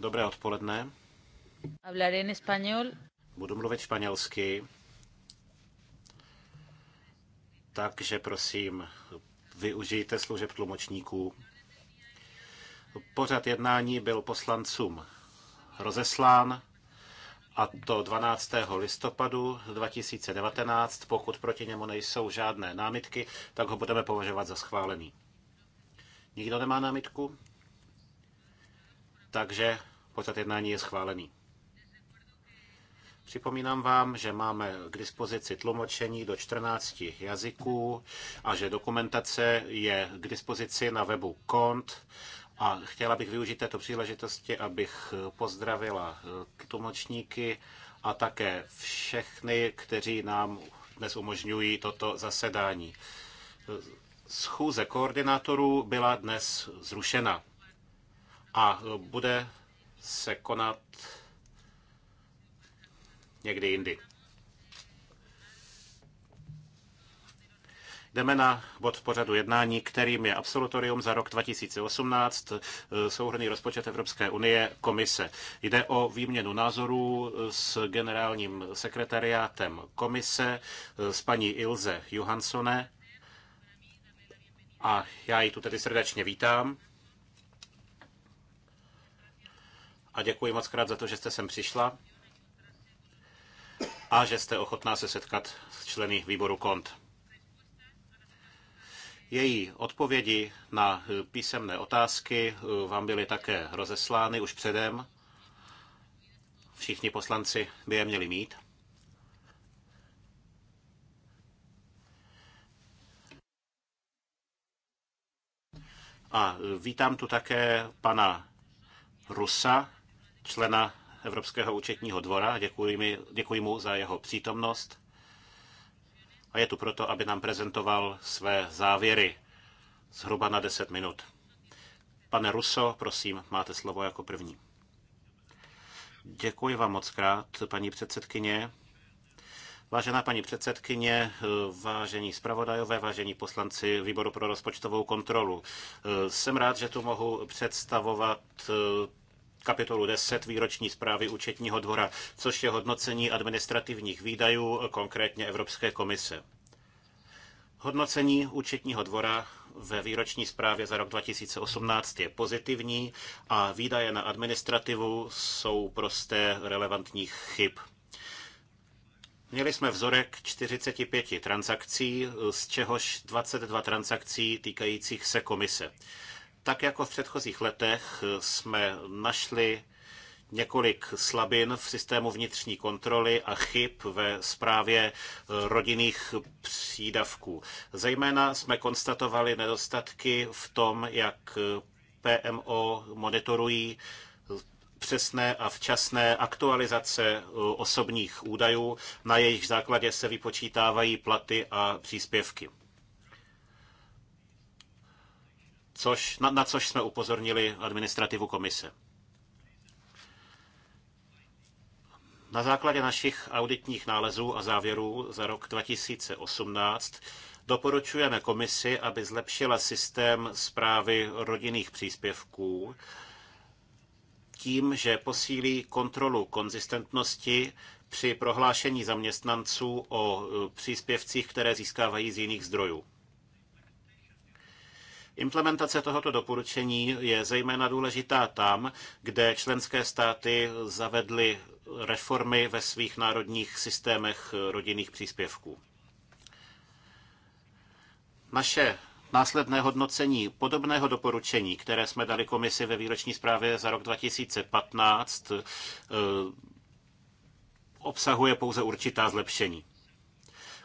Dobré odpoledne. Hablaré en español. Budu mluvit španělsky. Takže prosím, využijte služeb tlumočníků. Pořad jednání byl poslancům rozeslán a to 12. listopadu 2019. Pokud proti němu nejsou žádné námitky, tak ho budeme považovat za schválený. Nikdo nemá námitku? Takže pořad jednání je schválený. Připomínám vám, že máme k dispozici tlumočení do 14 jazyků a že dokumentace je k dispozici na webu KONT. A chtěla bych využít této příležitosti, abych pozdravila eh, tlumočníky a také všechny, kteří nám dnes umožňují toto zasedání. Eh, schůze koordinátorů byla dnes zrušena a e, bude se konat někdy jindy. Jdeme na bod pořadu jednání, kterým je absolutorium za rok 2018, e, souhrný rozpočet Evropské unie, komise. Jde o výměnu názorů s generálním sekretariátem komise, e, s paní Ilze Johanssone. A já ji tu tedy srdečně vítám. a děkuji moc krát za to, že jste sem přišla a že jste ochotná se setkat s členy výboru KONT. Její odpovědi na písemné otázky vám byly také rozeslány už předem. Všichni poslanci by je měli mít. A vítám tu také pana Rusa, člena Evropského účetního dvora. Děkuji, mi, děkuji mu za jeho přítomnost a je tu proto, aby nám prezentoval své závěry zhruba na 10 minut. Pane Russo, prosím, máte slovo jako první. Děkuji vám moc krát, paní předsedkyně. Vážená paní předsedkyně, vážení zpravodajové, vážení poslanci výboru pro rozpočtovou kontrolu. Jsem rád, že tu mohu představovat kapitolu 10 výroční zprávy účetního dvora, což je hodnocení administrativních výdajů, konkrétně Evropské komise. Hodnocení účetního dvora ve výroční zprávě za rok 2018 je pozitivní a výdaje na administrativu jsou prosté relevantních chyb. Měli jsme vzorek 45 transakcí, z čehož 22 transakcí týkajících se komise. Tak jako v předchozích letech jsme našli několik slabin v systému vnitřní kontroly a chyb ve správě eh, rodinných přídavků. Zejména jsme konstatovali nedostatky v tom, jak eh, PMO monitorují eh, přesné a včasné aktualizace osobních údajů, na jejich základě se vypočítávají platy a příspěvky. což, na, na což jsme upozornili administrativu komise. Na základě našich auditních nálezů a závěrů za rok 2018 doporučujeme komisi, aby zlepšila systém zprávy rodinných příspěvků tím, že posílí kontrolu konzistentnosti při prohlášení zaměstnanců o e, příspěvcích, které získávají z jiných zdrojů. Implementace tohoto doporučení je zejména důležitá tam, kde členské státy zavedly reformy ve svých národních systémech rodinných příspěvků. Naše Následné hodnocení podobného doporučení, které jsme dali komisi ve výroční zprávě za rok 2015, eh, obsahuje pouze určitá zlepšení.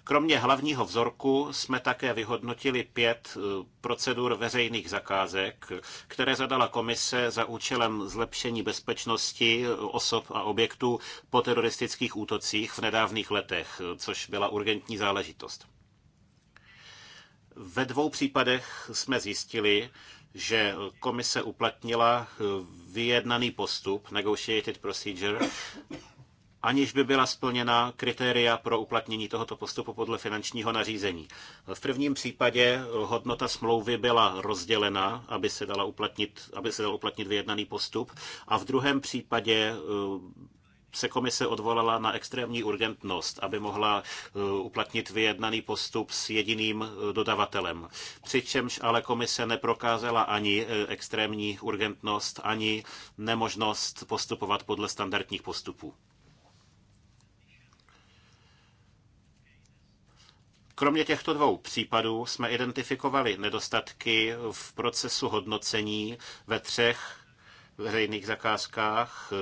Kromě hlavního vzorku jsme také vyhodnotili pět eh, procedur veřejných zakázek, které zadala komise za účelem zlepšení bezpečnosti eh, osob a objektů po teroristických útocích v nedávných letech, eh, což byla urgentní záležitost. Ve dvou případech jsme zjistili, že komise uplatnila vyjednaný postup, negotiated procedure, aniž by byla splněna kritéria pro uplatnění tohoto postupu podle finančního nařízení. V prvním případě hodnota smlouvy byla rozdělena, aby se, dala uplatnit, aby se dal uplatnit vyjednaný postup a v druhém případě eh, se komise odvolala na extrémní urgentnost, aby mohla eh, uplatnit vyjednaný postup s jediným eh, dodavatelem. Přičemž ale komise neprokázala ani extrémní urgentnost, ani nemožnost postupovat podle standardních postupů. Kromě těchto dvou případů jsme identifikovali nedostatky v procesu hodnocení ve třech veřejných zakázkách.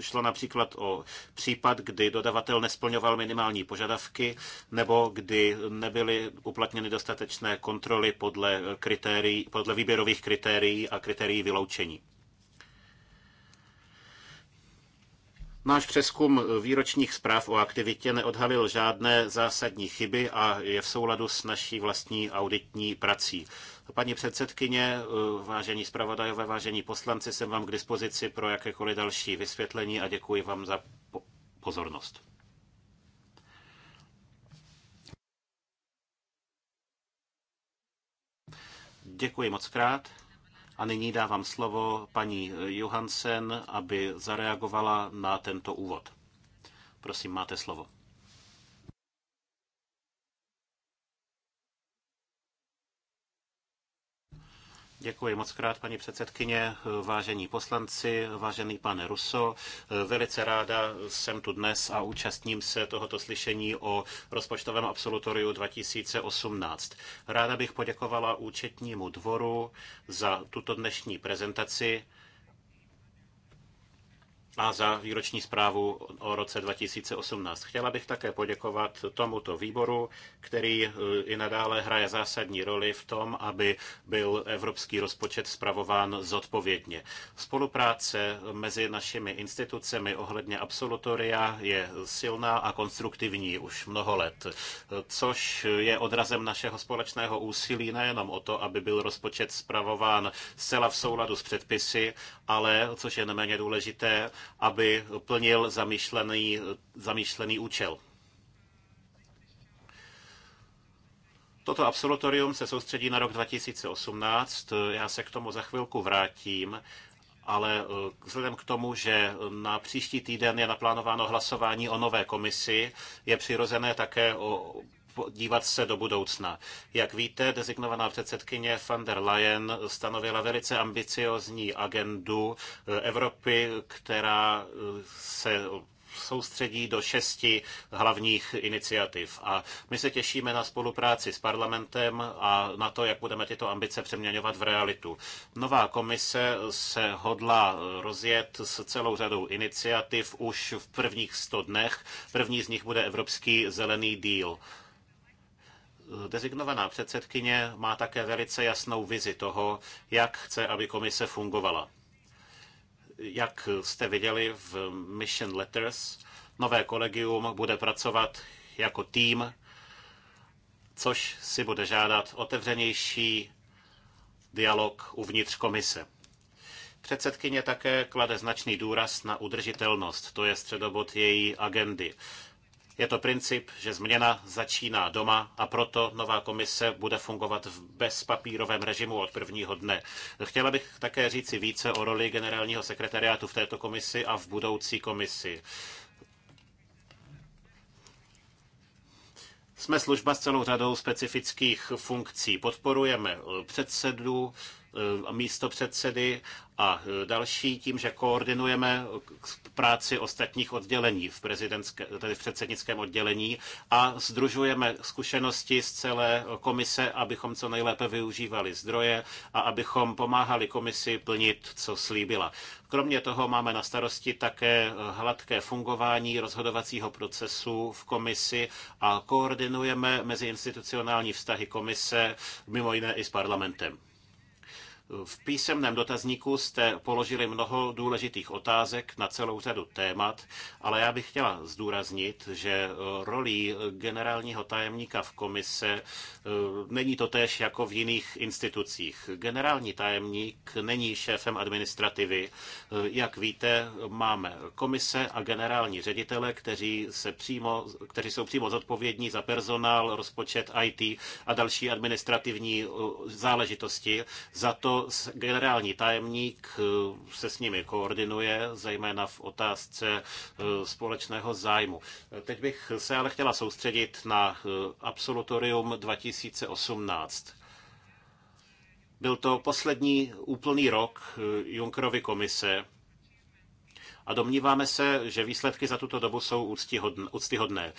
Šlo například o případ, kdy dodavatel nesplňoval minimální požadavky nebo kdy nebyly uplatněny dostatečné kontroly podle, kritérií, podle výběrových kritérií a kritérií vyloučení. Náš přeskum výročních zpráv o aktivitě neodhalil žádné zásadní chyby a je v souladu s naší vlastní auditní prací. Paní předsedkyně, vážení zpravodajové, vážení poslanci, jsem vám k dispozici pro jakékoliv další vysvětlení a děkuji vám za pozornost. Děkuji moc krát. A nyní dávám slovo paní Johansen, aby zareagovala na tento úvod. Prosím, máte slovo. Děkuji moc krát, paní předsedkyně, vážení poslanci, vážený pane Ruso. Velice ráda jsem tu dnes a účastním se tohoto slyšení o rozpočtovém absolutoriu 2018. Ráda bych poděkovala účetnímu dvoru za tuto dnešní prezentaci a za výroční zprávu o roce 2018. Chtěla bych také poděkovat tomuto výboru, který e, i nadále hraje zásadní roli v tom, aby byl evropský rozpočet spravován zodpovědně. Spolupráce mezi našimi institucemi ohledně absolutoria je silná a konstruktivní už mnoho let, což je odrazem našeho společného úsilí nejenom o to, aby byl rozpočet spravován zcela v souladu s předpisy, ale, což je neméně důležité, aby plnil zamýšlený, zamýšlený účel. Toto absolutorium se soustředí na rok 2018, já se k tomu za chvilku vrátím, ale eh, vzhledem k tomu, že na příští týden je naplánováno hlasování o nové komisi, je přirozené také o dívat se do budoucna. Jak víte, designovaná předsedkyně van der Leyen stanovila velice ambiciozní agendu eh, Evropy, která eh, se soustředí do šesti hlavních iniciativ. A my se těšíme na spolupráci s parlamentem a na to, jak budeme tyto ambice přeměňovat v realitu. Nová komise se hodla eh, rozjet s celou řadou iniciativ už v prvních sto dnech. První z nich bude Evropský zelený díl Dezignovaná předsedkyně má také velice jasnou vizi toho, jak chce, aby komise fungovala. Jak jste viděli v Mission Letters, nové kolegium bude pracovat jako tým, což si bude žádat otevřenější dialog uvnitř komise. Předsedkyně také klade značný důraz na udržitelnost, to je středobod její agendy. Je to princip, že změna začíná doma a proto nová komise bude fungovat v bezpapírovém režimu od prvního dne. Chtěla bych také říci více o roli generálního sekretariátu v této komisi a v budoucí komisi. Jsme služba s celou řadou specifických funkcí. Podporujeme předsedu, Eh, místo předsedy a eh, další tím, že koordinujeme práci ostatních oddělení v, tedy v předsednickém oddělení a združujeme zkušenosti z celé komise, abychom co nejlépe využívali zdroje a abychom pomáhali komisi plnit, co slíbila. Kromě toho máme na starosti také eh, hladké fungování rozhodovacího procesu v komisi a koordinujeme meziinstitucionální vztahy komise, mimo jiné i s parlamentem. V písemném dotazníku jste položili mnoho důležitých otázek na celou řadu témat, ale já bych chtěla zdůraznit, že eh, rolí generálního tajemníka v komise eh, není to tež jako v jiných institucích. Generální tajemník není šéfem administrativy. Eh, jak víte, máme komise a generální ředitele, kteří, se přímo, kteří jsou přímo zodpovědní za personál, rozpočet IT a další administrativní záležitosti, za to, generální tajemník eh, se s nimi koordinuje, zejména v otázce eh, společného zájmu. Eh, teď bych se ale chtěla soustředit na absolutorium 2018. Byl to poslední úplný rok Junkrovy komise a domníváme se, že výsledky za tuto dobu jsou úctyhodné.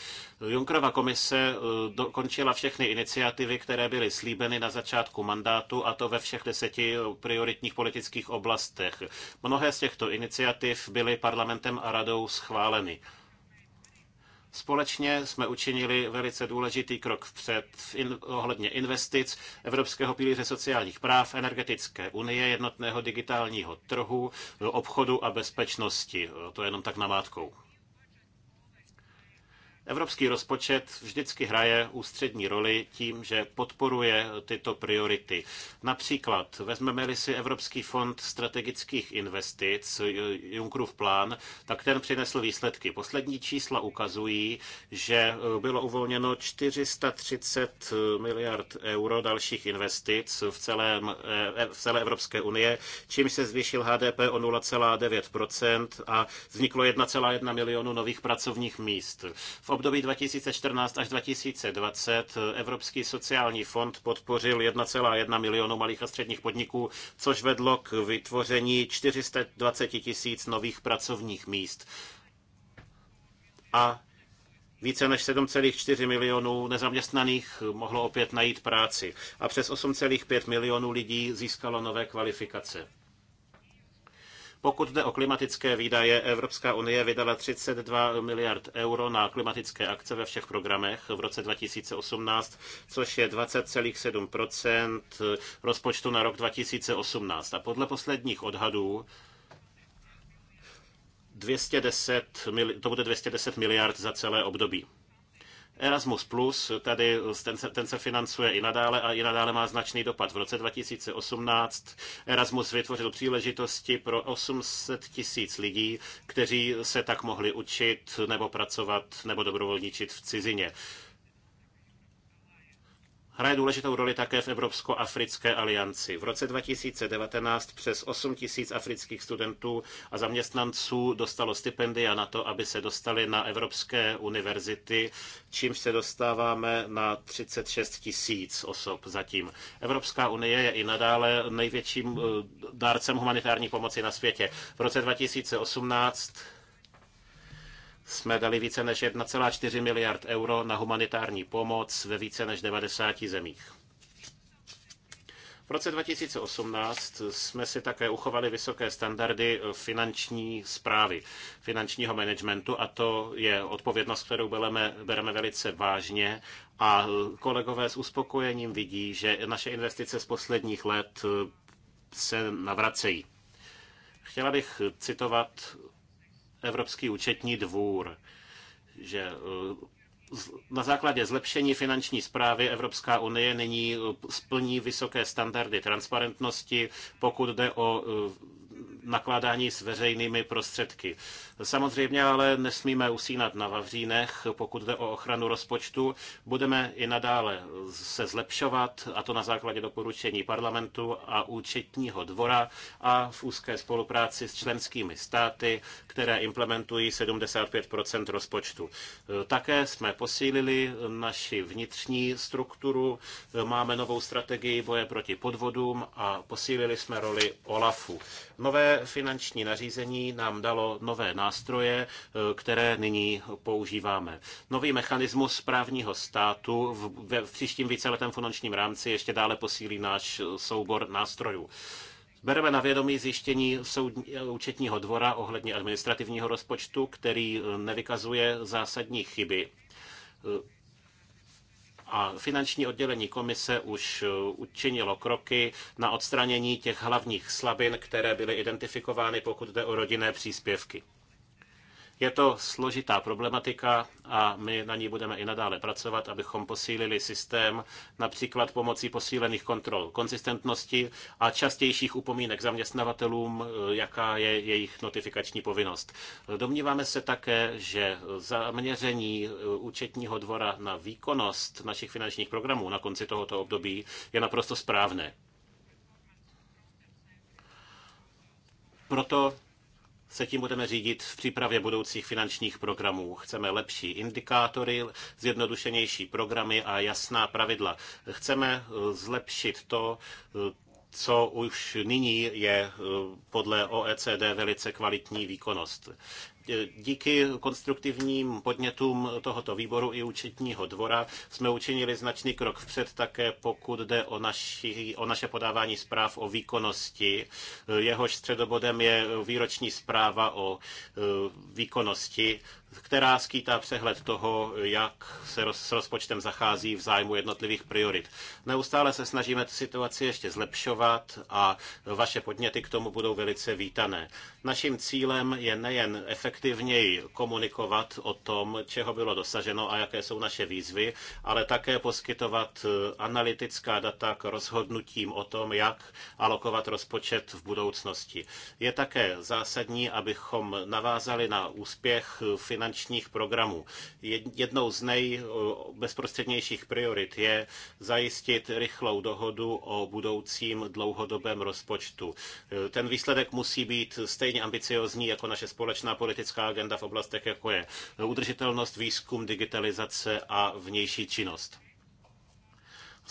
Junkrova komise eh, dokončila všechny iniciativy, které byly slíbeny na začátku mandátu a to ve všech deseti eh, prioritních politických oblastech. Mnohé z těchto iniciativ byly parlamentem a radou schváleny. Společně jsme učinili velice důležitý krok vpřed in, ohledně investic, Evropského pilíře sociálních práv, energetické unie, jednotného digitálního trhu, obchodu a bezpečnosti. To je jenom tak namátkou. Evropský rozpočet vždycky hraje ústřední roli tím, že podporuje tyto priority. Například vezmeme-li si Evropský fond strategických investic, Junckerův plán, tak ten přinesl výsledky. Poslední čísla ukazují, že bylo uvolněno 430 miliard euro dalších investic v, celém, e, v celé Evropské unie, čím se zvýšil HDP o 0,9% a vzniklo 1,1 milionu nových pracovních míst. V období 2014 až 2020 Evropský sociální fond podpořil 1,1 milionu malých a středních podniků, což vedlo k vytvoření 420 tisíc nových pracovních míst. A více než 7,4 milionů nezaměstnaných mohlo opět najít práci a přes 8,5 milionů lidí získalo nové kvalifikace. Pokud jde o klimatické výdaje, Evropská unie vydala 32 miliard euro na klimatické akce ve všech programech v roce 2018, což je 20,7 rozpočtu na rok 2018. A podle posledních odhadů 210, to bude 210 miliard za celé období. Erasmus Plus, tady eh, ten se, ten se financuje i nadále a i nadále má značný dopad. V roce 2018 Erasmus vytvořil příležitosti pro 800 tisíc lidí, kteří se tak mohli učit nebo pracovat nebo dobrovolničit v cizině. Hraje důležitou roli také v Evropsko-africké alianci. V roce 2019 přes 8 tisíc afrických studentů a zaměstnanců dostalo stipendia na to, aby se dostali na evropské univerzity, čímž se dostáváme na 36 tisíc osob zatím. Evropská unie je i nadále největším eh, dárcem humanitární pomoci na světě. V roce 2018 jsme dali více než 1,4 miliard euro na humanitární pomoc ve více než 90 zemích. V roce 2018 jsme si také uchovali vysoké standardy finanční zprávy, finančního managementu a to je odpovědnost, kterou bereme, bereme velice vážně a kolegové s uspokojením vidí, že naše investice z posledních let se navracejí. Chtěla bych citovat Evropský účetní dvůr, že eh, na základě zlepšení finanční zprávy Evropská unie nyní eh, splní vysoké standardy transparentnosti, pokud jde o eh, nakládání s veřejnými prostředky. Samozřejmě ale nesmíme usínat na Vavřínech, pokud jde o ochranu rozpočtu. Budeme i nadále se zlepšovat, a to na základě doporučení parlamentu a účetního dvora a v úzké spolupráci s členskými státy, které implementují 75 rozpočtu. Také jsme posílili naši vnitřní strukturu, máme novou strategii boje proti podvodům a posílili jsme roli OLAFu. Nové finanční nařízení nám dalo nové nástroje, eh, které nyní používáme. Nový mechanismus právního státu v, v příštím víceletém finančním rámci ještě dále posílí náš soubor nástrojů. Bereme na vědomí zjištění soudní, účetního dvora ohledně administrativního rozpočtu, který eh, nevykazuje zásadní chyby eh, a finanční oddělení komise už eh, učinilo kroky na odstranění těch hlavních slabin, které byly identifikovány, pokud jde o rodinné příspěvky. Je to složitá problematika a my na ní budeme i nadále pracovat, abychom posílili systém například pomocí posílených kontrol konzistentnosti a častějších upomínek zaměstnavatelům, eh, jaká je jejich notifikační povinnost. Domníváme se také, že zaměření eh, účetního dvora na výkonnost našich finančních programů na konci tohoto období je naprosto správné. Proto se tím budeme řídit v přípravě budoucích finančních programů. Chceme lepší indikátory, zjednodušenější programy a jasná pravidla. Chceme eh, zlepšit to, eh, co už nyní je eh, podle OECD velice kvalitní výkonnost. E, díky konstruktivním podnětům tohoto výboru i účetního dvora jsme učinili značný krok vpřed také pokud jde o, naši, o naše podávání zpráv o výkonnosti. E, jehož středobodem je výroční zpráva o e, výkonnosti která skýtá přehled toho, jak se roz, s rozpočtem zachází v zájmu jednotlivých priorit. Neustále se snažíme situaci ještě zlepšovat a vaše podněty k tomu budou velice vítané. Naším cílem je nejen efektivněji komunikovat o tom, čeho bylo dosaženo a jaké jsou naše výzvy, ale také poskytovat eh, analytická data k rozhodnutím o tom, jak alokovat rozpočet v budoucnosti. Je také zásadní, abychom navázali na úspěch finanční finančních programů. Jednou z nejbezprostřednějších eh, priorit je zajistit rychlou dohodu o budoucím dlouhodobém rozpočtu. Eh, ten výsledek musí být stejně ambiciozní jako naše společná politická agenda v oblastech, jako je udržitelnost, výzkum, digitalizace a vnější činnost.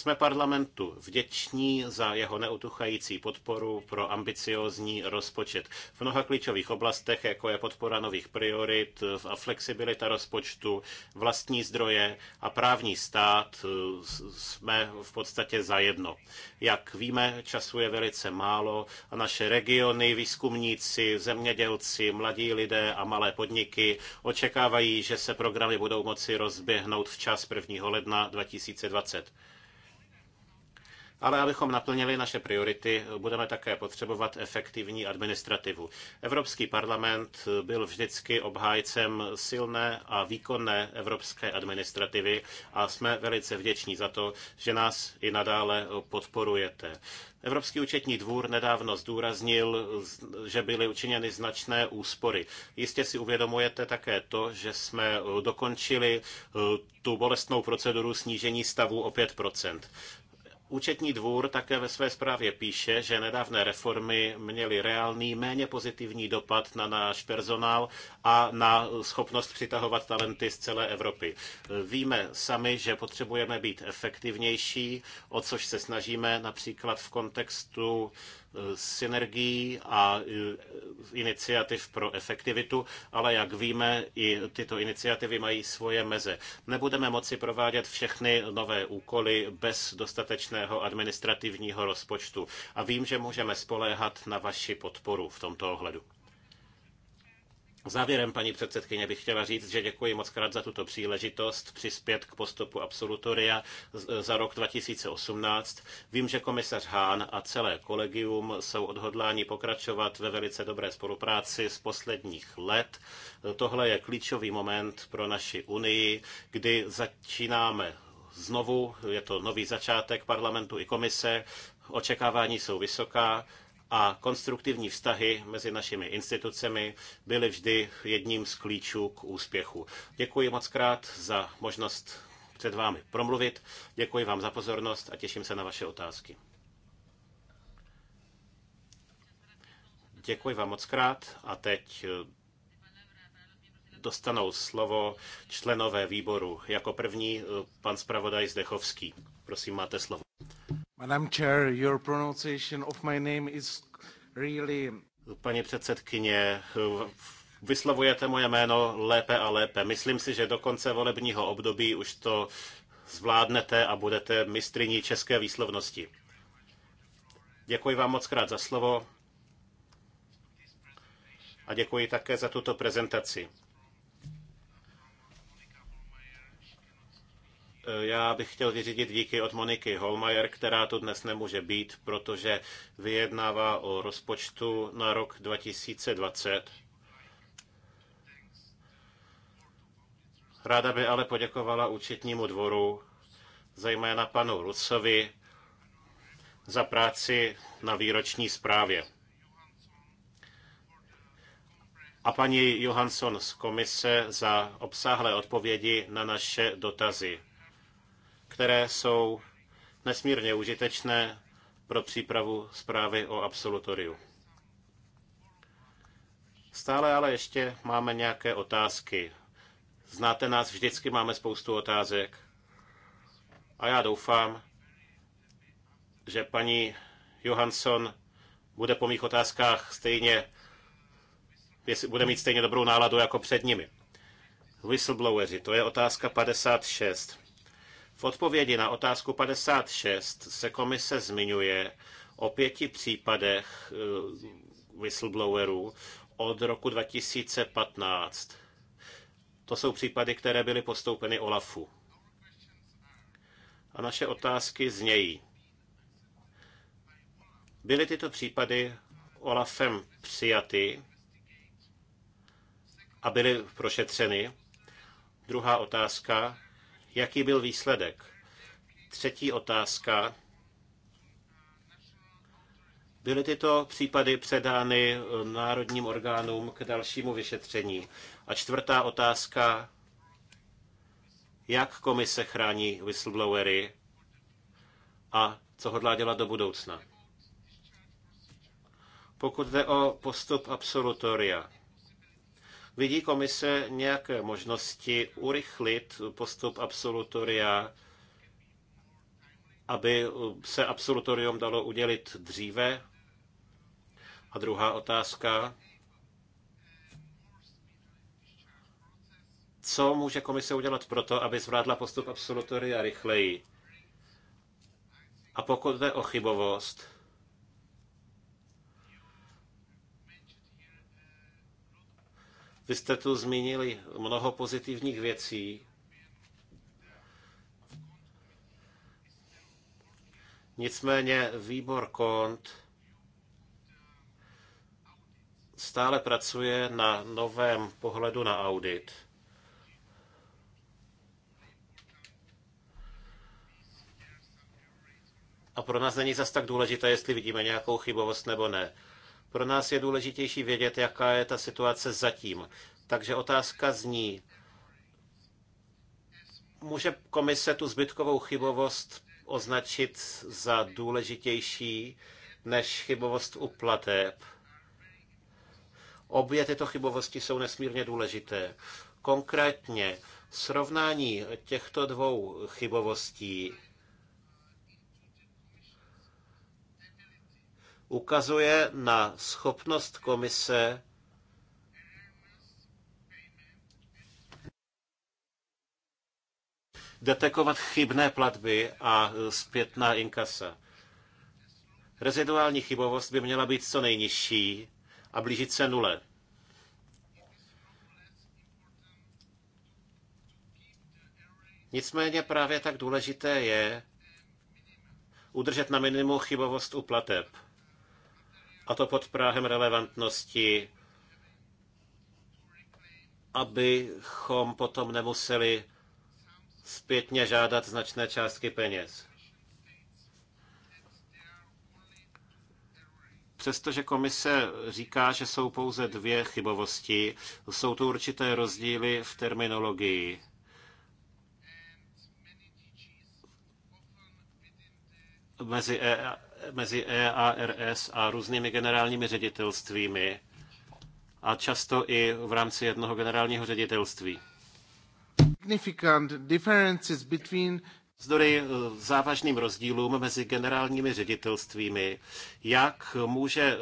Jsme parlamentu vděční za jeho neutuchající podporu pro ambiciózní rozpočet. V mnoha klíčových oblastech, jako je podpora nových priorit a flexibilita rozpočtu, vlastní zdroje a právní stát, e, jsme v podstatě zajedno. Jak víme, času je velice málo a naše regiony, výzkumníci, zemědělci, mladí lidé a malé podniky očekávají, že se programy budou moci rozběhnout včas 1. ledna 2020. Ale abychom naplnili naše priority, budeme také potřebovat efektivní administrativu. Evropský parlament byl vždycky obhájcem silné a výkonné evropské administrativy a jsme velice vděční za to, že nás i nadále podporujete. Evropský účetní dvůr nedávno zdůraznil, že byly učiněny značné úspory. Jistě si uvědomujete také to, že jsme dokončili tu bolestnou proceduru snížení stavu o 5 Účetní dvůr také ve své zprávě píše, že nedávné reformy měly reálný, méně pozitivní dopad na náš personál a na schopnost přitahovat talenty z celé Evropy. Víme sami, že potřebujeme být efektivnější, o což se snažíme například v kontextu eh, synergií a eh, iniciativ pro efektivitu, ale jak víme, i tyto iniciativy mají svoje meze. Nebudeme moci provádět všechny nové úkoly bez dostatečného administrativního rozpočtu. A vím, že můžeme spoléhat na vaši podporu v tomto ohledu. Závěrem, paní předsedkyně, bych chtěla říct, že děkuji moc krát za tuto příležitost přispět k postupu absolutoria za rok 2018. Vím, že komisař Hán a celé kolegium jsou odhodláni pokračovat ve velice dobré spolupráci z posledních let. Tohle je klíčový moment pro naši Unii, kdy začínáme znovu, je to nový začátek parlamentu i komise, očekávání jsou vysoká a konstruktivní vztahy mezi našimi institucemi byly vždy jedním z klíčů k úspěchu. Děkuji moc krát za možnost před vámi promluvit. Děkuji vám za pozornost a těším se na vaše otázky. Děkuji vám moc krát a teď eh, dostanou slovo členové výboru. Jako první eh, pan zpravodaj Zdechovský. Prosím, máte slovo. Madam Chair, your pronunciation of my name is really... Paní předsedkyně, vyslovujete moje jméno lépe a lépe. Myslím si, že do konce volebního období už to zvládnete a budete mistriní české výslovnosti. Děkuji vám moc krát za slovo a děkuji také za tuto prezentaci. Eh, já bych chtěl vyřídit díky od Moniky Holmajer, která tu dnes nemůže být, protože vyjednává o rozpočtu na rok 2020. Ráda by ale poděkovala účetnímu dvoru, zejména panu Rusovi, za práci na výroční zprávě. A paní Johansson z komise za obsáhlé odpovědi na naše dotazy které jsou nesmírně užitečné pro přípravu zprávy o absolutoriu. Stále ale ještě máme nějaké otázky. Znáte nás, vždycky máme spoustu otázek. A já doufám, že paní Johansson bude po mých otázkách stejně, bude mít stejně dobrou náladu jako před nimi. Whistlebloweri, to je otázka 56. V odpovědi na otázku 56 se komise zmiňuje o pěti případech eh, whistleblowerů od roku 2015. To jsou případy, které byly postoupeny OLAFu. A naše otázky znějí. Byly tyto případy OLAFem přijaty a byly prošetřeny? Druhá otázka. Jaký byl výsledek? Třetí otázka. Byly tyto případy předány eh, národním orgánům k dalšímu vyšetření? A čtvrtá otázka. Jak komise chrání whistleblowery a co hodlá dělat do budoucna? Pokud jde o postup absolutoria, Vidí komise nějaké možnosti urychlit postup absolutoria, aby se absolutorium dalo udělit dříve? A druhá otázka. Co může komise udělat pro to, aby zvládla postup absolutoria rychleji? A pokud jde o chybovost, Vy jste tu zmínili mnoho pozitivních věcí. Nicméně výbor KONT stále pracuje na novém pohledu na audit. A pro nás není zas tak důležité, jestli vidíme nějakou chybovost nebo ne. Pro nás je důležitější vědět, jaká je ta situace zatím. Takže otázka zní, může komise tu zbytkovou chybovost označit za důležitější než chybovost u plateb? Obě tyto chybovosti jsou nesmírně důležité. Konkrétně srovnání těchto dvou chybovostí ukazuje na schopnost komise detekovat chybné platby a zpětná inkasa. Reziduální chybovost by měla být co nejnižší a blížit se nule. Nicméně právě tak důležité je udržet na minimum chybovost u plateb a to pod práhem relevantnosti, abychom potom nemuseli zpětně žádat značné částky peněz. Přestože komise říká, že jsou pouze dvě chybovosti, jsou to určité rozdíly v terminologii. Mezi e mezi EARS a různými generálními ředitelstvími a často i v rámci jednoho generálního ředitelství. Zdory eh, závažným rozdílům mezi generálními ředitelstvími, jak může eh,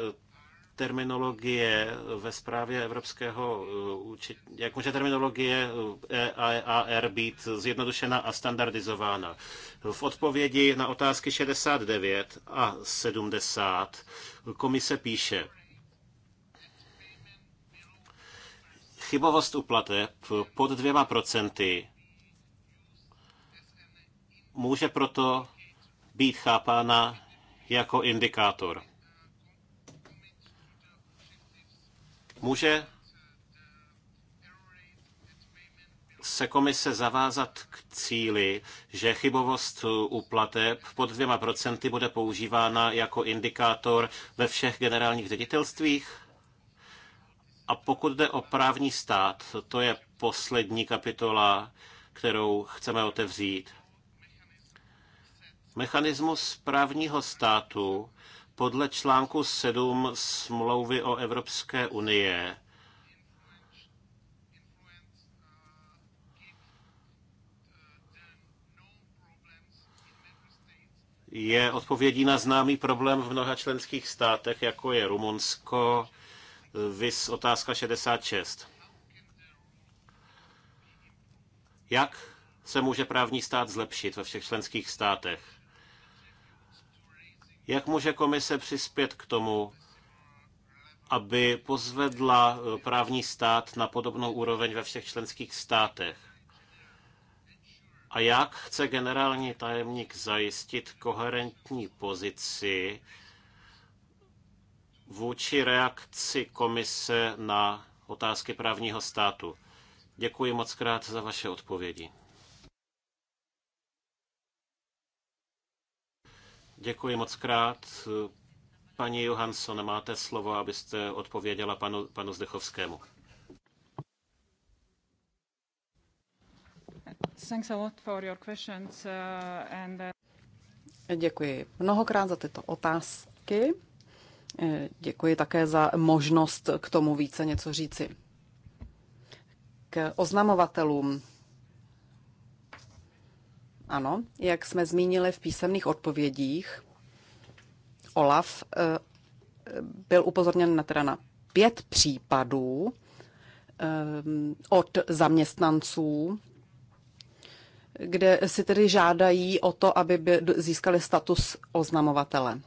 terminologie ve zprávě Evropského eh, účet, jak může terminologie EAR eh, být zjednodušena a standardizována. V odpovědi na otázky 69 a 70 komise píše, chybovost u plateb pod dvěma procenty může proto být chápána jako indikátor. Může se komise zavázat k cíli, že chybovost u plateb pod dvěma procenty bude používána jako indikátor ve všech generálních ředitelstvích? A pokud jde o právní stát, to je poslední kapitola, kterou chceme otevřít. Mechanismus právního státu podle článku 7 smlouvy o Evropské unie je odpovědí na známý problém v mnoha členských státech, jako je Rumunsko, vys otázka 66. Jak se může právní stát zlepšit ve všech členských státech? Jak může komise přispět k tomu, aby pozvedla eh, právní stát na podobnou úroveň ve všech členských státech? A jak chce generální tajemník zajistit koherentní pozici vůči reakci komise na otázky právního státu? Děkuji moc krát za vaše odpovědi. Děkuji moc krát. Paní Johansson, máte slovo, abyste odpověděla panu, panu Zdechovskému. Uh, uh, děkuji mnohokrát za tyto otázky. Eh, děkuji také za možnost k tomu více něco říci. K oznamovatelům ano, jak jsme zmínili v písemných odpovědích, Olaf eh, byl upozorněn na, teda na pět případů eh, od zaměstnanců, kde si tedy žádají o to, aby získali status oznamovatele.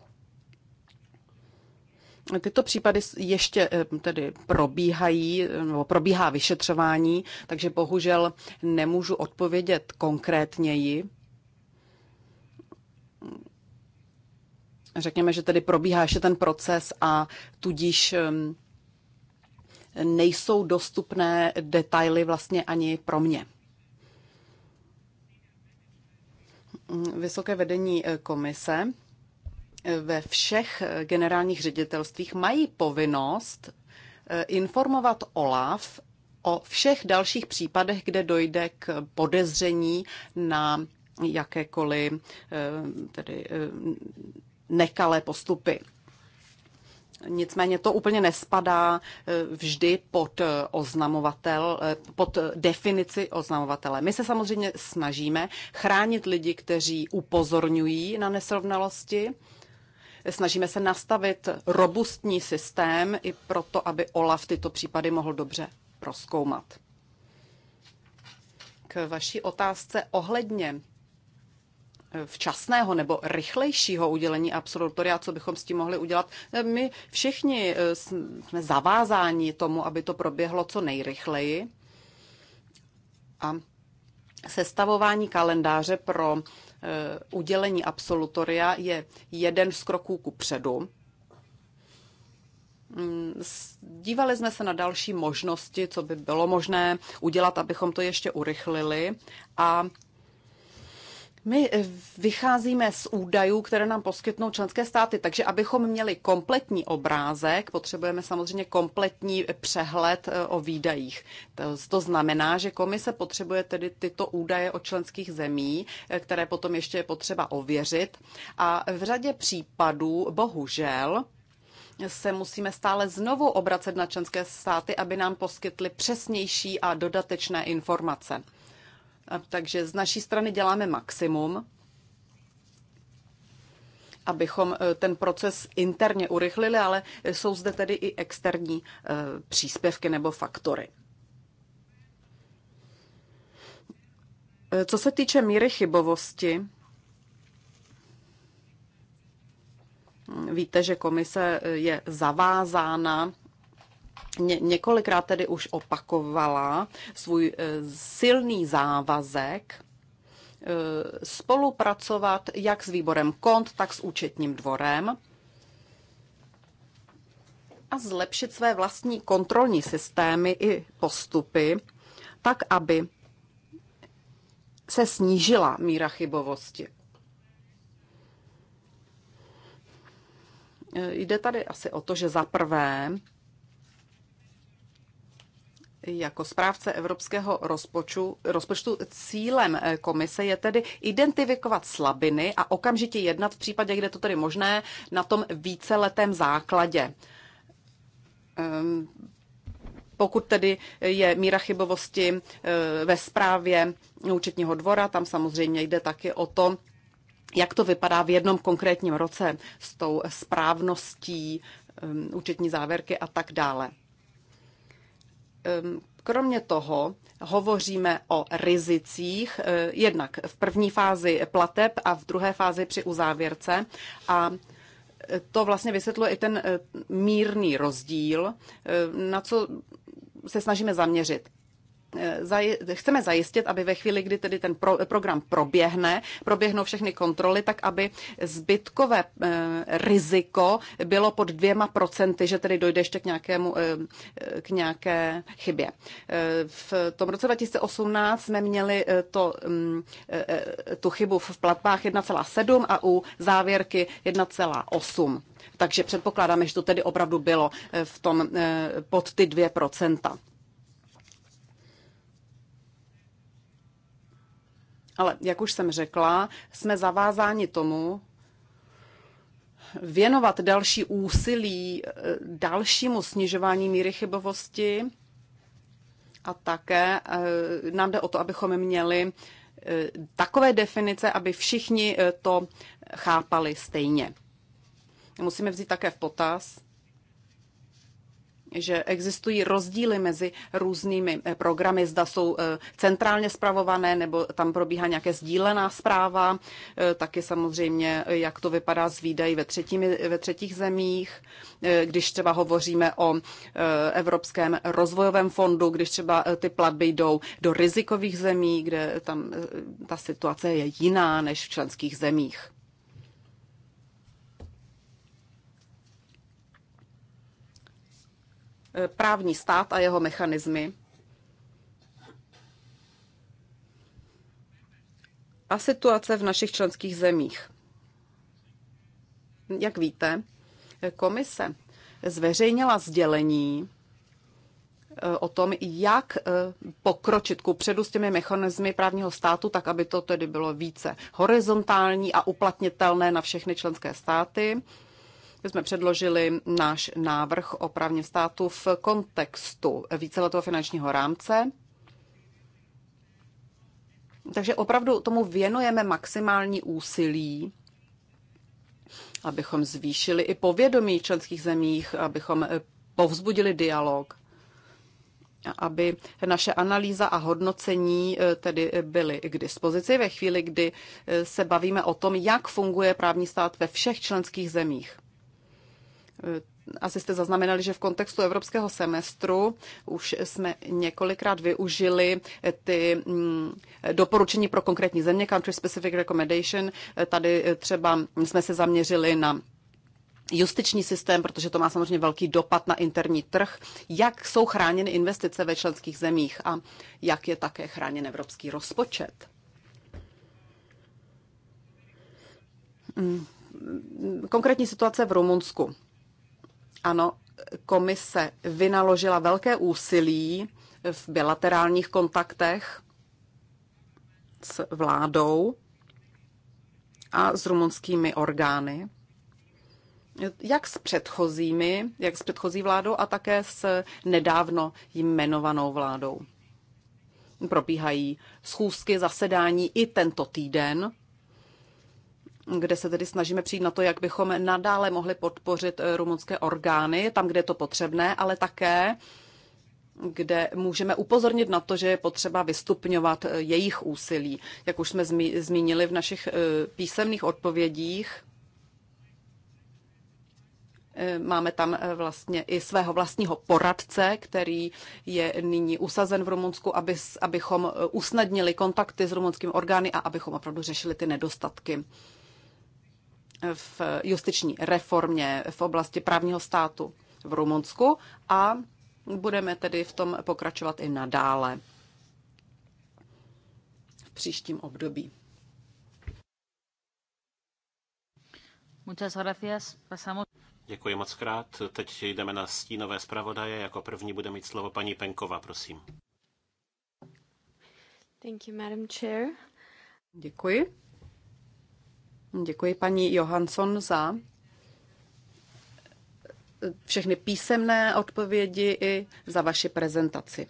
Tyto případy ještě eh, tedy probíhají, nebo probíhá vyšetřování, takže bohužel nemůžu odpovědět konkrétněji. Řekněme, že tedy probíhá ještě ten proces a tudíž ehm, nejsou dostupné detaily vlastně ani pro mě. Vysoké vedení eh, komise ve všech eh, generálních ředitelstvích mají povinnost eh, informovat OLAF o všech dalších případech, kde dojde k podezření na jakékoliv eh, tedy, nekalé postupy. Nicméně to úplně nespadá vždy pod oznamovatel, pod definici oznamovatele. My se samozřejmě snažíme chránit lidi, kteří upozorňují na nesrovnalosti, Snažíme se nastavit robustní systém i proto, aby OLAF tyto případy mohl dobře proskoumat. K vaší otázce ohledně včasného nebo rychlejšího udělení absolutoria, co bychom s tím mohli udělat. My všichni eh, jsme zavázáni tomu, aby to proběhlo co nejrychleji. A sestavování kalendáře pro Eh, udělení absolutoria je jeden z kroků ku předu. Mm, dívali jsme se na další možnosti, co by bylo možné udělat, abychom to ještě urychlili a my eh, vycházíme z údajů, které nám poskytnou členské státy, takže abychom měli kompletní obrázek, potřebujeme samozřejmě kompletní přehled eh, o výdajích. To, znamená, že komise potřebuje tedy tyto údaje o členských zemí, eh, které potom ještě je potřeba ověřit. A v řadě případů, bohužel, se musíme stále znovu obracet na členské státy, aby nám poskytly přesnější a dodatečné informace takže z naší strany děláme maximum, abychom e, ten proces interně urychlili, ale jsou zde tedy i externí e, příspěvky nebo faktory. E, co se týče míry chybovosti, víte, že komise je zavázána ně, několikrát tedy už opakovala svůj eh, silný závazek eh, spolupracovat jak s výborem KONT, tak s účetním dvorem a zlepšit své vlastní kontrolní systémy i postupy, tak aby se snížila míra chybovosti. Eh, jde tady asi o to, že za prvé jako správce evropského rozpočtu, rozpočtu cílem eh, komise je tedy identifikovat slabiny a okamžitě jednat v případě, kde to tedy možné, na tom víceletém základě. Ehm, pokud tedy je míra chybovosti eh, ve zprávě účetního dvora, tam samozřejmě jde taky o to, jak to vypadá v jednom konkrétním roce s tou správností ehm, účetní závěrky a tak dále. Ehm, kromě toho hovoříme o rizicích, eh, jednak v první fázi plateb a v druhé fázi při uzávěrce. A eh, to vlastně vysvětluje i ten eh, mírný rozdíl, na co se snažíme zaměřit. Eh, chceme zajistit, aby ve chvíli, kdy tedy ten pro, program proběhne, proběhnou všechny kontroly, tak aby zbytkové eh, riziko bylo pod dvěma procenty, že tedy dojde ještě k, nějakému, eh, k nějaké chybě. Eh, v tom roce 2018 jsme měli eh, to, mm, eh, tu chybu v platbách 1,7 a u závěrky 1,8. Takže předpokládáme, že to tedy opravdu bylo eh, v tom eh, pod ty 2 procenta. Ale jak už jsem řekla, jsme zavázáni tomu, věnovat další úsilí eh, dalšímu snižování míry chybovosti a také eh, nám jde o to, abychom měli eh, takové definice, aby všichni to chápali stejně. Musíme vzít také v potaz, že existují rozdíly mezi různými eh, programy, zda jsou eh, centrálně zpravované nebo tam probíhá nějaké sdílená zpráva, eh, taky samozřejmě, jak to vypadá s výdají ve, třetími, ve třetích zemích, když třeba hovoříme o Evropském rozvojovém fondu, když třeba ty platby jdou do rizikových zemí, kde tam ta situace je jiná než v členských zemích. Eh, právní stát a jeho mechanismy. A situace v našich členských zemích. Jak víte, eh, komise zveřejnila sdělení eh, o tom, jak pokročit ku předu s těmi mechanizmy právního státu, tak aby to tedy bylo více horizontální a uplatnitelné na všechny členské státy. My jsme předložili náš návrh o právním státu v kontextu víceletého finančního rámce. Takže opravdu tomu věnujeme maximální úsilí, abychom zvýšili i povědomí v členských zemích, abychom povzbudili dialog, aby naše analýza a hodnocení eh, tedy byly k dispozici ve chvíli, kdy eh, se bavíme o tom, jak funguje právní stát ve všech členských zemích asi jste zaznamenali, že v kontextu evropského semestru už jsme několikrát využili ty mm, doporučení pro konkrétní země, country specific recommendation. Tady třeba jsme se zaměřili na justiční systém, protože to má samozřejmě velký dopad na interní trh, jak jsou chráněny investice ve členských zemích a jak je také chráněn evropský rozpočet. Mm, konkrétní situace v Rumunsku. Ano, komise vynaložila velké úsilí v bilaterálních kontaktech s vládou a s rumunskými orgány, jak s předchozími, jak s předchozí vládou a také s nedávno jmenovanou vládou. Probíhají schůzky, zasedání i tento týden kde se tedy snažíme přijít na to, jak bychom nadále mohli podpořit eh, rumunské orgány, tam, kde je to potřebné, ale také kde můžeme upozornit na to, že je potřeba vystupňovat eh, jejich úsilí. Jak už jsme zmínili v našich eh, písemných odpovědích, Máme tam vlastně i svého vlastního poradce, který je nyní usazen v Rumunsku, aby, abychom usnadnili kontakty s rumunskými orgány a abychom opravdu řešili ty nedostatky v justiční reformě v oblasti právního státu v Rumunsku a budeme tedy v tom pokračovat i nadále v příštím období. Muchas gracias. Pasamos. Děkuji moc krát. Teď jdeme na stínové zpravodaje. Jako první bude mít slovo paní Penkova, prosím. Thank you, Madam Chair. Děkuji. Děkuji paní Johansson za všechny písemné odpovědi i za vaši prezentaci.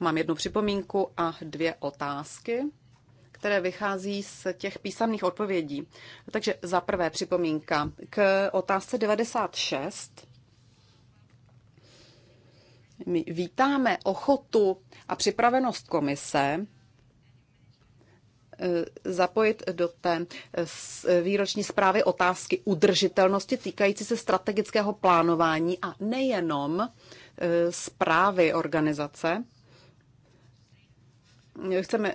Mám jednu připomínku a dvě otázky, které vychází z těch písemných odpovědí. Takže za prvé připomínka k otázce 96. My vítáme ochotu a připravenost komise Eh, zapojit do té eh, eh, výroční zprávy otázky udržitelnosti týkající se strategického plánování a nejenom zprávy organizace. Chceme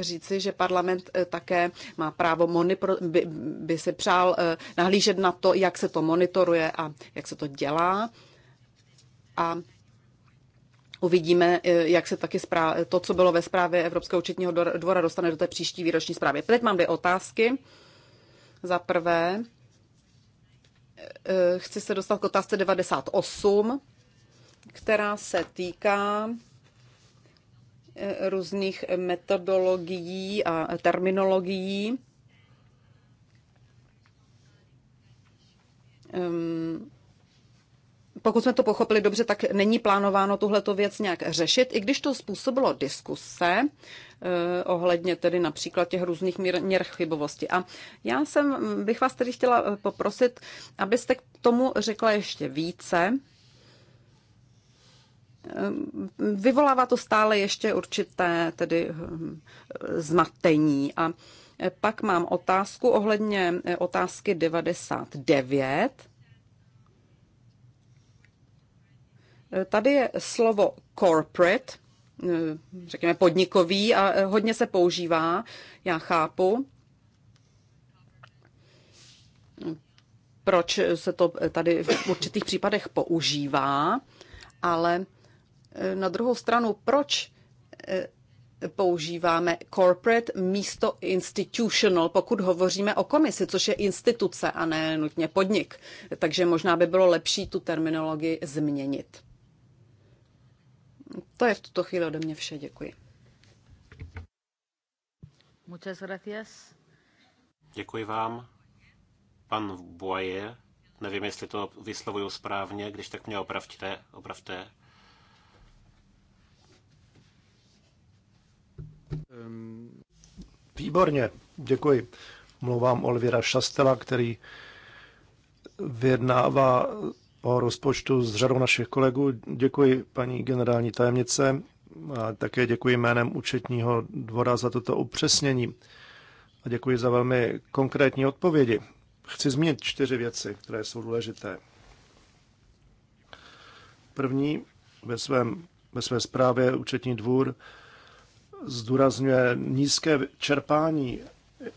říci, že parlament také má právo, monipro, by, by si přál nahlížet na to, jak se to monitoruje a jak se to dělá. A Uvidíme, eh, jak se taky zpráv, to, co bylo ve zprávě Evropského účetního dvora, dostane do té příští výroční zprávy. Teď mám dvě otázky. Za prvé, eh, eh, chci se dostat k otázce 98, která se týká různých metodologií a terminologií. Um, pokud jsme to pochopili dobře, tak není plánováno tuhleto věc nějak řešit, i když to způsobilo diskuse eh, ohledně tedy například těch různých mír, měr chybovosti. A já jsem, bych vás tedy chtěla eh, poprosit, abyste k tomu řekla ještě více. Eh, vyvolává to stále ještě určité tedy hm, zmatení a eh, pak mám otázku ohledně otázky 99 Tady je slovo corporate, eh, řekněme podnikový a eh, hodně se používá, já chápu. Proč se to tady v určitých případech používá, ale eh, na druhou stranu, proč používáme corporate místo institutional, pokud hovoříme o komisi, což je instituce a ne nutně podnik. Takže možná by bylo lepší tu terminologii změnit. To je v tuto chvíli ode mě vše. Děkuji. Muchas gracias. Děkuji vám. Pan Boye, nevím, jestli to vyslovuju správně, když tak mě opravte. opravte. Výborně, děkuji. Mluvám Olvira Šastela, který vyjednává o rozpočtu s řadou našich kolegů. Děkuji paní generální tajemnice a také děkuji jménem účetního dvora za toto upřesnění a děkuji za velmi konkrétní odpovědi. Chci zmínit čtyři věci, které jsou důležité. První, ve, svém, ve své zprávě účetní dvůr zdůrazňuje nízké čerpání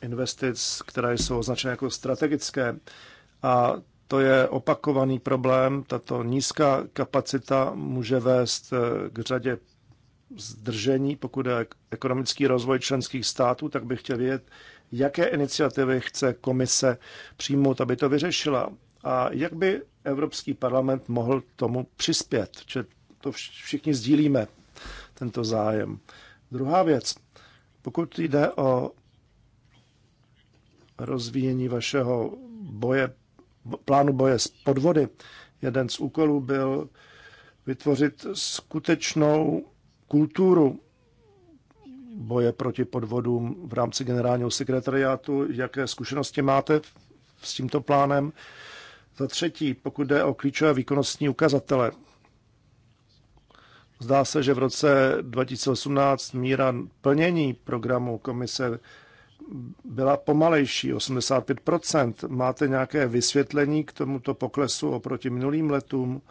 investic, které jsou označené jako strategické a to je opakovaný problém. Tato nízká kapacita může vést eh, k řadě zdržení, pokud je ekonomický rozvoj členských států, tak bych chtěl vědět, jaké iniciativy chce komise přijmout, aby to vyřešila a jak by Evropský parlament mohl tomu přispět, že to všichni sdílíme, tento zájem. Druhá věc, pokud jde o rozvíjení vašeho boje plánu boje s podvody. Jeden z úkolů byl vytvořit skutečnou kulturu boje proti podvodům v rámci generálního sekretariátu. Jaké zkušenosti máte s tímto plánem? Za třetí, pokud jde o klíčové výkonnostní ukazatele, zdá se, že v roce 2018 míra plnění programu komise byla pomalejší, 85%. Máte nějaké vysvětlení k tomuto poklesu oproti minulým letům,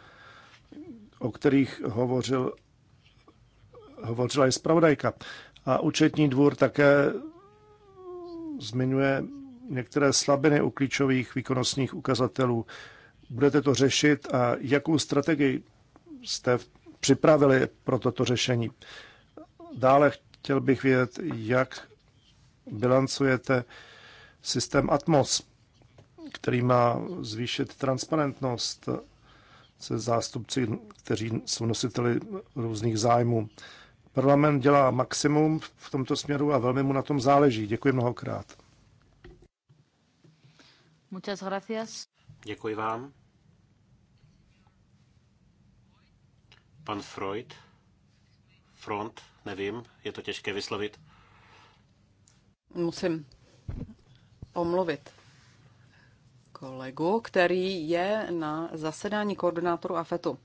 o kterých hovořil, hovořila i zpravodajka. A účetní dvůr také zmiňuje některé slabiny u klíčových výkonnostních ukazatelů. Budete to řešit a jakou strategii jste připravili pro toto řešení? Dále chtěl bych vědět, jak bilancujete systém Atmos, který má zvýšit transparentnost se zástupci, kteří jsou nositeli různých zájmů. Parlament dělá maximum v tomto směru a velmi mu na tom záleží. Děkuji mnohokrát. Muchas gracias. Děkuji vám. Pan Freud, front, nevím, je to těžké vyslovit musím omluvit kolegu, který je na zasedání koordinátoru AFETu.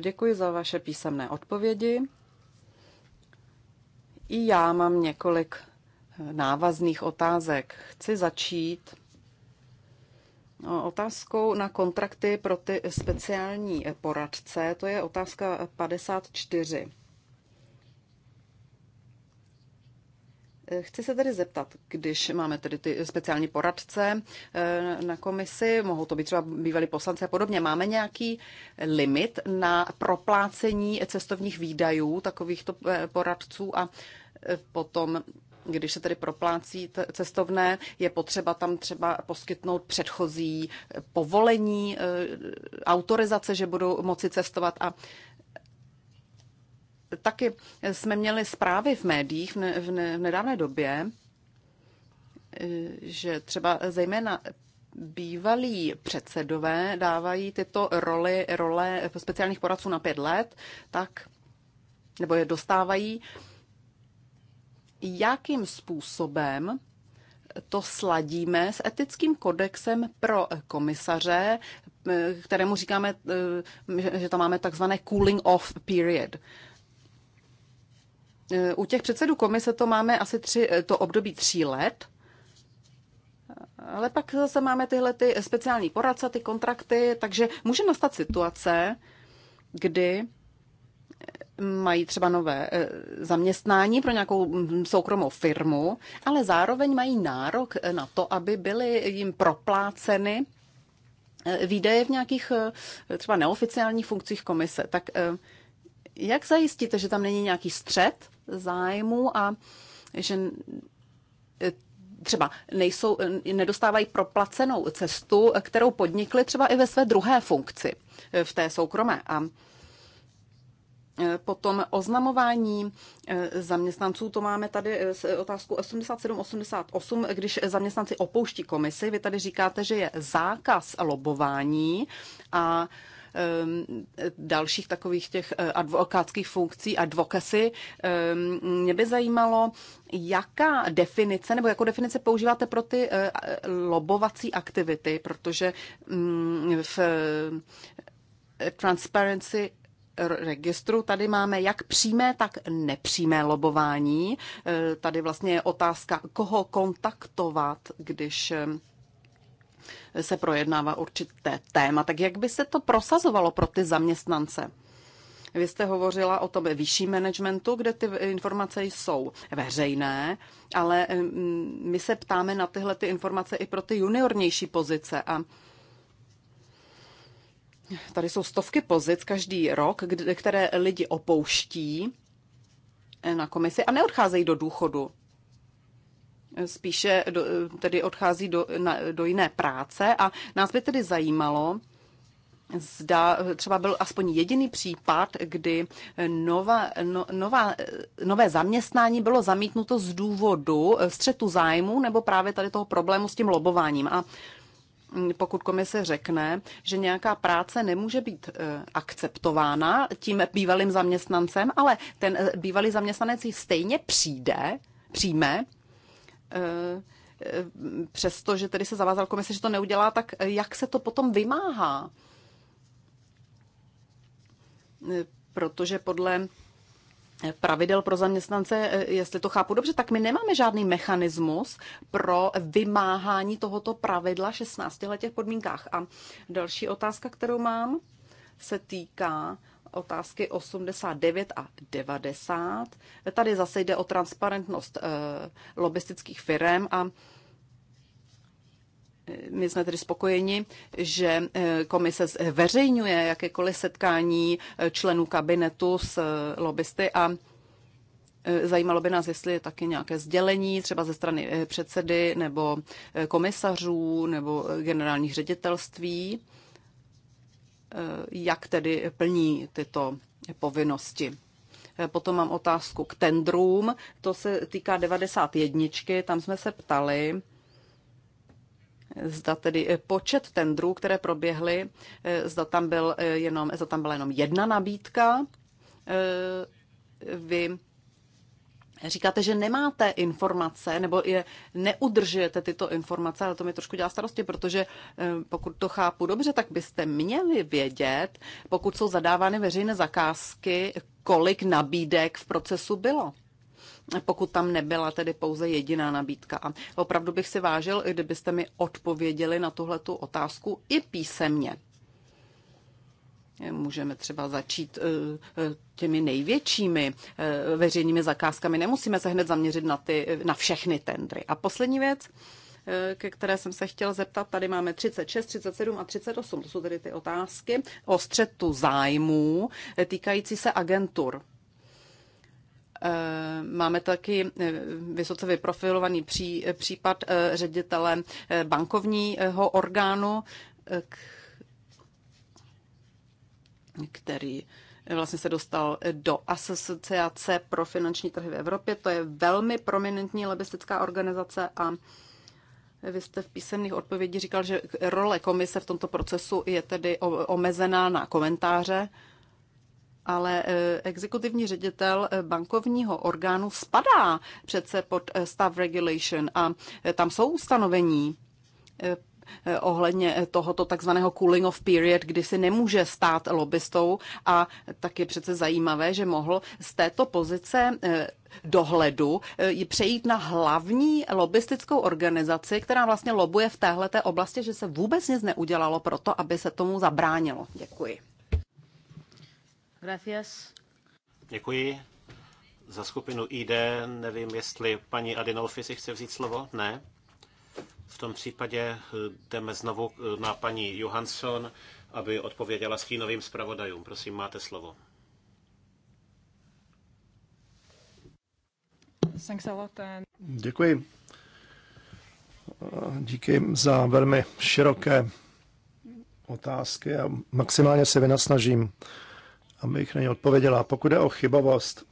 Děkuji za vaše písemné odpovědi. I já mám několik návazných otázek. Chci začít otázkou na kontrakty pro ty speciální poradce. To je otázka 54. Chci se tedy zeptat, když máme tedy ty speciální poradce eh, na komisi, mohou to být třeba bývalí poslanci a podobně, máme nějaký limit na proplácení cestovních výdajů takovýchto eh, poradců a eh, potom když se tedy proplácí cestovné, je potřeba tam třeba poskytnout předchozí povolení, autorizace, že budou moci cestovat a taky jsme měli zprávy v médiích v, ne, v, ne, v nedávné době, eh, že třeba zejména bývalí předsedové dávají tyto roli, role speciálních poradců na pět let, tak nebo je dostávají, jakým způsobem to sladíme s etickým kodexem pro komisaře, eh, kterému říkáme, eh, že tam máme takzvané cooling off period u těch předsedů komise to máme asi tři, to období tří let, ale pak zase máme tyhle ty speciální poradce, ty kontrakty, takže může nastat situace, kdy mají třeba nové eh, zaměstnání pro nějakou hm, hm, soukromou firmu, ale zároveň mají nárok eh, na to, aby byly jim propláceny eh, výdaje v nějakých třeba neoficiálních funkcích komise. Tak jak zajistíte, že tam není nějaký střed zájmu a že eh, třeba nejsou, eh, nedostávají proplacenou cestu, kterou podnikli třeba i ve své druhé funkci eh, v té soukromé. A Potom oznamování zaměstnanců, to máme tady otázku 87-88, když zaměstnanci opouští komisi. Vy tady říkáte, že je zákaz lobování a Ehm, dalších takových těch eh, advokátských funkcí, advocacy. Ehm, mě by zajímalo, jaká definice, nebo jakou definice používáte pro ty eh, lobovací aktivity, protože mm, v eh, Transparency registru tady máme jak přímé, tak nepřímé lobování. Tady vlastně je otázka, koho kontaktovat, když ehm, se projednává určité téma, tak jak by se to prosazovalo pro ty zaměstnance? Vy jste hovořila o tom vyšším managementu, kde ty informace jsou veřejné, ale mm, my se ptáme na tyhle ty informace i pro ty juniornější pozice a Tady jsou stovky pozic každý rok, které lidi opouští na komisi a neodcházejí do důchodu spíše do, tedy odchází do, na, do jiné práce a nás by tedy zajímalo, Zda třeba byl aspoň jediný případ, kdy nova, no, nova, nové zaměstnání bylo zamítnuto z důvodu střetu zájmu nebo právě tady toho problému s tím lobováním. A pokud komise řekne, že nějaká práce nemůže být e, akceptována tím bývalým zaměstnancem, ale ten bývalý zaměstnanec ji stejně přijde, přijme, Eh, eh, přesto, že tedy se zavázal komise, že to neudělá, tak eh, jak se to potom vymáhá? Protože podle pravidel pro zaměstnance, jestli to chápu dobře, tak my nemáme žádný mechanismus pro vymáhání tohoto pravidla 16 letech podmínkách. A další otázka, kterou mám, se týká otázky 89 a 90. Tady zase jde o transparentnost eh, lobistických firm a eh, my jsme tedy spokojeni, že eh, komise zveřejňuje jakékoliv setkání členů kabinetu s lobbysty a Zajímalo by nás, jestli je taky nějaké sdělení, třeba ze strany předsedy nebo komisařů nebo generálních ředitelství. Eh, jak tedy plní tyto povinnosti. Eh, potom mám otázku k tendrům, to se týká 91. Tam jsme se ptali, eh, zda tedy počet tendrů, které proběhly, zda tam, byl jenom, zda tam byla jenom jedna nabídka. Vy Říkáte, že nemáte informace nebo je neudržujete tyto informace, ale to mi trošku dělá starosti, protože eh, pokud to chápu dobře, tak byste měli vědět, pokud jsou zadávány veřejné zakázky, kolik nabídek v procesu bylo. Pokud tam nebyla tedy pouze jediná nabídka. A opravdu bych si vážil, kdybyste mi odpověděli na tuhle otázku i písemně. Můžeme třeba začít eh, eh, těmi největšími eh, veřejnými zakázkami. Nemusíme se hned zaměřit na, ty, na všechny tendry. A poslední věc, ke které jsem se chtěla zeptat, tady máme 36, 37 a 38. To jsou tedy ty otázky o střetu zájmů týkající se agentur. Máme taky vysoce vyprofilovaný pří, případ ředitele bankovního orgánu, k který vlastně se dostal do Asociace pro finanční trhy v Evropě. To je velmi prominentní lobistická organizace a vy jste v písemných odpovědi říkal, že role komise v tomto procesu je tedy omezená na komentáře, ale e, exekutivní ředitel e, bankovního orgánu spadá přece pod e, staff regulation a tam jsou ustanovení Eh, ohledně eh, tohoto takzvaného cooling off period, kdy si nemůže stát lobbystou a tak je přece zajímavé, že mohl z této pozice eh, dohledu přejít na hlavní lobbystickou organizaci, která vlastně lobuje v té oblasti, že se vůbec nic neudělalo pro to, aby se tomu zabránilo. Děkuji. Gracias. Děkuji. Za skupinu ID nevím, jestli paní Adinolfi si chce vzít slovo. Ne. V tom případě eh, jdeme znovu eh, na paní Johansson, aby odpověděla stínovým zpravodajům. Prosím, máte slovo. Děkuji. Díky za velmi široké otázky a maximálně se vynasnažím, abych na ně odpověděla. Pokud je o chybovost,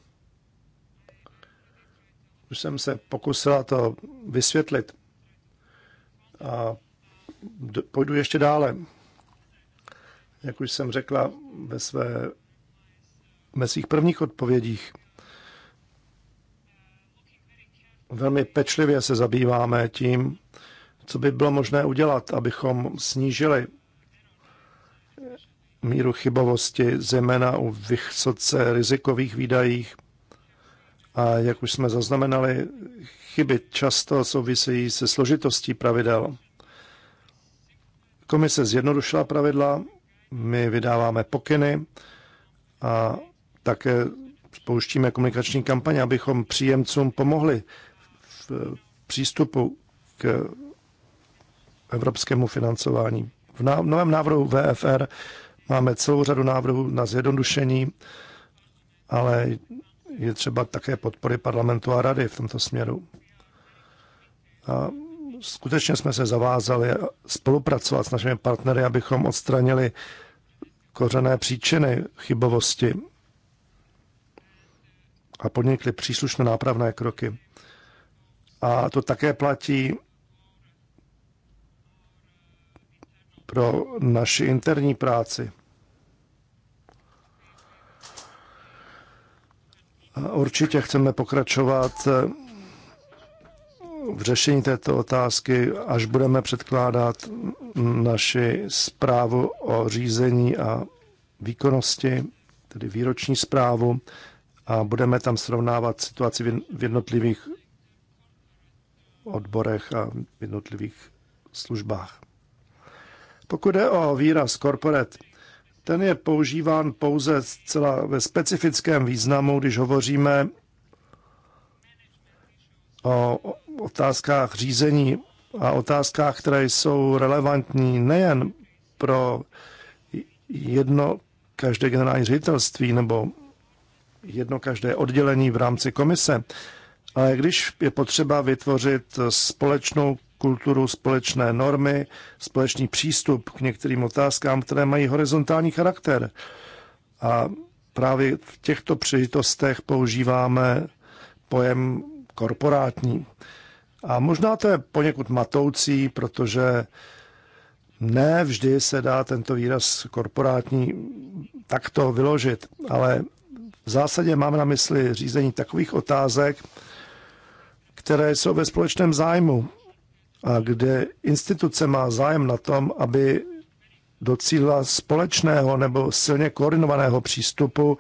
už jsem se pokusila to vysvětlit. A půjdu ještě dále. Jak už jsem řekla ve, své, ve svých prvních odpovědích, velmi pečlivě se zabýváme tím, co by bylo možné udělat, abychom snížili míru chybovosti, zejména u vysoce rizikových výdajích. A jak už jsme zaznamenali, Chyby často souvisejí se složitostí pravidel. Komise zjednodušila pravidla, my vydáváme pokyny a také spouštíme komunikační kampaně, abychom příjemcům pomohli v přístupu k evropskému financování. V novém návrhu VFR máme celou řadu návrhů na zjednodušení, ale je třeba také podpory parlamentu a rady v tomto směru. A skutečně jsme se zavázali spolupracovat s našimi partnery, abychom odstranili kořené příčiny chybovosti a podnikli příslušné nápravné kroky. A to také platí pro naši interní práci. A určitě chceme pokračovat v řešení této otázky, až budeme předkládat naši zprávu o řízení a výkonnosti, tedy výroční zprávu, a budeme tam srovnávat situaci v jednotlivých odborech a v jednotlivých službách. Pokud jde o výraz corporate, ten je používán pouze zcela ve specifickém významu, když hovoříme o otázkách řízení a otázkách, které jsou relevantní nejen pro jedno každé generální ředitelství nebo jedno každé oddělení v rámci komise, ale když je potřeba vytvořit společnou kulturu, společné normy, společný přístup k některým otázkám, které mají horizontální charakter. A právě v těchto příležitostech používáme pojem korporátní. A možná to je poněkud matoucí, protože ne vždy se dá tento výraz korporátní takto vyložit, ale v zásadě mám na mysli řízení takových otázek, které jsou ve společném zájmu a kde instituce má zájem na tom, aby docílila společného nebo silně koordinovaného přístupu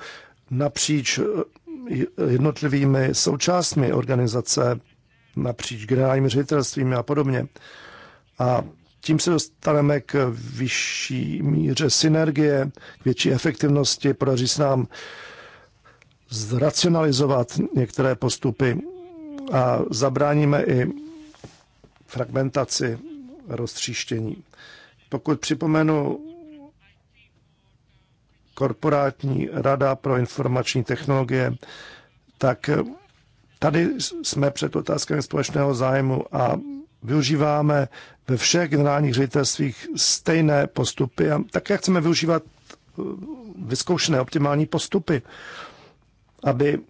napříč jednotlivými součástmi organizace napříč generálním ředitelstvím a podobně. A tím se dostaneme k vyšší míře synergie, k větší efektivnosti, podaří se nám zracionalizovat některé postupy a zabráníme i fragmentaci roztříštění. Pokud připomenu korporátní rada pro informační technologie, tak Tady jsme před otázkami společného zájmu a využíváme ve všech generálních ředitelstvích stejné postupy a také chceme využívat eh, vyzkoušené optimální postupy, aby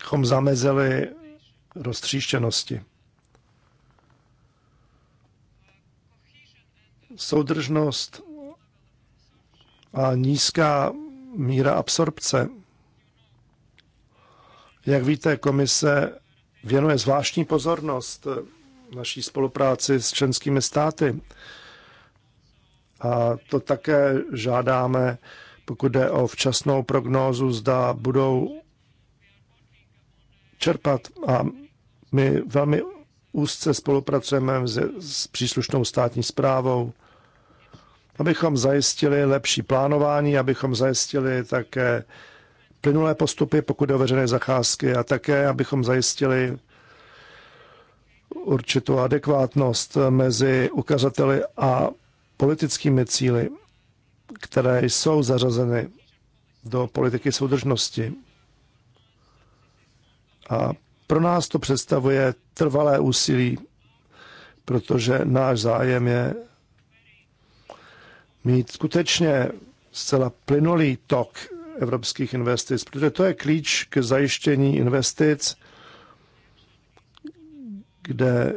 chom zamezili roztříštěnosti. Soudržnost a nízká míra absorpce jak víte, komise věnuje zvláštní pozornost naší spolupráci s členskými státy. A to také žádáme, pokud jde o včasnou prognózu, zda budou čerpat. A my velmi úzce spolupracujeme s příslušnou státní zprávou, abychom zajistili lepší plánování, abychom zajistili také plynulé postupy, pokud jde o veřejné zacházky a také, abychom zajistili určitou adekvátnost mezi ukazateli a politickými cíly, které jsou zařazeny do politiky soudržnosti. A pro nás to představuje trvalé úsilí, protože náš zájem je mít skutečně zcela plynulý tok evropských investic, protože to je klíč k zajištění investic, kde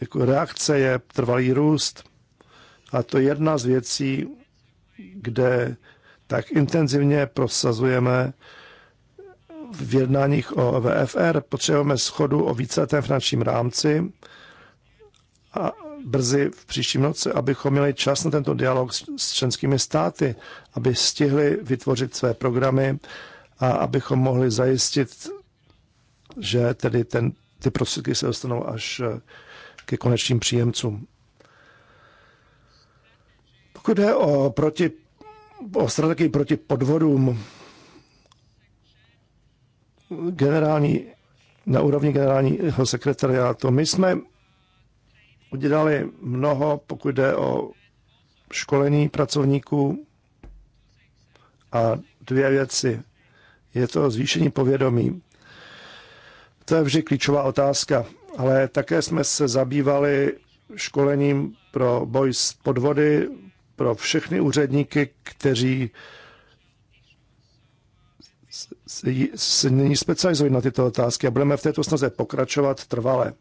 jako reakce je trvalý růst. A to je jedna z věcí, kde tak intenzivně prosazujeme v jednáních o VFR. Potřebujeme schodu o víceletém finančním rámci a brzy v příštím roce, abychom měli čas na tento dialog s členskými státy, aby stihli vytvořit své programy a abychom mohli zajistit, že tedy ten, ty prostředky se dostanou až eh, ke konečným příjemcům. Pokud jde o, proti, o strategii proti podvodům, generální, na úrovni generálního sekretariátu, my jsme udělali mnoho, pokud jde o školení pracovníků a dvě věci. Je to zvýšení povědomí. To je vždy klíčová otázka, ale také jsme se zabývali školením pro boj s podvody pro všechny úředníky, kteří se nyní specializují na tyto otázky a budeme v této snaze pokračovat trvale.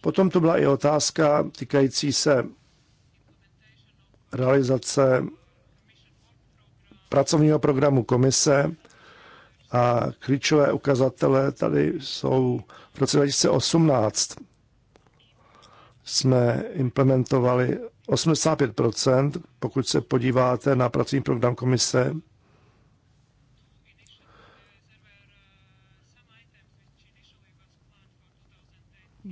Potom to byla i otázka týkající se realizace pracovního programu komise a klíčové ukazatele tady jsou v roce 2018 jsme implementovali 85%, pokud se podíváte na pracovní program komise,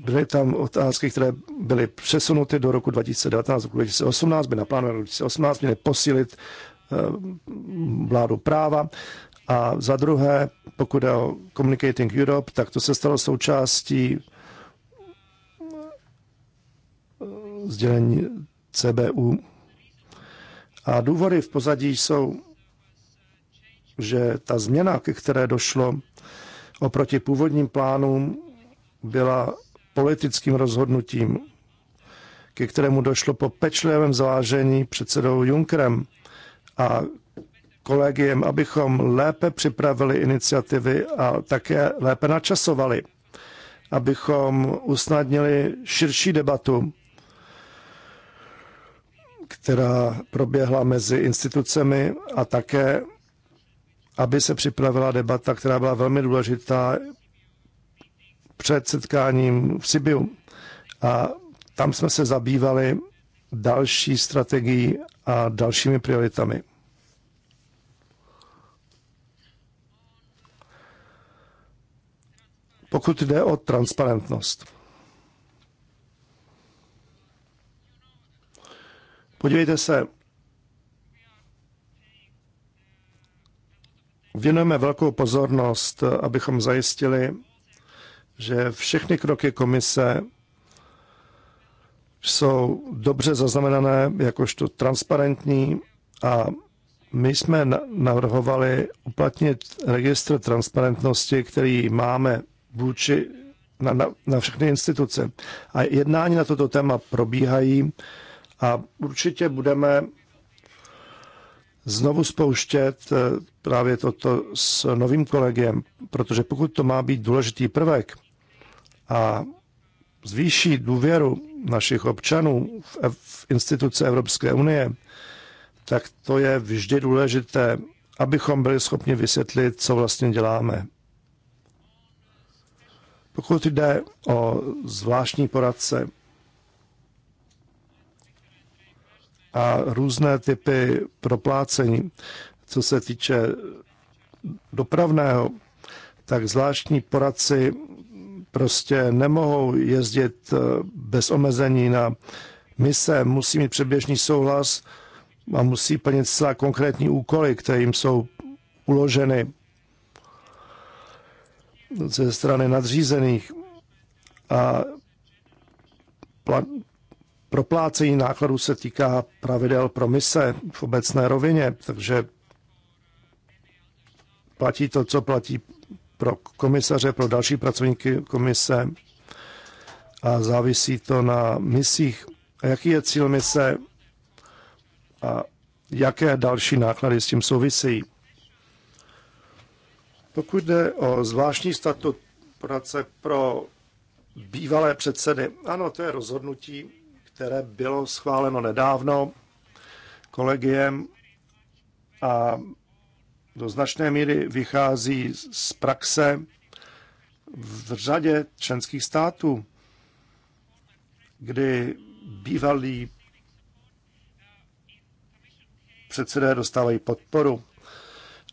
byly tam otázky, které byly přesunuty do roku 2019, roku 2018, by na plánu 2018 měly posílit eh, vládu práva. A za druhé, pokud je o Communicating Europe, tak to se stalo součástí eh, sdělení CBU. A důvody v pozadí jsou, že ta změna, ke které došlo oproti původním plánům, byla politickým rozhodnutím, ke kterému došlo po pečlivém zvážení předsedou Junkerem a kolegiem, abychom lépe připravili iniciativy a také lépe načasovali, abychom usnadnili širší debatu, která proběhla mezi institucemi a také, aby se připravila debata, která byla velmi důležitá před setkáním v Sibiu. A tam jsme se zabývali další strategií a dalšími prioritami. Pokud jde o transparentnost. Podívejte se, věnujeme velkou pozornost, abychom zajistili, že všechny kroky komise jsou dobře zaznamenané jakožto transparentní a my jsme navrhovali uplatnit registr transparentnosti, který máme vůči na, na, na všechny instituce. A jednání na toto téma probíhají a určitě budeme znovu spouštět eh, právě toto s novým kolegiem, protože pokud to má být důležitý prvek, a zvýší důvěru našich občanů v, instituce Evropské unie, tak to je vždy důležité, abychom byli schopni vysvětlit, co vlastně děláme. Pokud jde o zvláštní poradce a různé typy proplácení, co se týče dopravného, tak zvláštní poradci prostě nemohou jezdit eh, bez omezení na mise, musí mít předběžný souhlas a musí plnit celá konkrétní úkoly, které jim jsou uloženy ze strany nadřízených a proplácení nákladů se týká pravidel pro mise v obecné rovině, takže platí to, co platí pro komisaře, pro další pracovníky komise a závisí to na misích. A jaký je cíl mise a jaké další náklady s tím souvisejí. Pokud jde o zvláštní statut poradce pro bývalé předsedy, ano, to je rozhodnutí, které bylo schváleno nedávno kolegiem a do značné míry vychází z praxe v řadě členských států, kdy bývalí předsedé dostávají podporu.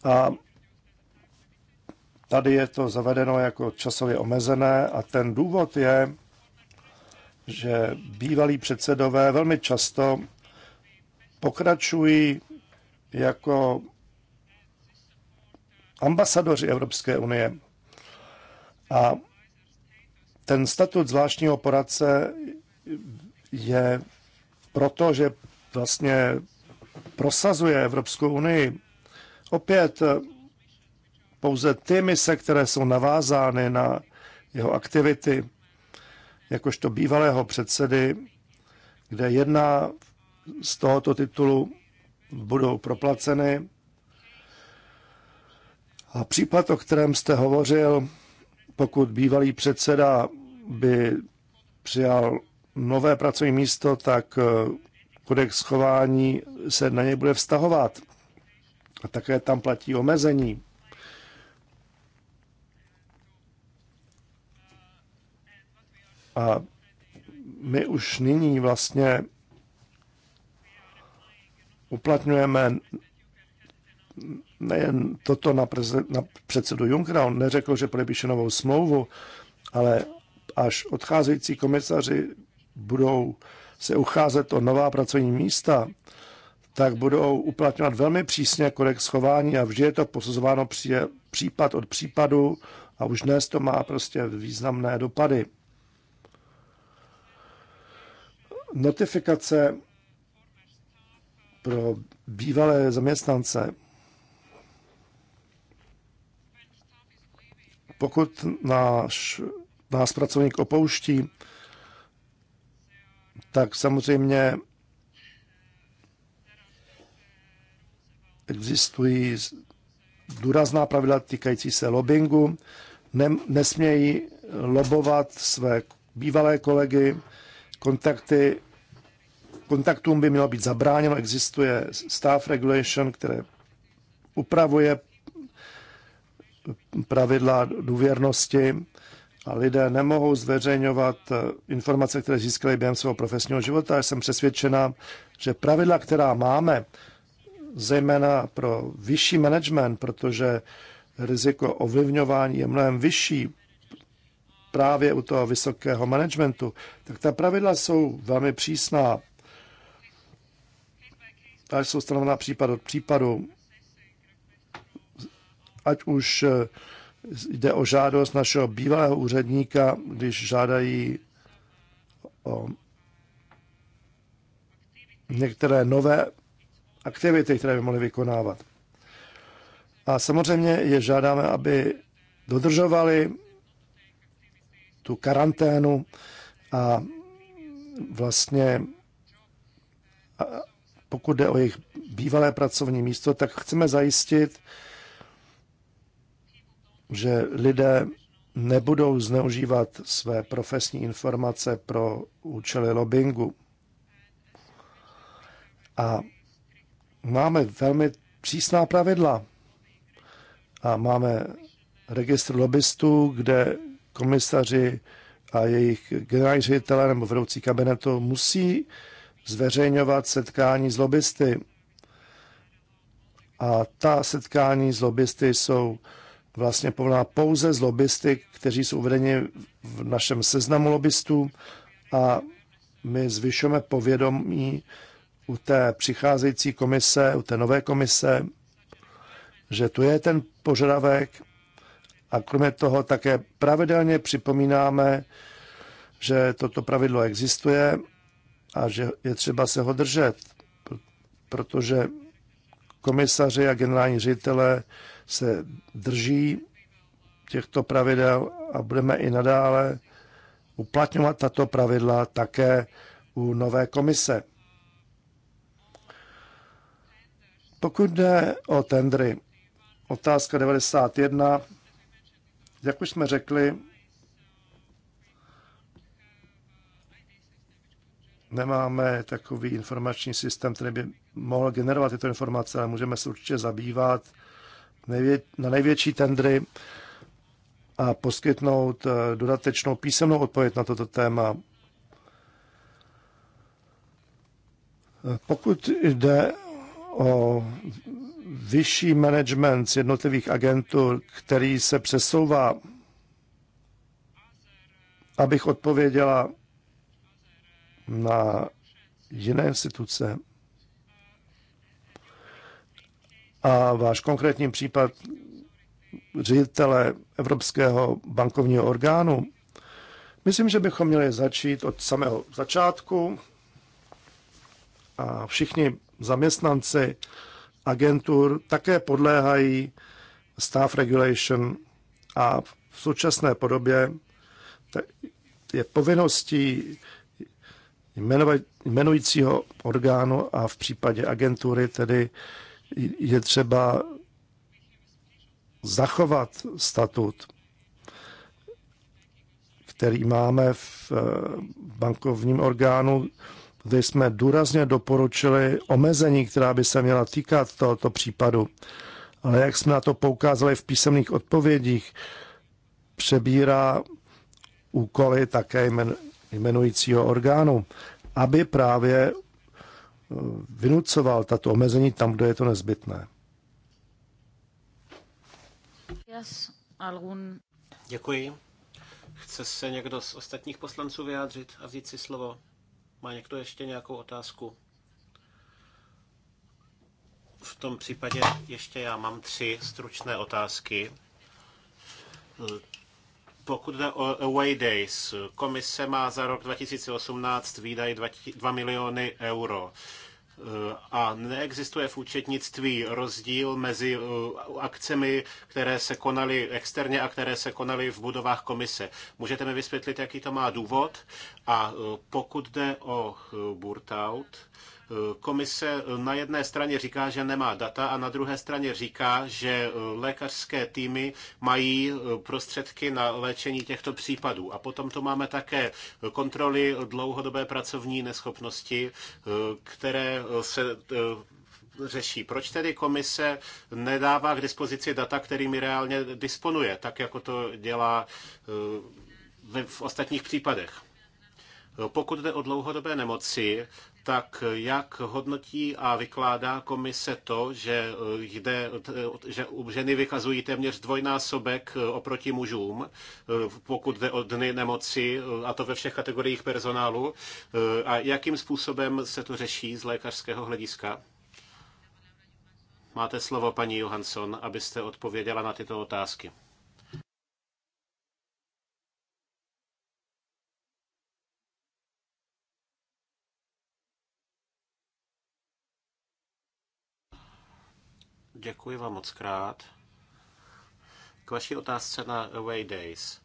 A tady je to zavedeno jako časově omezené a ten důvod je, že bývalí předsedové velmi často pokračují jako ambasadoři Evropské unie. A ten statut zvláštního poradce je proto, že vlastně prosazuje Evropskou unii. Opět pouze ty mise, které jsou navázány na jeho aktivity, jakožto bývalého předsedy, kde jedna z tohoto titulu budou proplaceny a případ, o kterém jste hovořil, pokud bývalý předseda by přijal nové pracovní místo, tak eh, kodex chování se na něj bude vztahovat. A také tam platí omezení. A my už nyní vlastně uplatňujeme nejen toto na, preze, na předsedu Junckera, on neřekl, že podepíše novou smlouvu, ale až odcházející komisaři budou se ucházet o nová pracovní místa, tak budou uplatňovat velmi přísně kodex schování a vždy je to posuzováno přijde, případ od případu a už dnes to má prostě významné dopady. Notifikace pro bývalé zaměstnance Pokud náš, nás pracovník opouští, tak samozřejmě existují důrazná pravidla týkající se lobbyingu. Ne, nesmějí lobovat své bývalé kolegy, kontakty, kontaktům by mělo být zabráněno. Existuje staff regulation, které upravuje pravidla důvěrnosti a lidé nemohou zveřejňovat eh, informace, které získali během svého profesního života. Já jsem přesvědčena, že pravidla, která máme, zejména pro vyšší management, protože riziko ovlivňování je mnohem vyšší právě u toho vysokého managementu, tak ta pravidla jsou velmi přísná. Ta jsou stanovená případ od případu ať už eh, jde o žádost našeho bývalého úředníka, když žádají o některé nové aktivity, které by mohli vykonávat. A samozřejmě je žádáme, aby dodržovali tu karanténu a vlastně pokud jde o jejich bývalé pracovní místo, tak chceme zajistit, že lidé nebudou zneužívat své profesní informace pro účely lobbyingu. A máme velmi přísná pravidla. A máme registr lobbystů, kde komisaři a jejich generální ředitele nebo vedoucí kabinetu musí zveřejňovat setkání s lobbysty. A ta setkání s lobbysty jsou vlastně povolená pouze z lobbysty, kteří jsou uvedeni v našem seznamu lobbystů a my zvyšujeme povědomí u té přicházející komise, u té nové komise, že tu je ten požadavek a kromě toho také pravidelně připomínáme, že toto pravidlo existuje a že je třeba se ho držet, protože komisaři a generální ředitele se drží těchto pravidel a budeme i nadále uplatňovat tato pravidla také u nové komise. Pokud jde o tendry, otázka 91, jak už jsme řekli, nemáme takový informační systém, který by mohl generovat tyto informace, ale můžeme se určitě zabývat na největší tendry a poskytnout eh, dodatečnou písemnou odpověď na toto téma. Pokud jde o vyšší management z jednotlivých agentů, který se přesouvá, abych odpověděla na jiné instituce. a váš konkrétní případ ředitele Evropského bankovního orgánu, myslím, že bychom měli začít od samého začátku a všichni zaměstnanci agentur také podléhají staff regulation a v současné podobě je povinností jmenujícího orgánu a v případě agentury tedy je třeba zachovat statut, který máme eh, v bankovním orgánu, kde jsme důrazně doporučili omezení, která by se měla týkat tohoto případu. Ale jak jsme na to poukázali v písemných odpovědích, přebírá úkoly také jmenujícího orgánu, aby právě vynucoval tato omezení tam, kde je to nezbytné. Děkuji. Chce se někdo z ostatních poslanců vyjádřit a vzít si slovo? Má někdo ještě nějakou otázku? V tom případě ještě já mám tři stručné otázky. Pokud jde o Away Days, komise má za rok 2018 výdaj 2 miliony euro. Eh, a neexistuje v účetnictví rozdíl mezi eh, akcemi, které se konaly externě a které se konaly v budovách komise. Můžete mi vysvětlit, jaký to má důvod? A eh, pokud jde o Burtout, Komise na jedné straně říká, že nemá data a na druhé straně říká, že eh, lékařské týmy mají eh, prostředky na léčení těchto případů. A potom tu máme také kontroly dlouhodobé pracovní neschopnosti, eh, které se řeší. Proč tedy komise nedává k dispozici data, kterými reálně disponuje, tak jako to dělá v ostatních případech? Pokud jde o dlouhodobé nemoci, tak jak hodnotí a vykládá komise to, že, eh, jde, eh, že ženy vykazují téměř dvojnásobek eh, oproti mužům, pokud jde o dny nemoci, a to ve všech kategoriích personálu, a jakým způsobem se to řeší z lékařského hlediska? Máte slovo, paní Johansson, abyste odpověděla na tyto otázky. Děkuji vám moc krát. K vaší otázce na Away Days.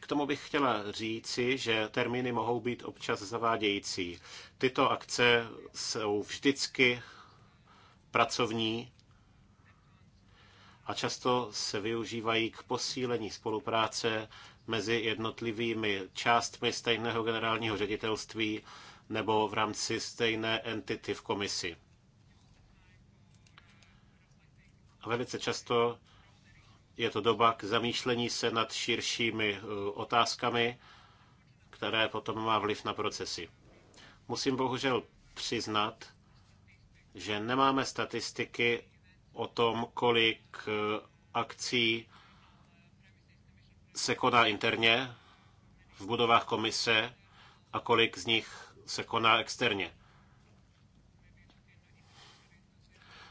k tomu bych chtěla říci, že termíny mohou být občas zavádějící. Tyto akce jsou vždycky pracovní a často se využívají k posílení spolupráce mezi jednotlivými částmi stejného generálního ředitelství nebo v rámci stejné entity v komisi. A velice často je to doba k zamýšlení se nad širšími eh, otázkami, které potom má vliv na procesy. Musím bohužel přiznat, že nemáme statistiky o tom, kolik eh, akcí se koná interně v budovách komise a kolik z nich se koná externě.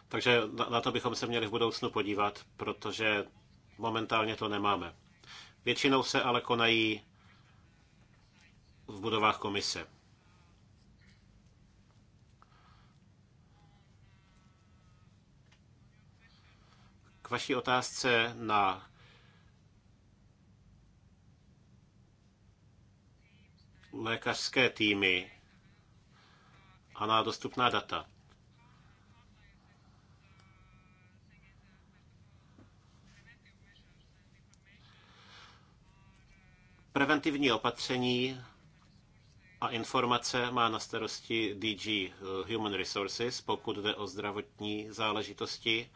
Takže na, to bychom se měli v budoucnu podívat, protože momentálně to nemáme. Většinou se ale konají v budovách komise. K vaší otázce na lékařské týmy a na dostupná data. Preventivní opatření a informace má na starosti DG eh, Human Resources, pokud jde o zdravotní záležitosti.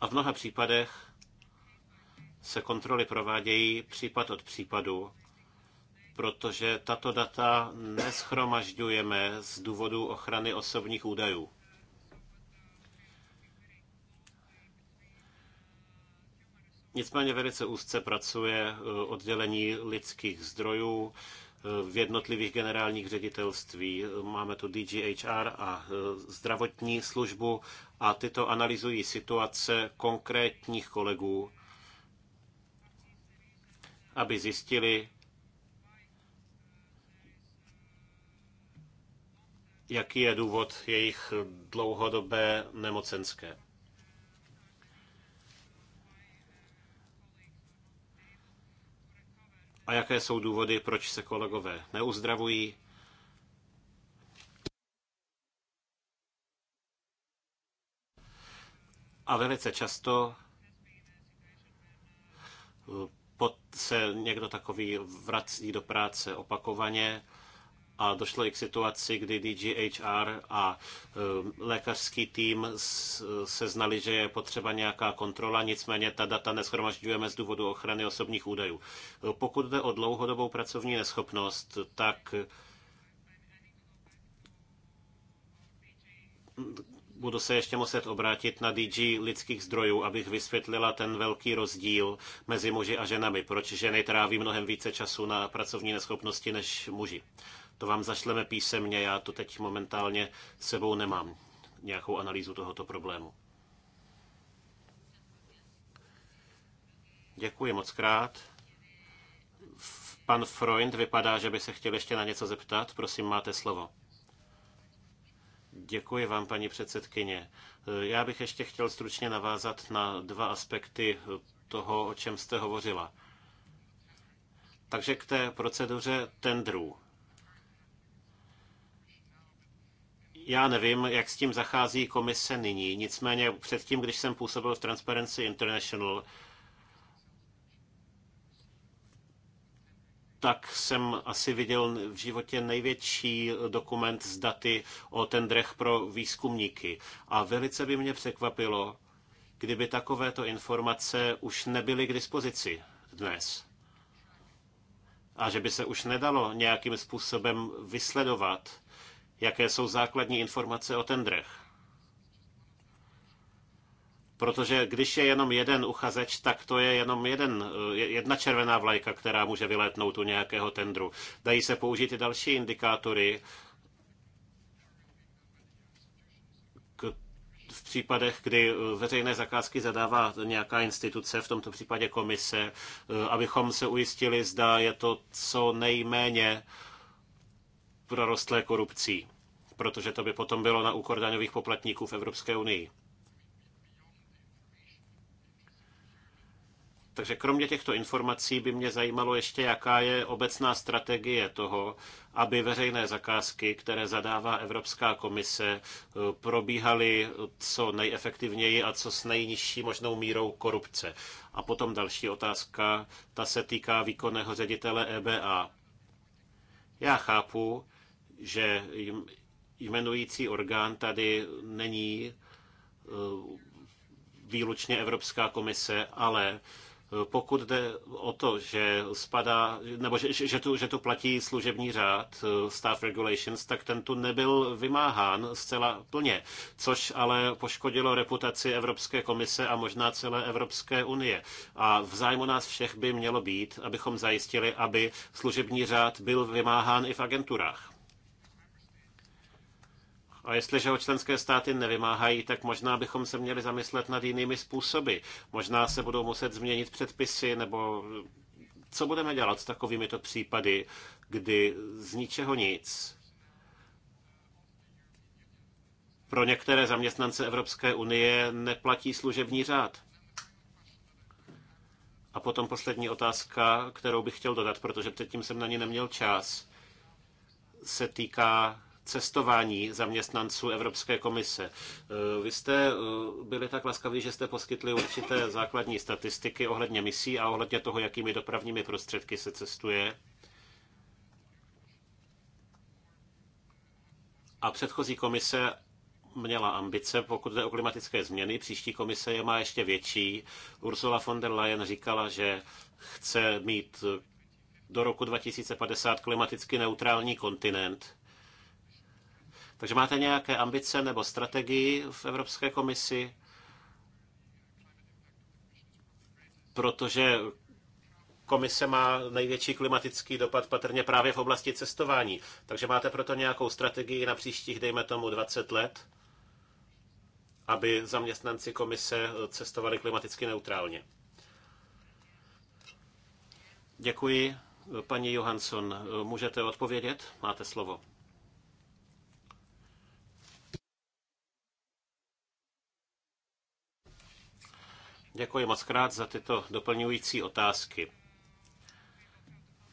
A v mnoha případech se kontroly provádějí případ od případu, protože tato data neschromažďujeme z důvodu ochrany osobních údajů. Nicméně velice úzce pracuje eh, oddělení lidských zdrojů eh, v jednotlivých generálních ředitelství. Máme tu DGHR a eh, zdravotní službu a tyto analyzují situace konkrétních kolegů aby zjistili, jaký je důvod jejich dlouhodobé nemocenské. A jaké jsou důvody, proč se kolegové neuzdravují? A velice často pot se někdo takový vrací do práce opakovaně a došlo i k situaci, kdy DGHR a eh, lékařský tým se znali, že je potřeba nějaká kontrola, nicméně ta data neschromažďujeme z důvodu ochrany osobních údajů. Eh, pokud jde o dlouhodobou pracovní neschopnost, tak budu se ještě muset obrátit na DG lidských zdrojů, abych vysvětlila ten velký rozdíl mezi muži a ženami. Proč ženy tráví mnohem více času na pracovní neschopnosti než muži. To vám zašleme písemně, já to teď momentálně sebou nemám, nějakou analýzu tohoto problému. Děkuji moc krát. Pan Freund vypadá, že by se chtěl ještě na něco zeptat. Prosím, máte slovo. Děkuji vám, paní předsedkyně. Já bych ještě chtěl stručně navázat na dva aspekty toho, o čem jste hovořila. Takže k té proceduře tendrů. Já nevím, jak s tím zachází komise nyní, nicméně předtím, když jsem působil v Transparency International, tak jsem asi viděl v životě největší dokument s daty o tendrech pro výzkumníky. A velice by mě překvapilo, kdyby takovéto informace už nebyly k dispozici dnes. A že by se už nedalo nějakým způsobem vysledovat, jaké jsou základní informace o tendrech. Protože když je jenom jeden uchazeč, tak to je jenom jeden, eh, jedna červená vlajka, která může vylétnout u nějakého tendru. Dají se použít i další indikátory, v případech, kdy eh, veřejné zakázky zadává nějaká instituce, v tomto případě komise, eh, abychom se ujistili, zda je to co nejméně prorostlé korupcí, protože to by potom bylo na úkor daňových poplatníků v Evropské unii. Takže kromě těchto informací by mě zajímalo ještě, jaká je obecná strategie toho, aby veřejné zakázky, které zadává Evropská komise, eh, probíhaly co nejefektivněji a co s nejnižší možnou mírou korupce. A potom další otázka, ta se týká výkonného ředitele EBA. Já chápu, že jmenující orgán tady není eh, výlučně Evropská komise, ale pokud jde o to, že spadá, nebo že, že, tu, že tu platí služební řád, eh, staff regulations, tak ten tu nebyl vymáhán zcela plně, což ale poškodilo reputaci Evropské komise a možná celé Evropské unie. A v zájmu nás všech by mělo být, abychom zajistili, aby služební řád byl vymáhán i v agenturách. A jestliže ho členské státy nevymáhají, tak možná bychom se měli zamyslet nad jinými způsoby. Možná se budou muset změnit předpisy, nebo co budeme dělat s takovými to případy, kdy z ničeho nic pro některé zaměstnance Evropské unie neplatí služební řád. A potom poslední otázka, kterou bych chtěl dodat, protože předtím jsem na ně neměl čas, se týká cestování zaměstnanců Evropské komise. Eh, vy jste eh, byli tak laskaví, že jste poskytli určité základní statistiky ohledně misí a ohledně toho, jakými dopravními prostředky se cestuje. A předchozí komise měla ambice, pokud jde o klimatické změny. Příští komise je má ještě větší. Ursula von der Leyen říkala, že chce mít do roku 2050 klimaticky neutrální kontinent. Takže máte nějaké ambice nebo strategii v Evropské komisi? Protože komise má největší klimatický dopad patrně právě v oblasti cestování. Takže máte proto nějakou strategii na příštích, dejme tomu, 20 let, aby zaměstnanci komise cestovali klimaticky neutrálně. Děkuji. Paní Johansson, můžete odpovědět? Máte slovo. Děkuji moc krát za tyto doplňující otázky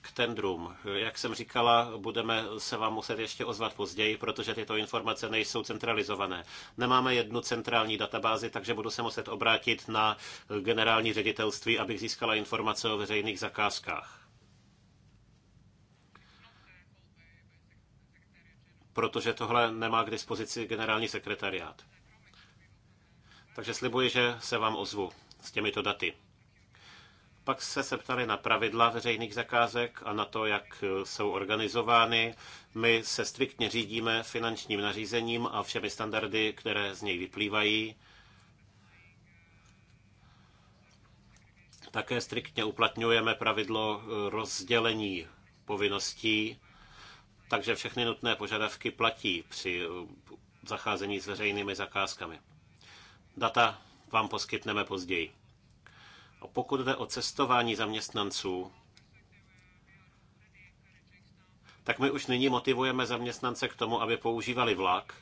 k tendrům. Jak jsem říkala, budeme se vám muset ještě ozvat později, protože tyto informace nejsou centralizované. Nemáme jednu centrální databázi, takže budu se muset obrátit na generální ředitelství, abych získala informace o veřejných zakázkách. Protože tohle nemá k dispozici generální sekretariát. Takže slibuji, že se vám ozvu s těmito daty. Pak se se ptali na pravidla veřejných zakázek a na to, jak e, jsou organizovány. My se striktně řídíme finančním nařízením a všemi standardy, které z něj vyplývají. Také striktně uplatňujeme pravidlo e, rozdělení povinností, takže všechny nutné požadavky platí při e, zacházení s veřejnými zakázkami. Data vám poskytneme později. A pokud jde o cestování zaměstnanců, tak my už nyní motivujeme zaměstnance k tomu, aby používali vlak,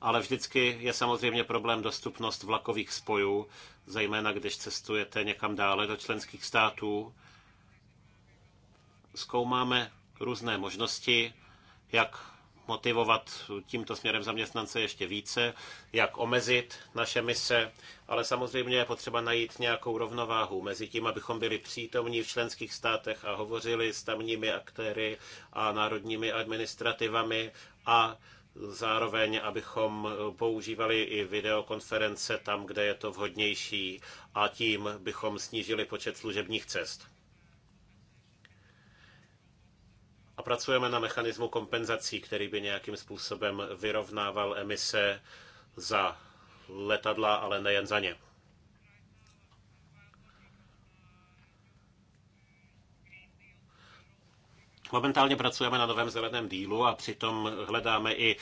ale vždycky je samozřejmě problém dostupnost vlakových spojů, zejména když cestujete někam dále do členských států. Zkoumáme různé možnosti, jak motivovat tímto směrem zaměstnance ještě více, jak omezit naše mise, ale samozřejmě je potřeba najít nějakou rovnováhu mezi tím, abychom byli přítomní v členských státech a hovořili s tamními aktéry a národními administrativami a zároveň, abychom používali i videokonference tam, kde je to vhodnější a tím bychom snížili počet služebních cest. a pracujeme na mechanismu kompenzací, který by nějakým způsobem vyrovnával emise za letadla, ale nejen za ně. Momentálně pracujeme na novém zeleném dílu a přitom hledáme i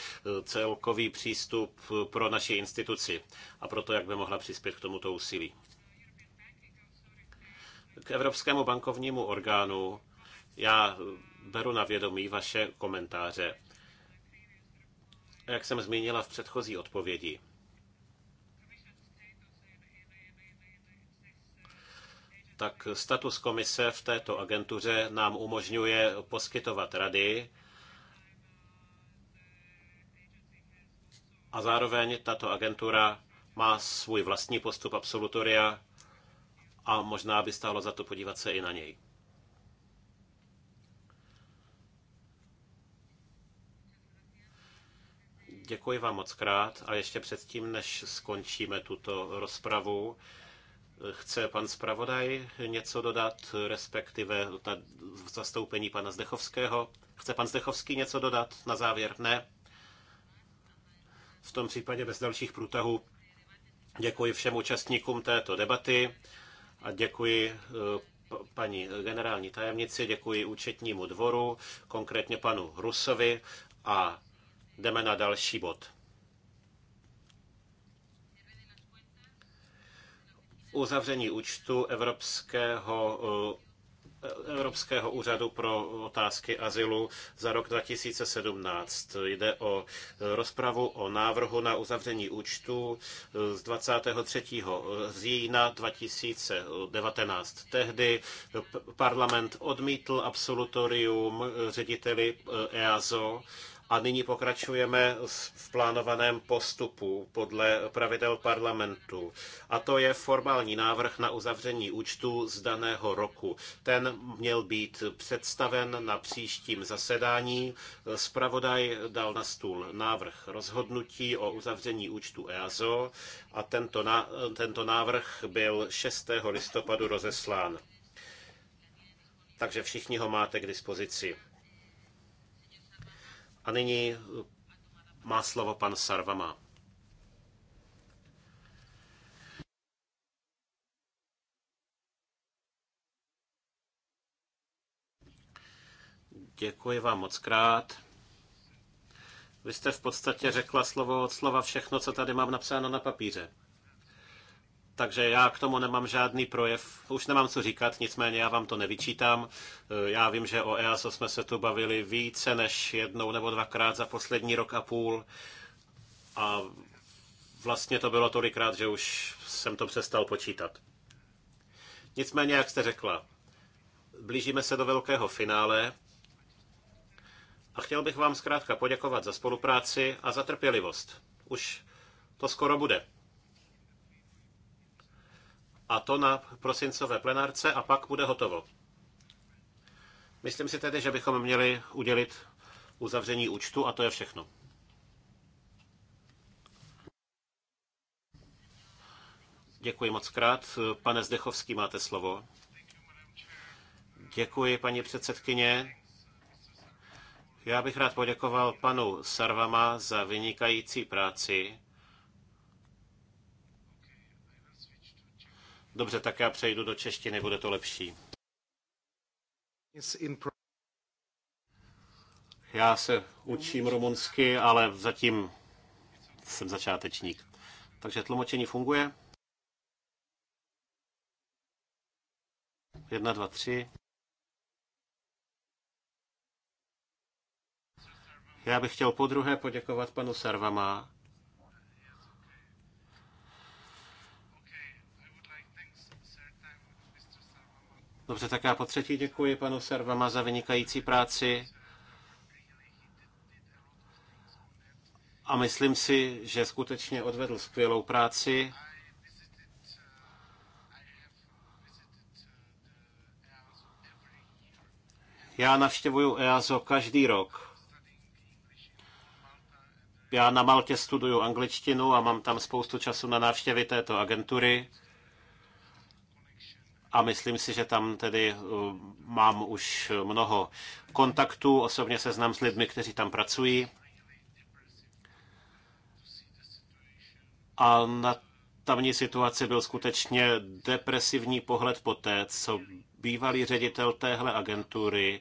celkový přístup pro naši instituci a pro to, jak by mohla přispět k tomuto úsilí. K Evropskému bankovnímu orgánu já beru na vědomí vaše komentáře. Jak jsem zmínila v předchozí odpovědi, tak status komise v této agentuře nám umožňuje poskytovat rady a zároveň tato agentura má svůj vlastní postup absolutoria a možná by stálo za to podívat se i na něj. Děkuji vám moc krát a ještě předtím, než skončíme tuto rozpravu, chce pan zpravodaj něco dodat, respektive ta zastoupení pana Zdechovského? Chce pan Zdechovský něco dodat na závěr? Ne? V tom případě bez dalších průtahů děkuji všem účastníkům této debaty a děkuji eh, paní generální tajemnici, děkuji účetnímu dvoru, konkrétně panu Rusovi a Jdeme na další bod. Uzavření účtu Evropského eh, Evropského úřadu pro otázky azylu za rok 2017. Jde o eh, rozpravu o návrhu na uzavření účtu eh, z 23. října 2019. Tehdy parlament odmítl absolutorium řediteli EASO a nyní pokračujeme v plánovaném postupu podle pravidel parlamentu. A to je formální návrh na uzavření účtu z daného roku. Ten měl být představen na příštím zasedání. Spravodaj dal na stůl návrh rozhodnutí o uzavření účtu EASO a tento, na, tento návrh byl 6. listopadu rozeslán. Takže všichni ho máte k dispozici. A nyní eh, má slovo pan Sarvama. Děkuji vám moc krát. Vy jste v podstatě řekla slovo od slova všechno, co tady mám napsáno na papíře. Takže já k tomu nemám žádný projev, už nemám co říkat, nicméně já vám to nevyčítám. E, já vím, že o EASO jsme se tu bavili více než jednou nebo dvakrát za poslední rok a půl. A vlastně to bylo tolikrát, že už jsem to přestal počítat. Nicméně, jak jste řekla, blížíme se do velkého finále a chtěl bych vám zkrátka poděkovat za spolupráci a za trpělivost. Už to skoro bude a to na prosincové plenárce a pak bude hotovo. Myslím si tedy, že bychom měli udělit uzavření účtu a to je všechno. Děkuji moc krát. Pane Zdechovský, máte slovo. Děkuji, paní předsedkyně. Já bych rád poděkoval panu Sarvama za vynikající práci Dobře, tak já přejdu do češtiny, bude to lepší. Já se učím romonsky, ale zatím jsem začátečník. Takže tlumočení funguje. Jedna, dva, tři. Já bych chtěl podruhé poděkovat panu Sarvama Dobře, tak já po třetí děkuji panu Servama za vynikající práci. A myslím si, že skutečně odvedl skvělou práci. Já navštěvuju EASO každý rok. Já na Maltě studuju angličtinu a mám tam spoustu času na návštěvy této agentury a myslím si, že tam tedy eh, mám už mnoho kontaktů, osobně se znám s lidmi, kteří tam pracují. A na tamní situaci byl skutečně depresivní pohled po té, co bývalý ředitel téhle agentury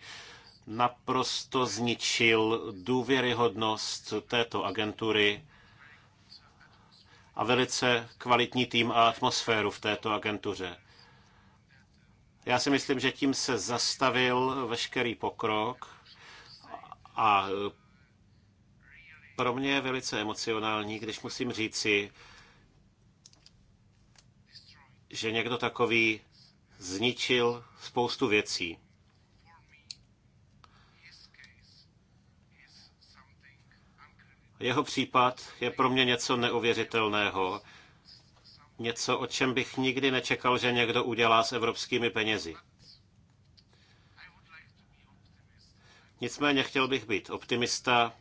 naprosto zničil důvěryhodnost této agentury a velice kvalitní tým a atmosféru v této agentuře. Já si myslím, že tím se zastavil veškerý pokrok a pro mě je velice emocionální, když musím říci, že někdo takový zničil spoustu věcí. Jeho případ je pro mě něco neuvěřitelného Něco, o čem bych nikdy nečekal, že někdo udělá s evropskými penězi. Nicméně chtěl bych být optimista.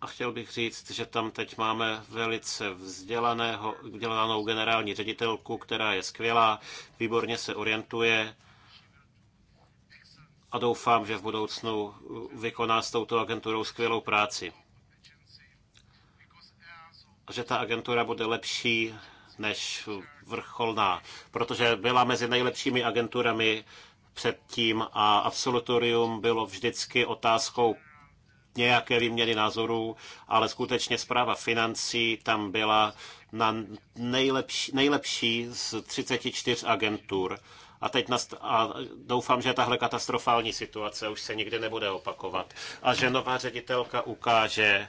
A chtěl bych říct, že tam teď máme velice vzdělaného, vzdělanou generální ředitelku, která je skvělá, výborně se orientuje a doufám, že v budoucnu vykoná s touto agenturou skvělou práci že ta agentura bude lepší než vrcholná, protože byla mezi nejlepšími agenturami předtím a absolutorium bylo vždycky otázkou nějaké výměny názorů, ale skutečně zpráva financí tam byla na nejlepší, nejlepší z 34 agentur. A teď nast- a doufám, že tahle katastrofální situace už se nikdy nebude opakovat a že nová ředitelka ukáže,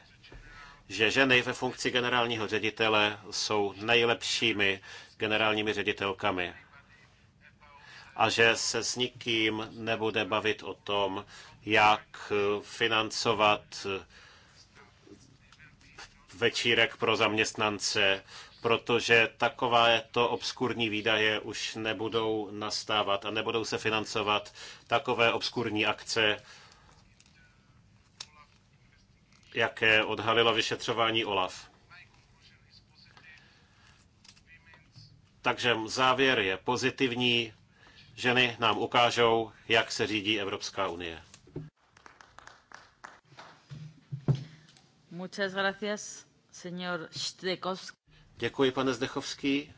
že ženy ve funkci generálního ředitele jsou nejlepšími generálními ředitelkami a že se s nikým nebude bavit o tom, jak financovat večírek pro zaměstnance, protože takovéto to obskurní výdaje už nebudou nastávat a nebudou se financovat takové obskurní akce, jaké odhalilo vyšetřování OLAF. Takže závěr je pozitivní. Ženy nám ukážou, jak se řídí Evropská unie. Muchas gracias, señor Štekovský. Děkuji, pane Zdechovský.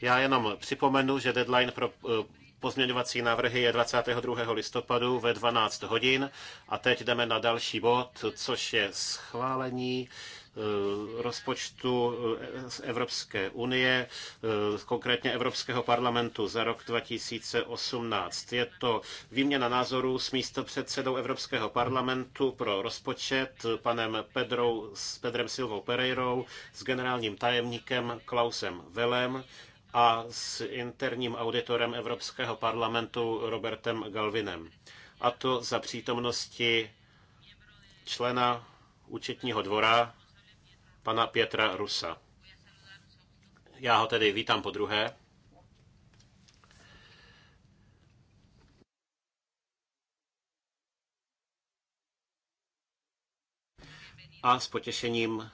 Já jenom připomenu, že deadline pro eh, pozměňovací návrhy je 22. listopadu ve 12 hodin. A teď jdeme na další bod, což je schválení eh, rozpočtu eh, Evropské unie, eh, konkrétně Evropského parlamentu za rok 2018. Je to výměna názorů s místopředsedou Evropského parlamentu pro rozpočet panem Pedrou, s Pedrem Silvou Pereirou, s generálním tajemníkem Klausem Velem a s interním auditorem Evropského parlamentu Robertem Galvinem. A to za přítomnosti člena účetního dvora, pana Pětra Rusa. Já ho tedy vítám po druhé. A s potěšením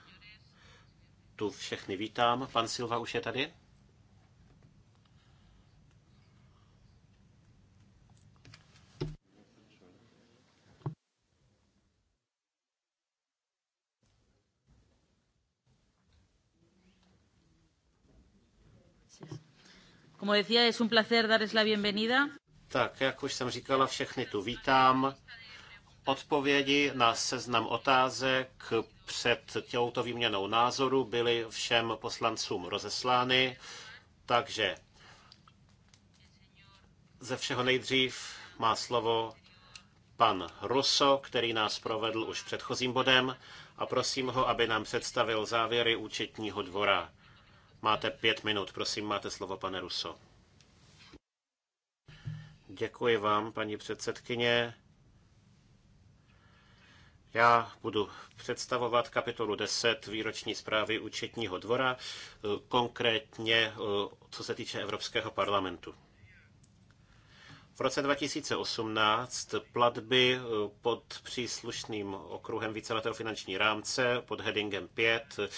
tu všechny vítám. Pan Silva už je tady? Como decía, es un placer darles la bienvenida. Tak, jak už jsem říkala, všechny tu vítám. Odpovědi na seznam otázek před těmto výměnou názoru byly všem poslancům rozeslány, takže ze všeho nejdřív má slovo pan Russo, který nás provedl už předchozím bodem a prosím ho, aby nám představil závěry účetního dvora Máte pět minut, prosím, máte slovo, pane Ruso. Děkuji vám, paní předsedkyně. Já budu představovat kapitolu 10 výroční zprávy účetního dvora, konkrétně eh, co se týče Evropského parlamentu. V roce 2018 platby eh, pod příslušným okruhem víceletého finanční rámce pod headingem 5 eh,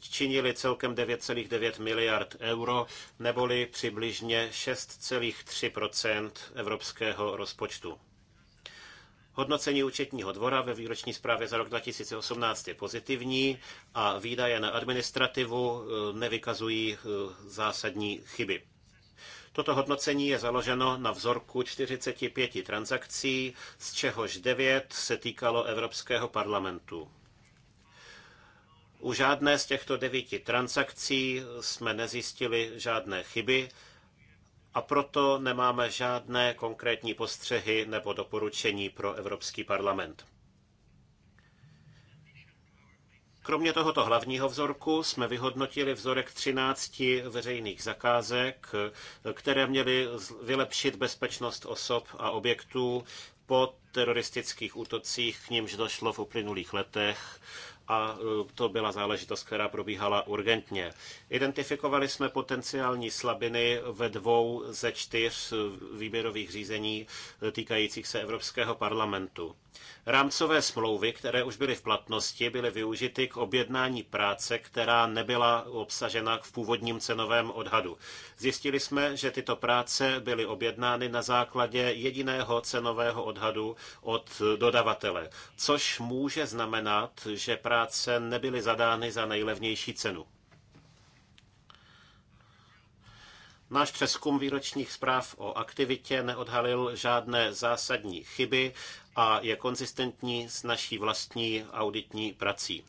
činily celkem 9,9 miliard euro, neboli přibližně 6,3 evropského rozpočtu. Hodnocení účetního dvora ve výroční zprávě za rok 2018 je pozitivní a výdaje na administrativu eh, nevykazují zásadní chyby. Toto hodnocení je založeno na vzorku 45 transakcí, z čehož 9 se týkalo Evropského parlamentu. U žádné z těchto devíti transakcí jsme nezjistili žádné chyby a proto nemáme žádné konkrétní postřehy nebo doporučení pro Evropský parlament. Kromě tohoto hlavního vzorku jsme vyhodnotili vzorek 13 veřejných zakázek, které měly vylepšit bezpečnost osob a objektů po teroristických útocích, k nímž došlo v uplynulých letech a e, to byla záležitost, která probíhala urgentně. Identifikovali jsme potenciální slabiny ve dvou ze čtyř e, výběrových řízení e, týkajících se Evropského parlamentu. Rámcové smlouvy, které už byly v platnosti, byly využity k objednání práce, která nebyla obsažena v původním cenovém odhadu. Zjistili jsme, že tyto práce byly objednány na základě jediného cenového odhadu od dodavatele, což může znamenat, že práce nebyly zadány za nejlevnější cenu. Náš přeskum výročních zpráv o aktivitě neodhalil žádné zásadní chyby a je konzistentní s naší vlastní auditní prací.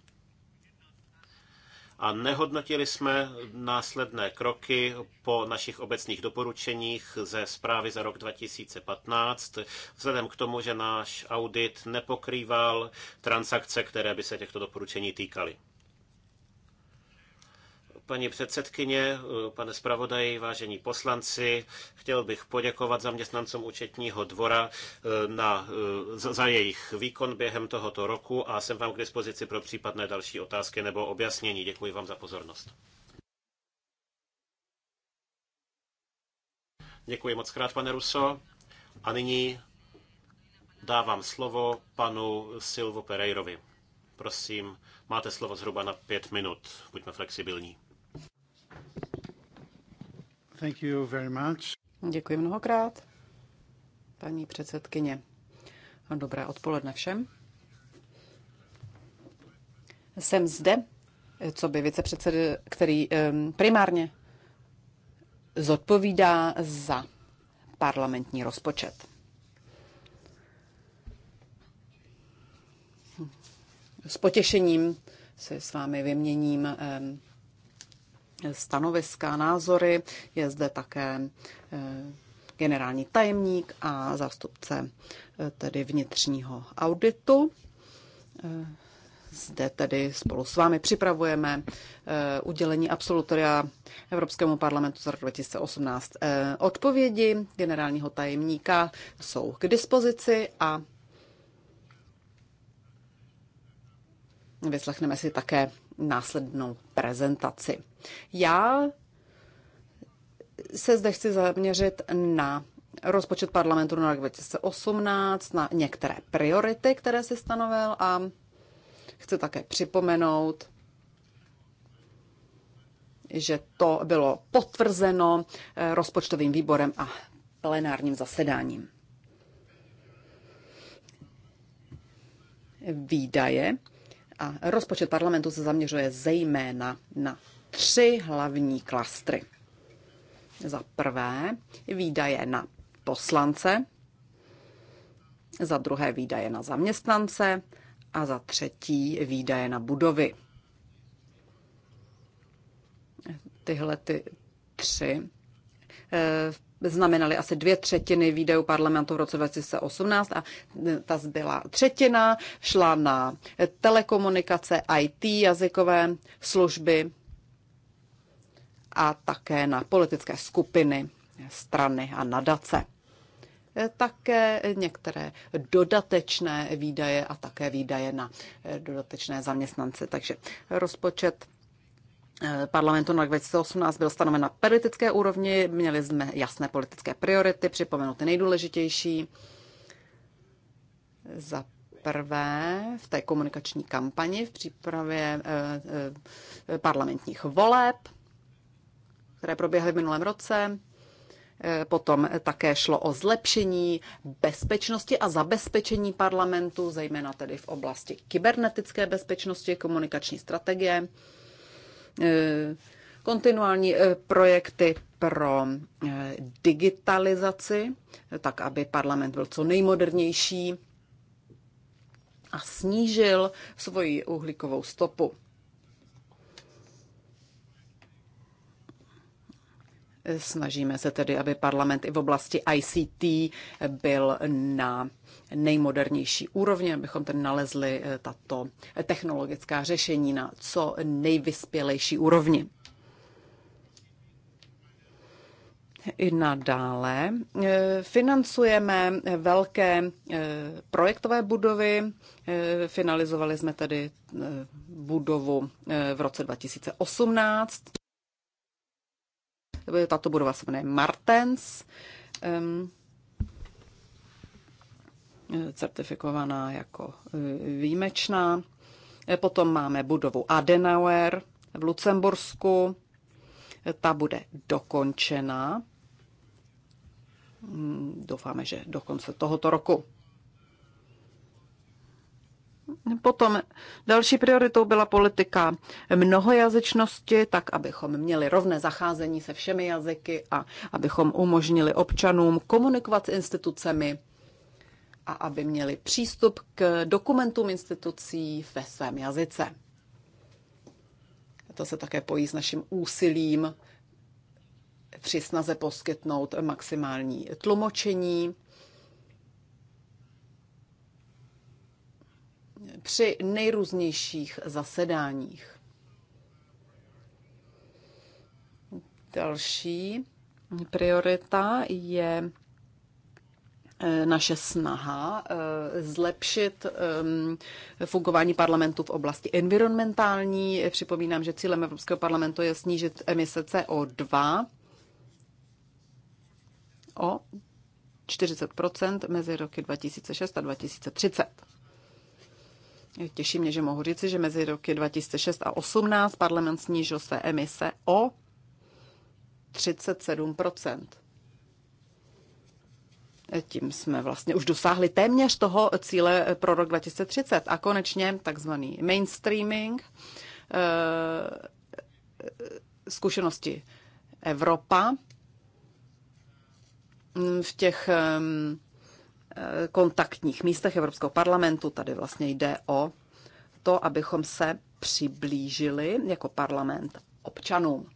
A nehodnotili jsme následné kroky po našich obecných doporučeních ze zprávy za rok 2015, vzhledem k tomu, že náš audit nepokrýval transakce, které by se těchto doporučení týkaly. Paní předsedkyně, pane zpravodaji, vážení poslanci, chtěl bych poděkovat zaměstnancům účetního dvora eh, na, eh, za jejich výkon během tohoto roku a jsem vám k dispozici pro případné další otázky nebo objasnění. Děkuji vám za pozornost. Děkuji moc krát, pane Ruso. A nyní dávám slovo panu Silvo Pereirovi. Prosím, máte slovo zhruba na pět minut. Buďme flexibilní. Thank you very much. Děkuji mnohokrát, paní předsedkyně. Dobré odpoledne všem. Jsem zde, co by vicepředsed, který primárně zodpovídá za parlamentní rozpočet. S potěšením se s vámi vyměním stanoviska, názory. Je zde také eh, generální tajemník a zástupce eh, tedy vnitřního auditu. Eh, zde tedy spolu s vámi připravujeme udělení absolutoria Evropskému parlamentu za rok 2018. Odpovědi generálního tajemníka jsou k dispozici a Vyslechneme si také následnou prezentaci. Já se zde chci zaměřit na rozpočet parlamentu na rok 2018, na některé priority, které si stanovil a chci také připomenout, že to bylo potvrzeno eh, rozpočtovým výborem a plenárním zasedáním. Výdaje a rozpočet parlamentu se zaměřuje zejména na tři hlavní klastry. Za prvé výdaje na poslance, za druhé výdaje na zaměstnance a za třetí výdaje na budovy. Tyhle ty tři eh, znamenaly asi dvě třetiny výdajů parlamentu v roce 2018 a e, ta zbyla třetina šla na telekomunikace, IT, jazykové služby a také na politické skupiny, strany a nadace. E, také některé dodatečné výdaje a také výdaje na e, dodatečné zaměstnance. Takže rozpočet parlamentu na 2018 byl stanoven na politické úrovni, měli jsme jasné politické priority, připomenu ty nejdůležitější. Za prvé v té komunikační kampani v přípravě eh, eh, parlamentních voleb, které proběhly v minulém roce. Eh, potom také šlo o zlepšení bezpečnosti a zabezpečení parlamentu, zejména tedy v oblasti kybernetické bezpečnosti, komunikační strategie. Eh, kontinuální eh, projekty pro eh, digitalizaci, tak aby parlament byl co nejmodernější a snížil svoji uhlíkovou stopu. Snažíme se tedy, aby parlament i v oblasti ICT byl na nejmodernější úrovni, abychom tedy nalezli eh, tato technologická řešení na co nejvyspělejší úrovni. I nadále eh, financujeme velké eh, projektové budovy. Finalizovali jsme tedy budovu v roce 2018. Tato budova se jmenuje Martens. Um, certifikovaná jako eh, výjimečná. Eh, potom máme budovu Adenauer v Lucembursku. Eh, ta bude dokončena. Mm, doufáme, že do konce tohoto roku. Potom další prioritou byla politika mnohojazyčnosti, tak abychom měli rovné zacházení se všemi jazyky a abychom umožnili občanům komunikovat s institucemi a aby měli přístup k dokumentům institucí ve svém jazyce. To se také pojí s naším úsilím při snaze poskytnout maximální tlumočení při nejrůznějších zasedáních. Další priorita je eh, naše snaha eh, zlepšit ehm, fungování parlamentu v oblasti environmentální. Připomínám, že cílem Evropského parlamentu je snížit emise CO2 o 40 mezi roky 2006 a 2030. Těší mě, že mohu říci, že mezi roky 2006 a 2018 parlament snížil své emise o 37 tím jsme vlastně už dosáhli téměř toho cíle pro rok 2030. A konečně takzvaný mainstreaming, eh, zkušenosti Evropa v těch ehm, kontaktních místech Evropského parlamentu. Tady vlastně jde o to, abychom se přiblížili jako parlament občanům.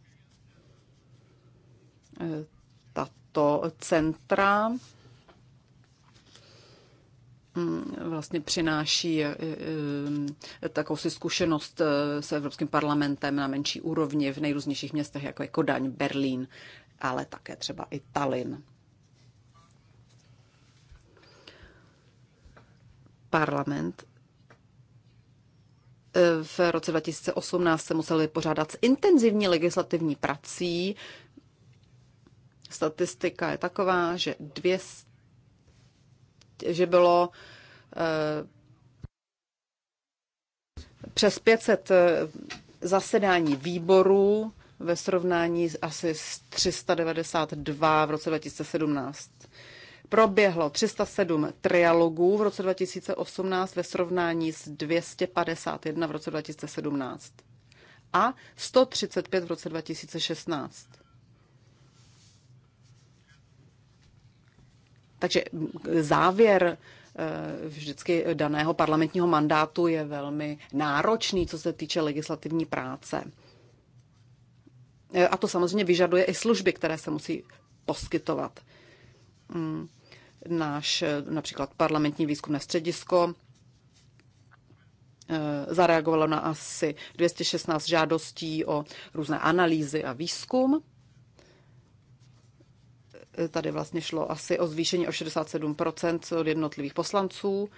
Tato centra mm, vlastně přináší eh, eh, takovou si zkušenost eh, s Evropským parlamentem na menší úrovni v nejrůznějších městech, jako je Kodaň, Berlín, ale také třeba i Tallinn. parlament e, v roce 2018 se musel vypořádat s intenzivní legislativní prací. Statistika je taková, že, dvě, že bylo e, přes 500 e, zasedání výborů ve srovnání asi s asi 392 v roce 2017. Proběhlo 307 trialogů v roce 2018 ve srovnání s 251 v roce 2017 a 135 v roce 2016. Takže závěr eh, vždycky daného parlamentního mandátu je velmi náročný, co se týče legislativní práce. Eh, a to samozřejmě vyžaduje i služby, které se musí poskytovat. Hmm náš eh, například parlamentní výzkumné středisko eh, zareagovalo na asi 216 žádostí o různé analýzy a výzkum. Eh, tady vlastně šlo asi o zvýšení o 67% od jednotlivých poslanců.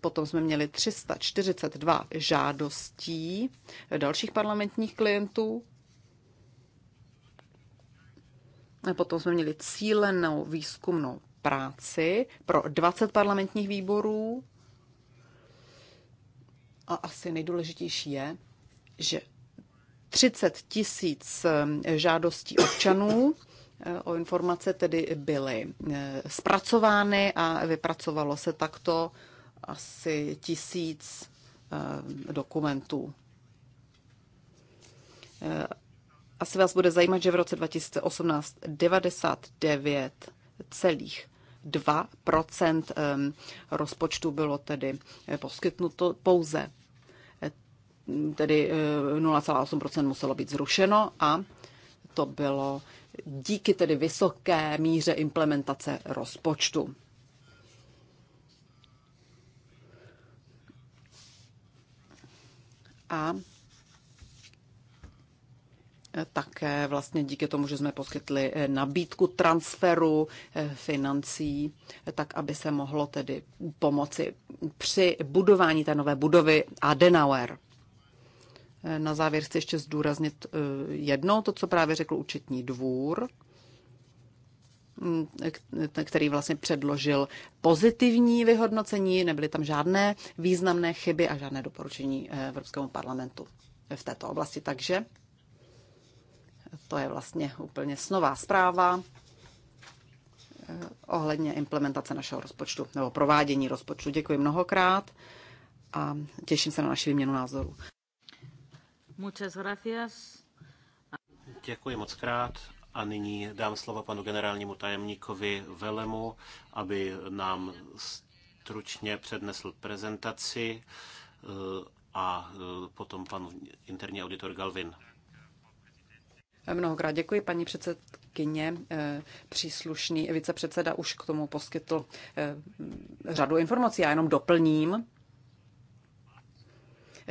Potom jsme měli 342 žádostí dalších parlamentních klientů. potom jsme měli cílenou výzkumnou práci pro 20 parlamentních výborů. A asi nejdůležitější je, že 30 tisíc eh, žádostí občanů eh, o informace tedy byly eh, zpracovány a vypracovalo se takto asi tisíc dokumentů. Asi vás bude zajímat, že v roce 2018 99 celých 2 rozpočtu bylo tedy eh, poskytnuto pouze, eh, tedy 0,8 eh, muselo být zrušeno a to bylo díky tedy vysoké míře implementace rozpočtu. A také vlastně díky tomu, že jsme poskytli eh, nabídku transferu eh, financí, eh, tak aby se mohlo tedy pomoci při budování té nové budovy Adenauer. Na závěr chci ještě zdůraznit jedno, to, co právě řekl účetní dvůr, mm, který vlastně předložil pozitivní vyhodnocení, nebyly tam žádné významné chyby a žádné doporučení Evropskému parlamentu v této oblasti. Takže to je vlastně úplně snová zpráva eh, ohledně implementace našeho rozpočtu nebo provádění rozpočtu. Děkuji mnohokrát a těším se na naši výměnu názorů. Muchas gracias. Děkuji moc krát a nyní dám slovo panu generálnímu tajemníkovi Velemu, aby nám stručně přednesl prezentaci eh, a eh, potom pan interní auditor Galvin. Mnohokrát děkuji, paní předsedkyně. Eh, Příslušný vicepředseda už k tomu poskytl eh, řadu informací. Já jenom doplním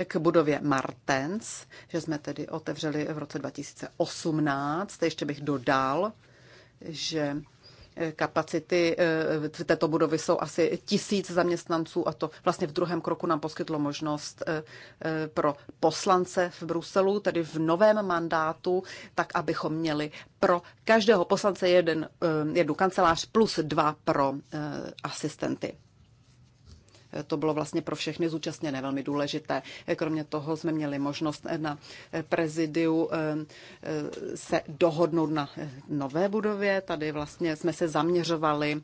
k budově Martens, že jsme tedy otevřeli v roce 2018. Ještě bych dodal, že Kapacity v eh, této budovy jsou asi tisíc zaměstnanců a to vlastně v druhém kroku nám poskytlo možnost eh, eh, pro poslance v Bruselu, tedy v novém mandátu, tak abychom měli pro každého poslance jeden, jednu kancelář plus dva pro asistenty. To bylo vlastně pro všechny zúčastněné velmi důležité. Kromě toho jsme měli možnost na prezidiu eh, eh, se dohodnout na nové budově. Tady vlastně jsme se zaměřovali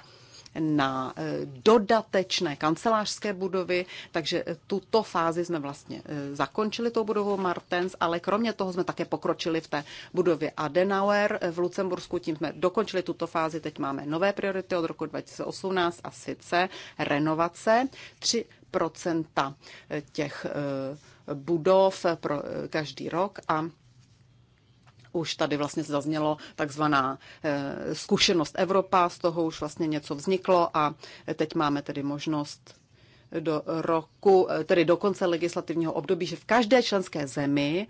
na eh, dodatečné kancelářské budovy, takže eh, tuto fázi jsme vlastně eh, zakončili tou budovou Martens, ale kromě toho jsme také pokročili v té budově Adenauer v Lucembursku, tím jsme dokončili tuto fázi, teď máme nové priority od roku 2018 a sice renovace 3 těch budov pro každý rok a už tady vlastně zaznělo takzvaná eh, zkušenost Evropa, z toho už vlastně něco vzniklo a eh, teď máme tedy možnost do roku, eh, tedy do konce legislativního období, že v každé členské zemi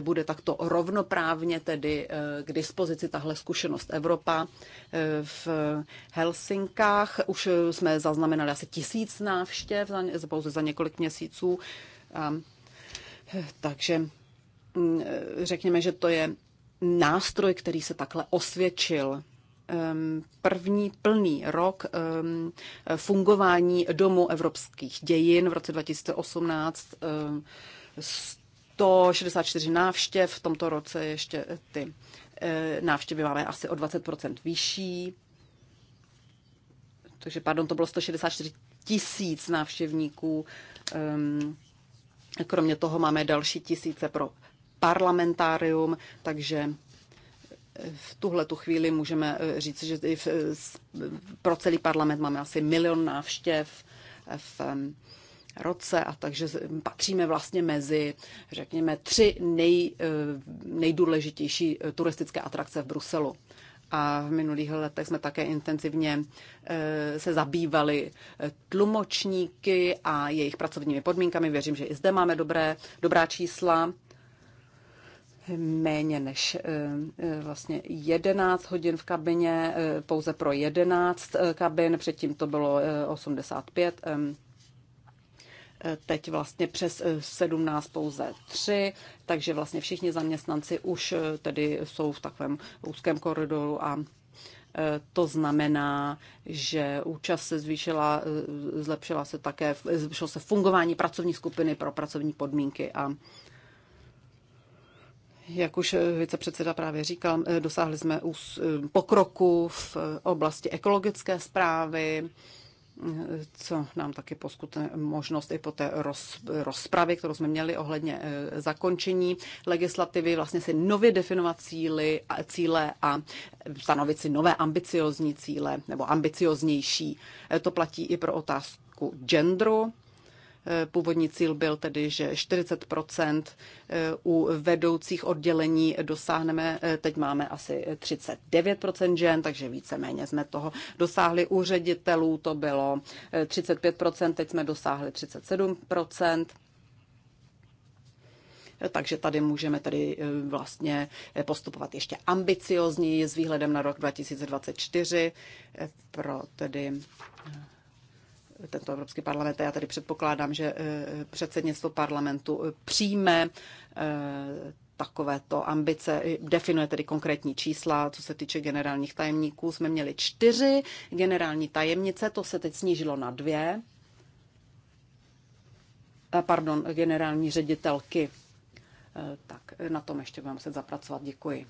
bude takto rovnoprávně tedy k dispozici tahle zkušenost Evropa. V Helsinkách už jsme zaznamenali asi tisíc návštěv za, pouze za několik měsíců. Takže mm, řekněme, že to je nástroj, který se takhle osvědčil. První plný rok fungování Domu evropských dějin v roce 2018 164 návštěv, v tomto roce ještě eh, ty eh, návštěvy máme asi o 20% vyšší. Takže, pardon, to bylo 164 tisíc návštěvníků. Kromě toho máme další tisíce pro parlamentárium, takže eh, v tuhle tu chvíli můžeme eh, říct, že v, eh, pro celý parlament máme asi milion návštěv v roce a takže patříme vlastně mezi, řekněme, tři nej, nejdůležitější turistické atrakce v Bruselu. A v minulých letech jsme také intenzivně se zabývali tlumočníky a jejich pracovními podmínkami. Věřím, že i zde máme dobré, dobrá čísla méně než eh, eh, vlastně 11 hodin v kabině, eh, pouze pro 11 kabin, předtím to bylo 85, teď vlastně přes 17 pouze 3, takže vlastně všichni zaměstnanci už tedy jsou v takovém úzkém koridoru a to znamená, že účast se zvýšila, zlepšila se také, zlepšilo se fungování pracovní skupiny pro pracovní podmínky a jak už eh, vicepředseda právě říkal, eh, dosáhli jsme eh, pokroku v oblasti ekologické zprávy, co nám taky poskutne možnost i po té roz, rozpravě, kterou jsme měli ohledně zakončení legislativy, vlastně si nově definovat cíly, cíle a stanovit si nové ambiciozní cíle nebo ambicioznější. To platí i pro otázku genderu. Původní cíl byl tedy, že 40 eh, u vedoucích oddělení dosáhneme, eh, teď máme asi 39 žen, takže víceméně jsme toho dosáhli. U ředitelů to bylo 35 eh, teď jsme dosáhli 37 takže tady můžeme tady vlastně postupovat ještě ambiciozněji s výhledem na rok 2024 pro tedy tento Evropský parlament. a Já tady předpokládám, že eh, předsednictvo parlamentu eh, přijme eh, takovéto ambice, definuje tedy konkrétní čísla, co se týče generálních tajemníků. Jsme měli čtyři generální tajemnice, to se teď snížilo na dvě. Pardon, generální ředitelky. Tak na tom ještě budeme muset zapracovat. Děkuji.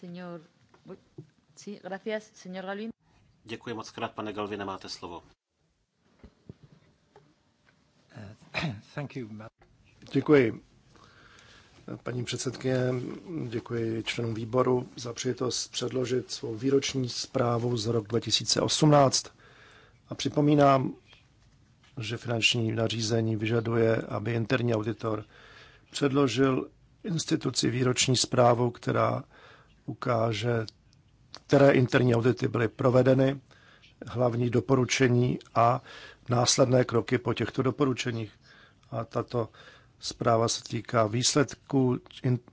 Señor gracias, señor Galvin. Děkuji moc krát, pane Galvine, máte slovo. Děkuji. Paní předsedkyně, děkuji členům výboru za přijetost předložit svou výroční zprávu za rok 2018. A připomínám, že finanční nařízení vyžaduje, aby interní auditor předložil instituci výroční zprávu, která ukáže které interní audity byly provedeny, hlavní doporučení a následné kroky po těchto doporučeních. A tato zpráva se týká výsledků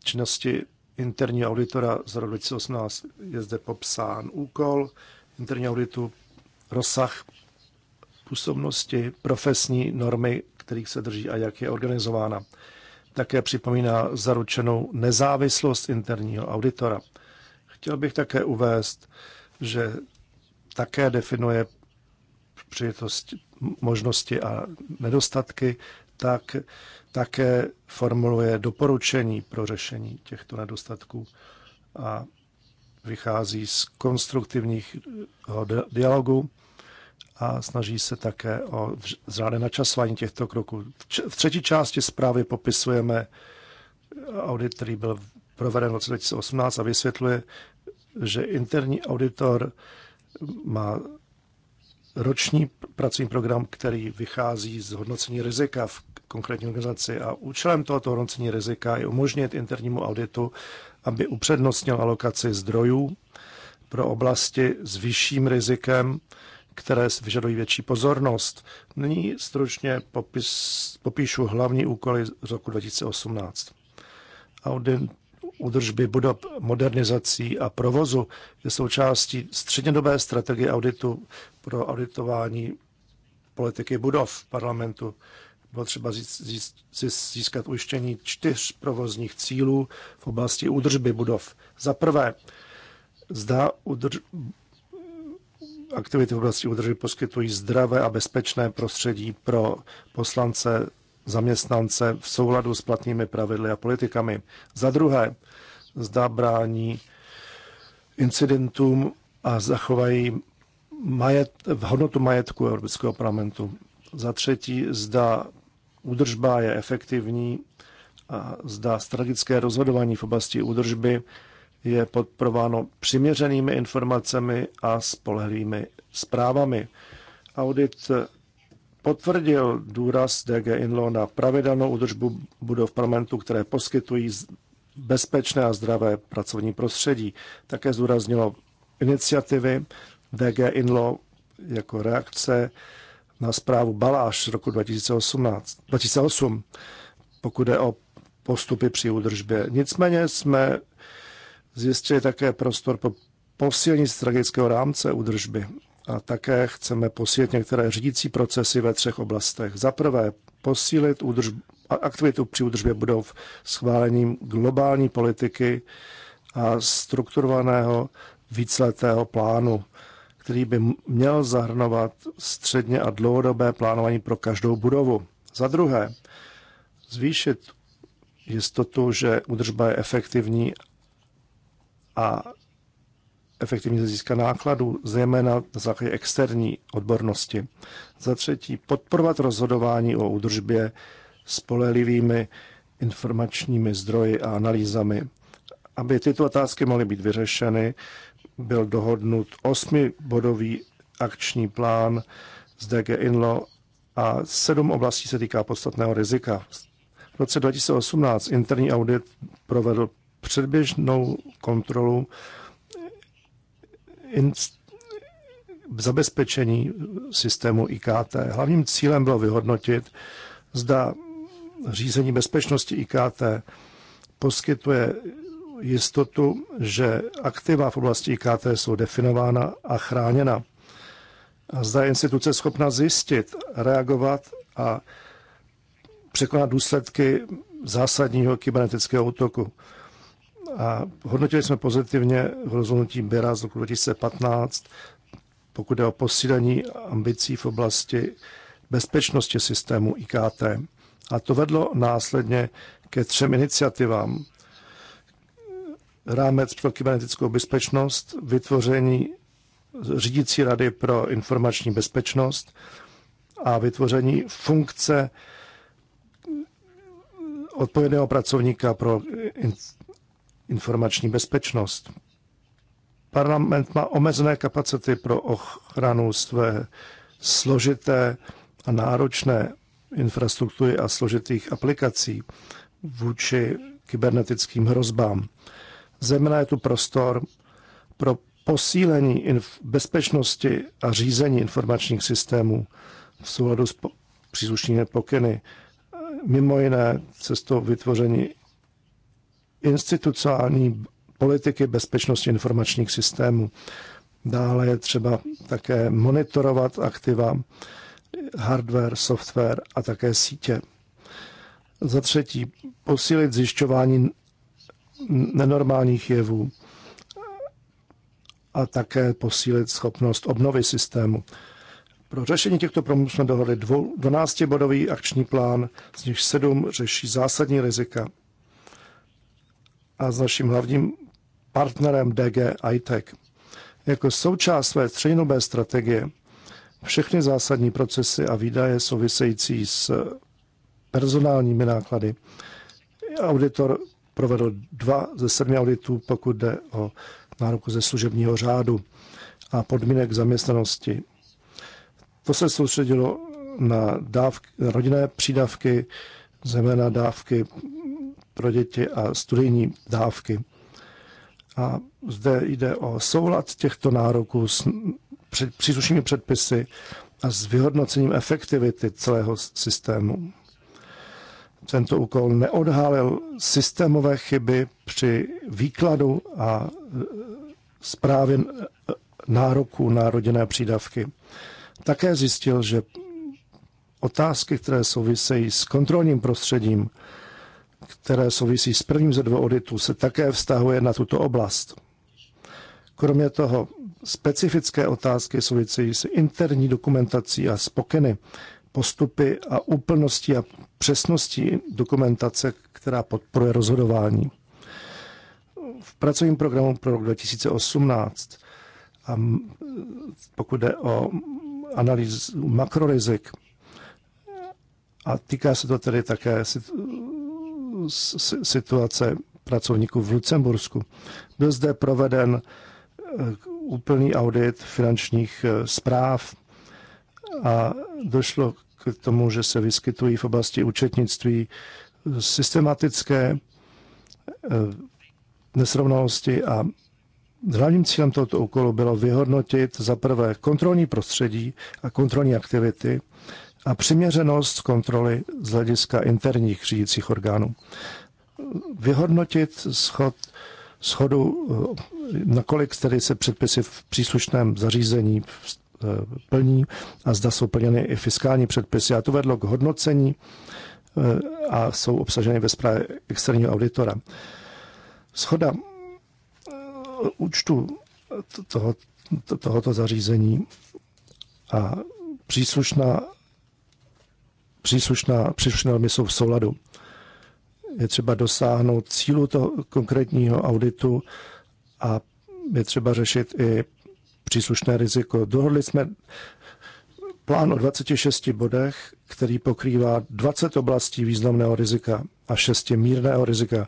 činnosti interního auditora z roku 2018. Je zde popsán úkol interní auditu, rozsah působnosti, profesní normy, kterých se drží a jak je organizována. Také připomíná zaručenou nezávislost interního auditora. Chtěl bych také uvést, že také definuje přijetost možnosti a nedostatky, tak také formuluje doporučení pro řešení těchto nedostatků a vychází z konstruktivních dialogů a snaží se také o zřádné načasování těchto kroků. V třetí části zprávy popisujeme audit, který byl proveden v roce 2018 a vysvětluje, že interní auditor má roční pracovní program, který vychází z hodnocení rizika v konkrétní organizaci a účelem tohoto hodnocení rizika je umožnit internímu auditu, aby upřednostnil alokaci zdrojů pro oblasti s vyšším rizikem, které vyžadují větší pozornost. Nyní stručně popis, popíšu hlavní úkoly z roku 2018. Audit údržby budov, modernizací a provozu je součástí střednědobé strategie auditu pro auditování politiky budov parlamentu. Bylo třeba získat ujištění čtyř provozních cílů v oblasti údržby budov. Za prvé, zda udrž... aktivity v oblasti údržby poskytují zdravé a bezpečné prostředí pro poslance zaměstnance v souladu s platnými pravidly a politikami. Za druhé, zda brání incidentům a zachovají majet, v hodnotu majetku Evropského parlamentu. Za třetí, zda údržba je efektivní a zda strategické rozhodování v oblasti údržby je podporováno přiměřenými informacemi a spolehlivými zprávami. Audit potvrdil důraz DG Inlo na pravidelnou údržbu budov parlamentu, které poskytují bezpečné a zdravé pracovní prostředí. Také zdůraznilo iniciativy DG Inlo jako reakce na zprávu Baláš z roku 2018, 2008, pokud je o postupy při údržbě. Nicméně jsme zjistili také prostor pro posílení strategického rámce údržby a také chceme posílit některé řídící procesy ve třech oblastech. Za prvé, posílit údrž, aktivitu při údržbě budov schválením globální politiky a strukturovaného víceletého plánu, který by měl zahrnovat středně a dlouhodobé plánování pro každou budovu. Za druhé, zvýšit jistotu, že údržba je efektivní a efektivně získat nákladů, zejména na základě externí odbornosti. Za třetí, podporovat rozhodování o údržbě spolehlivými informačními zdroji a analýzami. Aby tyto otázky mohly být vyřešeny, byl dohodnut osmibodový akční plán z DG Inlo a sedm oblastí se týká podstatného rizika. V roce 2018 interní audit provedl předběžnou kontrolu v zabezpečení systému IKT. Hlavním cílem bylo vyhodnotit, zda řízení bezpečnosti IKT poskytuje jistotu, že aktiva v oblasti IKT jsou definována a chráněna. A zda je instituce schopna zjistit, reagovat a překonat důsledky zásadního kybernetického útoku. A hodnotili jsme pozitivně rozhodnutí Bera z roku 2015, pokud je o posílení ambicí v oblasti bezpečnosti systému IKT. A to vedlo následně ke třem iniciativám. Rámec pro kybernetickou bezpečnost, vytvoření řídící rady pro informační bezpečnost a vytvoření funkce odpovědného pracovníka pro informační bezpečnost. Parlament má omezené kapacity pro ochranu své složité a náročné infrastruktury a složitých aplikací vůči kybernetickým hrozbám. Zejména je tu prostor pro posílení bezpečnosti a řízení informačních systémů v souladu s příslušnými pokyny, mimo jiné cestou vytvoření institucionální politiky bezpečnosti informačních systémů. Dále je třeba také monitorovat aktiva, hardware, software a také sítě. Za třetí, posílit zjišťování nenormálních jevů a také posílit schopnost obnovy systému. Pro řešení těchto problémů jsme dohodli 12-bodový akční plán, z nich 7 řeší zásadní rizika a s naším hlavním partnerem DG ITEC. Jako součást své třinové strategie všechny zásadní procesy a výdaje související s personálními náklady auditor provedl dva ze sedmi auditů, pokud jde o nároku ze služebního řádu a podmínek zaměstnanosti. To se soustředilo na dávky, na rodinné přídavky, zejména dávky pro děti a studijní dávky. A zde jde o soulad těchto nároků s příslušnými předpisy a s vyhodnocením efektivity celého systému. Tento úkol neodhalil systémové chyby při výkladu a zprávě e, e, nároků na rodinné přídavky. Také zjistil, že otázky, které souvisejí s kontrolním prostředím které souvisí s prvním ze dvou auditů, se také vztahuje na tuto oblast. Kromě toho specifické otázky souvisí s interní dokumentací a spokeny, postupy a úplností a přesností dokumentace, která podporuje rozhodování. V pracovním programu pro rok 2018 a pokud jde o analýzu makrorizik, a týká se to tedy také situace pracovníků v Lucembursku. Byl zde proveden eh, úplný audit finančních eh, zpráv a došlo k tomu, že se vyskytují v oblasti účetnictví eh, systematické nesrovnalosti a hlavním cílem tohoto úkolu bylo vyhodnotit za prvé kontrolní prostředí a kontrolní aktivity a přiměřenost kontroly z hlediska interních řídících orgánů. Vyhodnotit schod, schodu, nakolik tedy se předpisy v příslušném zařízení eh, plní a zda jsou plněny i fiskální předpisy. A to vedlo k hodnocení eh, a jsou obsaženy ve zprávě externího auditora. Schoda eh, účtu toho, tohoto zařízení a příslušná příslušná, příslušné normy jsou v souladu. Je třeba dosáhnout cílu toho konkrétního auditu a je třeba řešit i příslušné riziko. Dohodli jsme plán o 26 bodech, který pokrývá 20 oblastí významného rizika a 6 mírného rizika.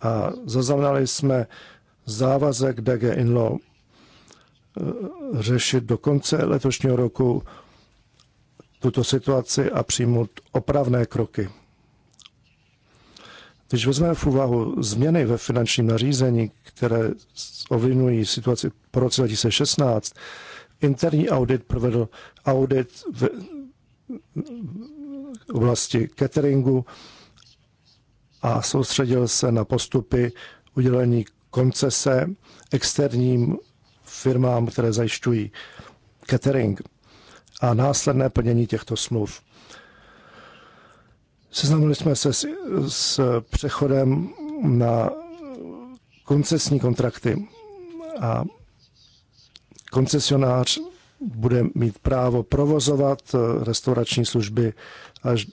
A zaznamenali jsme závazek DG Inlo eh, řešit do konce letošního roku tuto situaci a přijmout opravné kroky. Když vezmeme v úvahu změny ve finančním nařízení, které ovlivňují situaci po roce 2016, interní audit provedl audit v oblasti cateringu a soustředil se na postupy udělení koncese externím firmám, které zajišťují catering a následné plnění těchto smluv. Seznámili jsme se s, s přechodem na koncesní kontrakty a koncesionář bude mít právo provozovat eh, restaurační služby až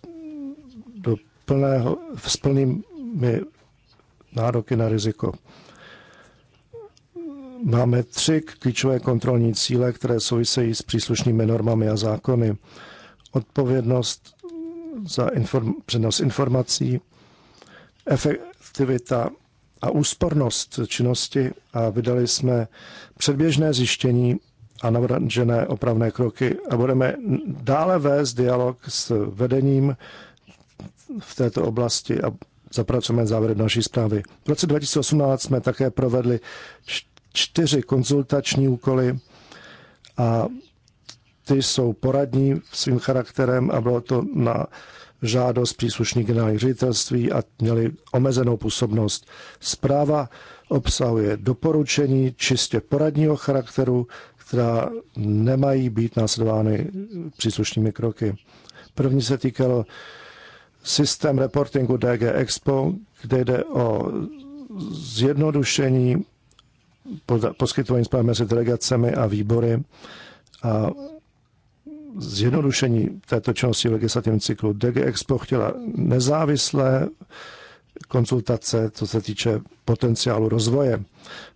do plného, s plnými nároky na riziko. Máme tři klíčové kontrolní cíle, které souvisejí s příslušnými normami a zákony. Odpovědnost za inform- přenos informací, efektivita a úspornost činnosti a vydali jsme předběžné zjištění a navržené opravné kroky a budeme dále vést dialog s vedením v této oblasti a zapracujeme závěr naší zprávy. V roce 2018 jsme také provedli čtyři konzultační úkoly a ty jsou poradní svým charakterem a bylo to na žádost příslušných generálních ředitelství a měli omezenou působnost. Zpráva obsahuje doporučení čistě poradního charakteru, která nemají být následovány příslušnými kroky. První se týkalo systém reportingu DG Expo, kde jde o zjednodušení poskytování zpráv mezi delegacemi a výbory a zjednodušení této činnosti v legislativním cyklu. DG Expo chtěla nezávislé konzultace, co se týče potenciálu rozvoje.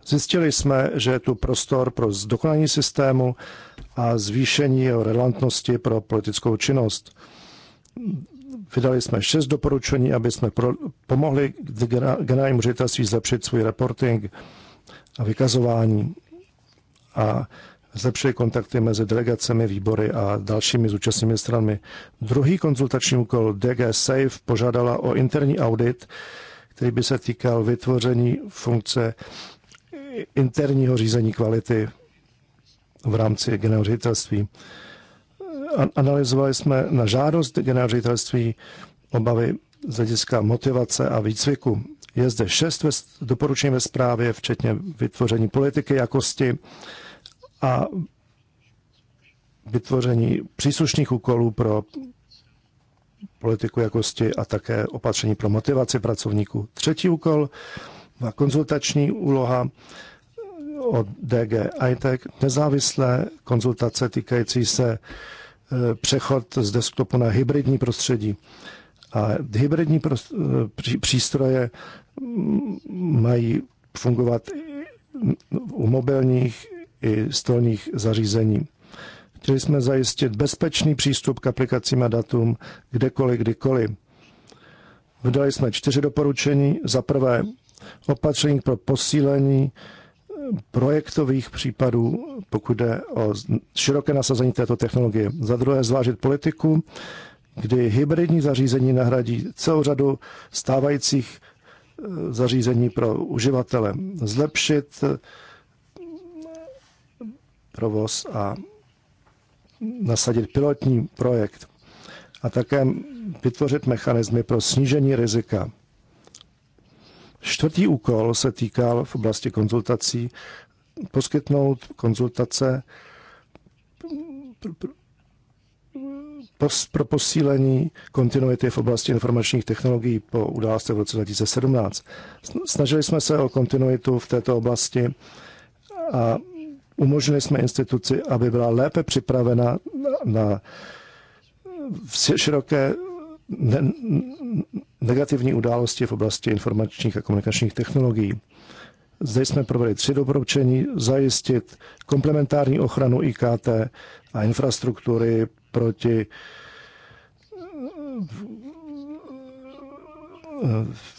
Zjistili jsme, že je tu prostor pro zdokonalení systému a zvýšení jeho relevantnosti pro politickou činnost. Vydali jsme šest doporučení, aby jsme pro, pomohli generálnímu ředitelství zlepšit svůj reporting a vykazování a zlepšuje kontakty mezi delegacemi, výbory a dalšími zúčastněnými stranami. Druhý konzultační úkol DG Safe požádala o interní audit, který by se týkal vytvoření funkce interního řízení kvality v rámci generálního ředitelství. Analyzovali jsme na žádost generálního ředitelství obavy z hlediska motivace a výcviku je zde šest doporučení ve zprávě, včetně vytvoření politiky jakosti a vytvoření příslušných úkolů pro politiku jakosti a také opatření pro motivaci pracovníků. Třetí úkol, konzultační úloha od DG ITEC, nezávislé konzultace týkající se e, přechod z desktopu na hybridní prostředí. A hybridní e, přístroje mají fungovat u mobilních i stolních zařízení. Chtěli jsme zajistit bezpečný přístup k aplikacím a datům kdekoliv, kdykoliv. Vydali jsme čtyři doporučení. Za prvé, opatření pro posílení projektových případů, pokud jde o široké nasazení této technologie. Za druhé, zvážit politiku, kdy hybridní zařízení nahradí celou řadu stávajících zařízení pro uživatele, zlepšit eh, provoz a nasadit pilotní projekt a také vytvořit mechanismy pro snížení rizika. Čtvrtý úkol se týkal v oblasti konzultací poskytnout konzultace pro posílení kontinuity v oblasti informačních technologií po událostech v roce 2017. Snažili jsme se o kontinuitu v této oblasti a umožnili jsme instituci, aby byla lépe připravena na široké negativní události v oblasti informačních a komunikačních technologií. Zde jsme provedli tři doporučení zajistit komplementární ochranu IKT a infrastruktury proti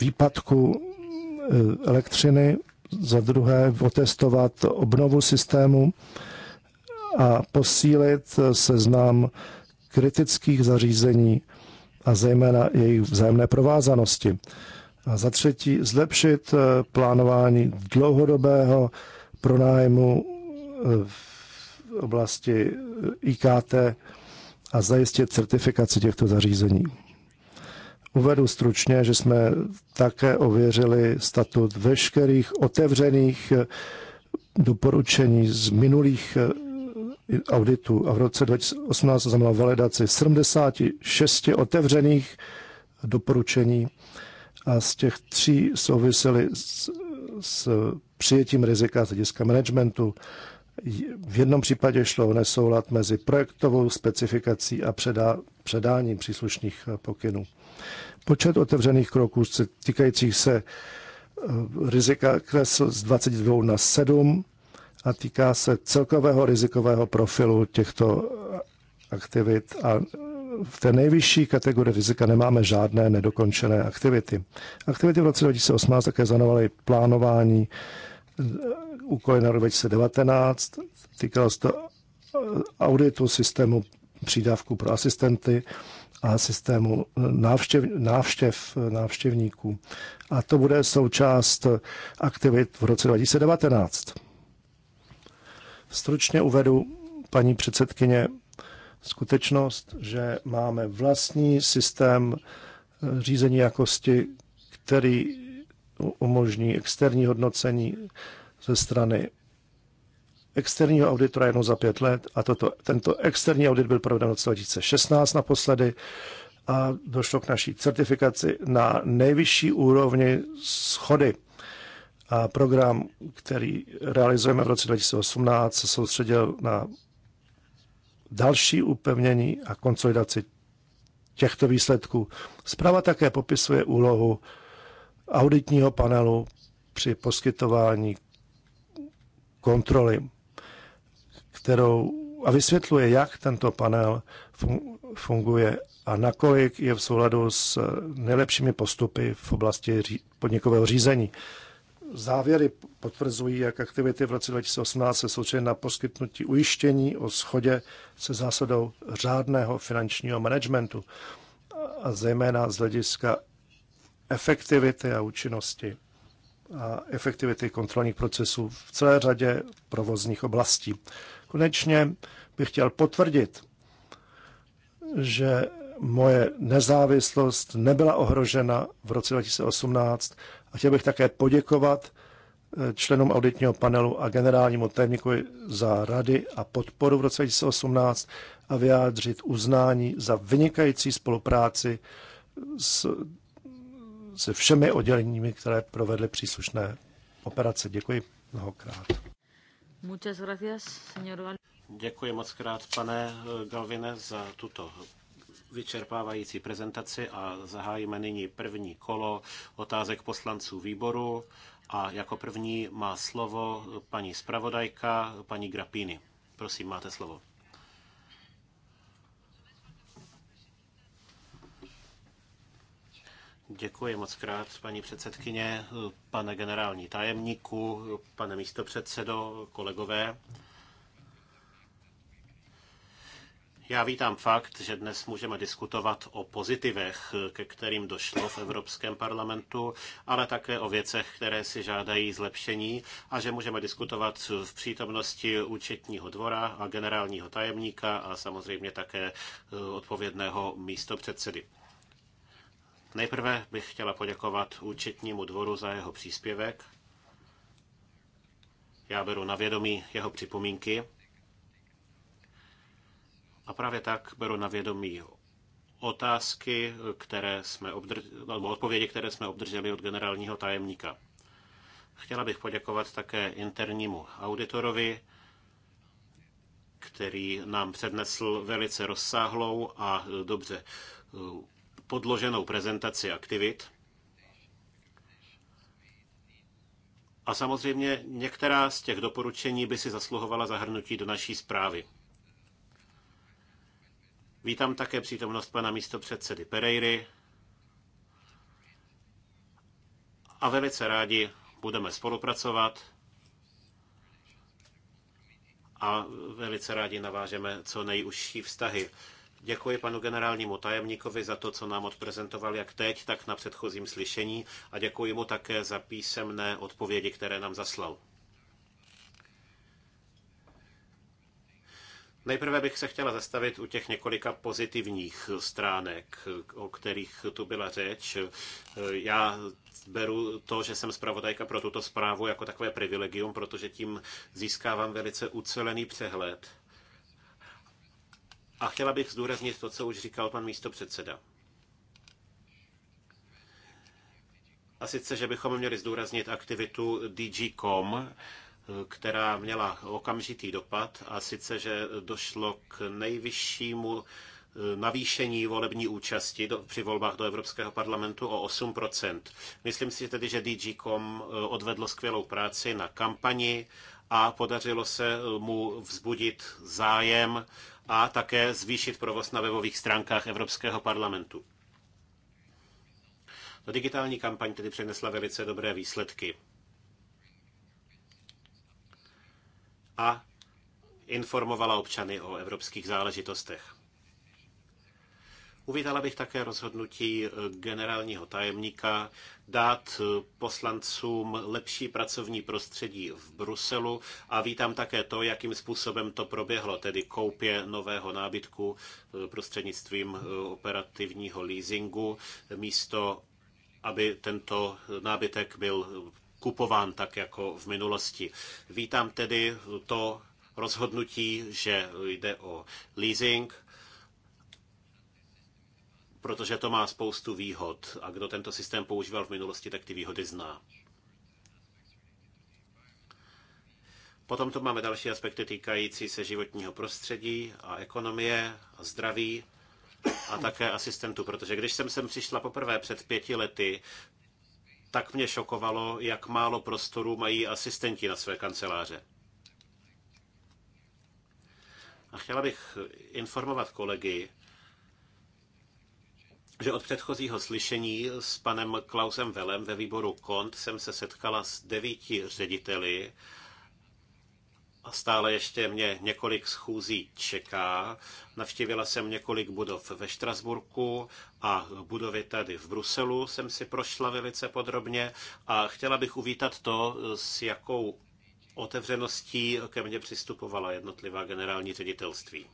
výpadku eh, elektřiny, za druhé otestovat obnovu systému a posílit eh, seznam kritických zařízení a zejména jejich vzájemné provázanosti. A za třetí zlepšit eh, plánování dlouhodobého pronájmu v oblasti IKT a zajistit certifikaci těchto zařízení. Uvedu stručně, že jsme také ověřili statut veškerých otevřených eh, doporučení z minulých eh, auditů a v roce 2018 znamená validaci 76 otevřených doporučení a z těch tří souvisely s, s přijetím rizika z hlediska managementu v jednom případě šlo o nesoulad mezi projektovou specifikací a předá, předáním příslušných eh, pokynů. Počet otevřených kroků týkajících se eh, rizika klesl z 22 na 7 a týká se celkového rizikového profilu těchto eh, aktivit a v té nejvyšší kategorii rizika nemáme žádné nedokončené aktivity. Aktivity v roce 2018 také zanovaly plánování úkoly na rok 2019. Týkalo se to eh, auditu systému přídavku pro asistenty a systému eh, návštěv, návštěv eh, návštěvníků. A to bude součást aktivit v roce 2019. Stručně uvedu, paní předsedkyně, skutečnost, že máme vlastní systém řízení jakosti, který umožní externí hodnocení ze strany externího auditora jednou za pět let a toto, tento externí audit byl proveden v roce 2016 naposledy a došlo k naší certifikaci na nejvyšší úrovni schody. A program, který realizujeme v roce 2018, se soustředil na další upevnění a konsolidaci těchto výsledků. Zpráva také popisuje úlohu auditního panelu při poskytování kontroly, kterou a vysvětluje, jak tento panel funguje a nakolik je v souladu s eh, nejlepšími postupy v oblasti podnikového řízení. Závěry potvrzují, jak aktivity v roce 2018 se soustředí na poskytnutí ujištění o schodě se zásadou řádného finančního managementu a zejména z hlediska efektivity a účinnosti a efektivity kontrolních procesů v celé řadě provozních oblastí. Konečně bych chtěl potvrdit, že moje nezávislost nebyla ohrožena v roce 2018 a chtěl bych také poděkovat eh, členům auditního panelu a generálnímu tajemníkovi za rady a podporu v roce 2018 a vyjádřit uznání za vynikající spolupráci s se všemi odděleními, které provedly příslušné operace. Děkuji mnohokrát. Muchas gracias, señor Děkuji moc krát, pane eh, Galvine, za tuto vyčerpávající prezentaci a zahájíme nyní první kolo otázek poslanců výboru a jako první má slovo paní zpravodajka, paní Grapíny. Prosím, máte slovo. Děkuji moc krát, paní předsedkyně, pane generální tajemníku, pane místopředsedo, kolegové. Já vítám fakt, že dnes můžeme diskutovat o pozitivech, ke kterým došlo v Evropském parlamentu, ale také o věcech, které si žádají zlepšení a že můžeme diskutovat v přítomnosti účetního dvora a generálního tajemníka a samozřejmě také eh, odpovědného místopředsedy. předsedy. Nejprve bych chtěla poděkovat účetnímu dvoru za jeho příspěvek. Já beru na vědomí jeho připomínky. A právě tak beru na vědomí otázky, které jsme obdrž- nebo odpovědi, které jsme obdrželi od generálního tajemníka. Chtěla bych poděkovat také internímu auditorovi, který nám přednesl velice rozsáhlou a dobře podloženou prezentaci aktivit. A samozřejmě některá z těch doporučení by si zasluhovala zahrnutí do naší zprávy. Vítám také přítomnost pana místopředsedy Pereiry a velice rádi budeme spolupracovat a velice rádi navážeme co nejužší vztahy Děkuji panu generálnímu tajemníkovi za to, co nám odprezentoval jak teď, tak na předchozím slyšení a děkuji mu také za písemné odpovědi, které nám zaslal. Nejprve bych se chtěla zastavit u těch několika pozitivních stránek, o kterých tu byla řeč. Já beru to, že jsem zpravodajka pro tuto zprávu jako takové privilegium, protože tím získávám velice ucelený přehled a chtěla bych zdůraznit to, co už říkal pan místopředseda. A sice, že bychom měli zdůraznit aktivitu DG.com, která měla okamžitý dopad, a sice, že došlo k nejvyššímu eh, navýšení volební účasti do, při volbách do Evropského parlamentu o 8%. Myslím si tedy, že DG.com eh, odvedlo skvělou práci na kampani, a podařilo se eh, mu vzbudit zájem a také zvýšit provoz na webových stránkách Evropského parlamentu. Ta digitální kampaň tedy přinesla velice dobré výsledky. A informovala občany o evropských záležitostech. Uvítala bych také rozhodnutí eh, generálního tajemníka dát eh, poslancům lepší pracovní prostředí v Bruselu a vítám také to, jakým způsobem to proběhlo, tedy koupě nového nábytku eh, prostřednictvím operativního leasingu místo aby tento nábytek byl kupován tak jako v minulosti. Vítám tedy to rozhodnutí, že jde o leasing protože to má spoustu výhod a kdo tento systém používal v minulosti, tak ty výhody zná. Potom tu máme další aspekty týkající se životního prostředí a ekonomie a zdraví a také asistentů, protože když jsem sem přišla poprvé před pěti lety, tak mě šokovalo, jak málo prostoru mají asistenti na své kanceláře. A chtěla bych informovat kolegy, že od předchozího slyšení s panem Klausem Velem ve výboru KONT jsem se setkala s devíti řediteli a stále ještě mě několik schůzí čeká. Navštívila jsem několik budov ve Štrasburku a budovy tady v Bruselu jsem si prošla velice podrobně a chtěla bych uvítat to, s jakou otevřeností ke mně přistupovala jednotlivá generální ředitelství.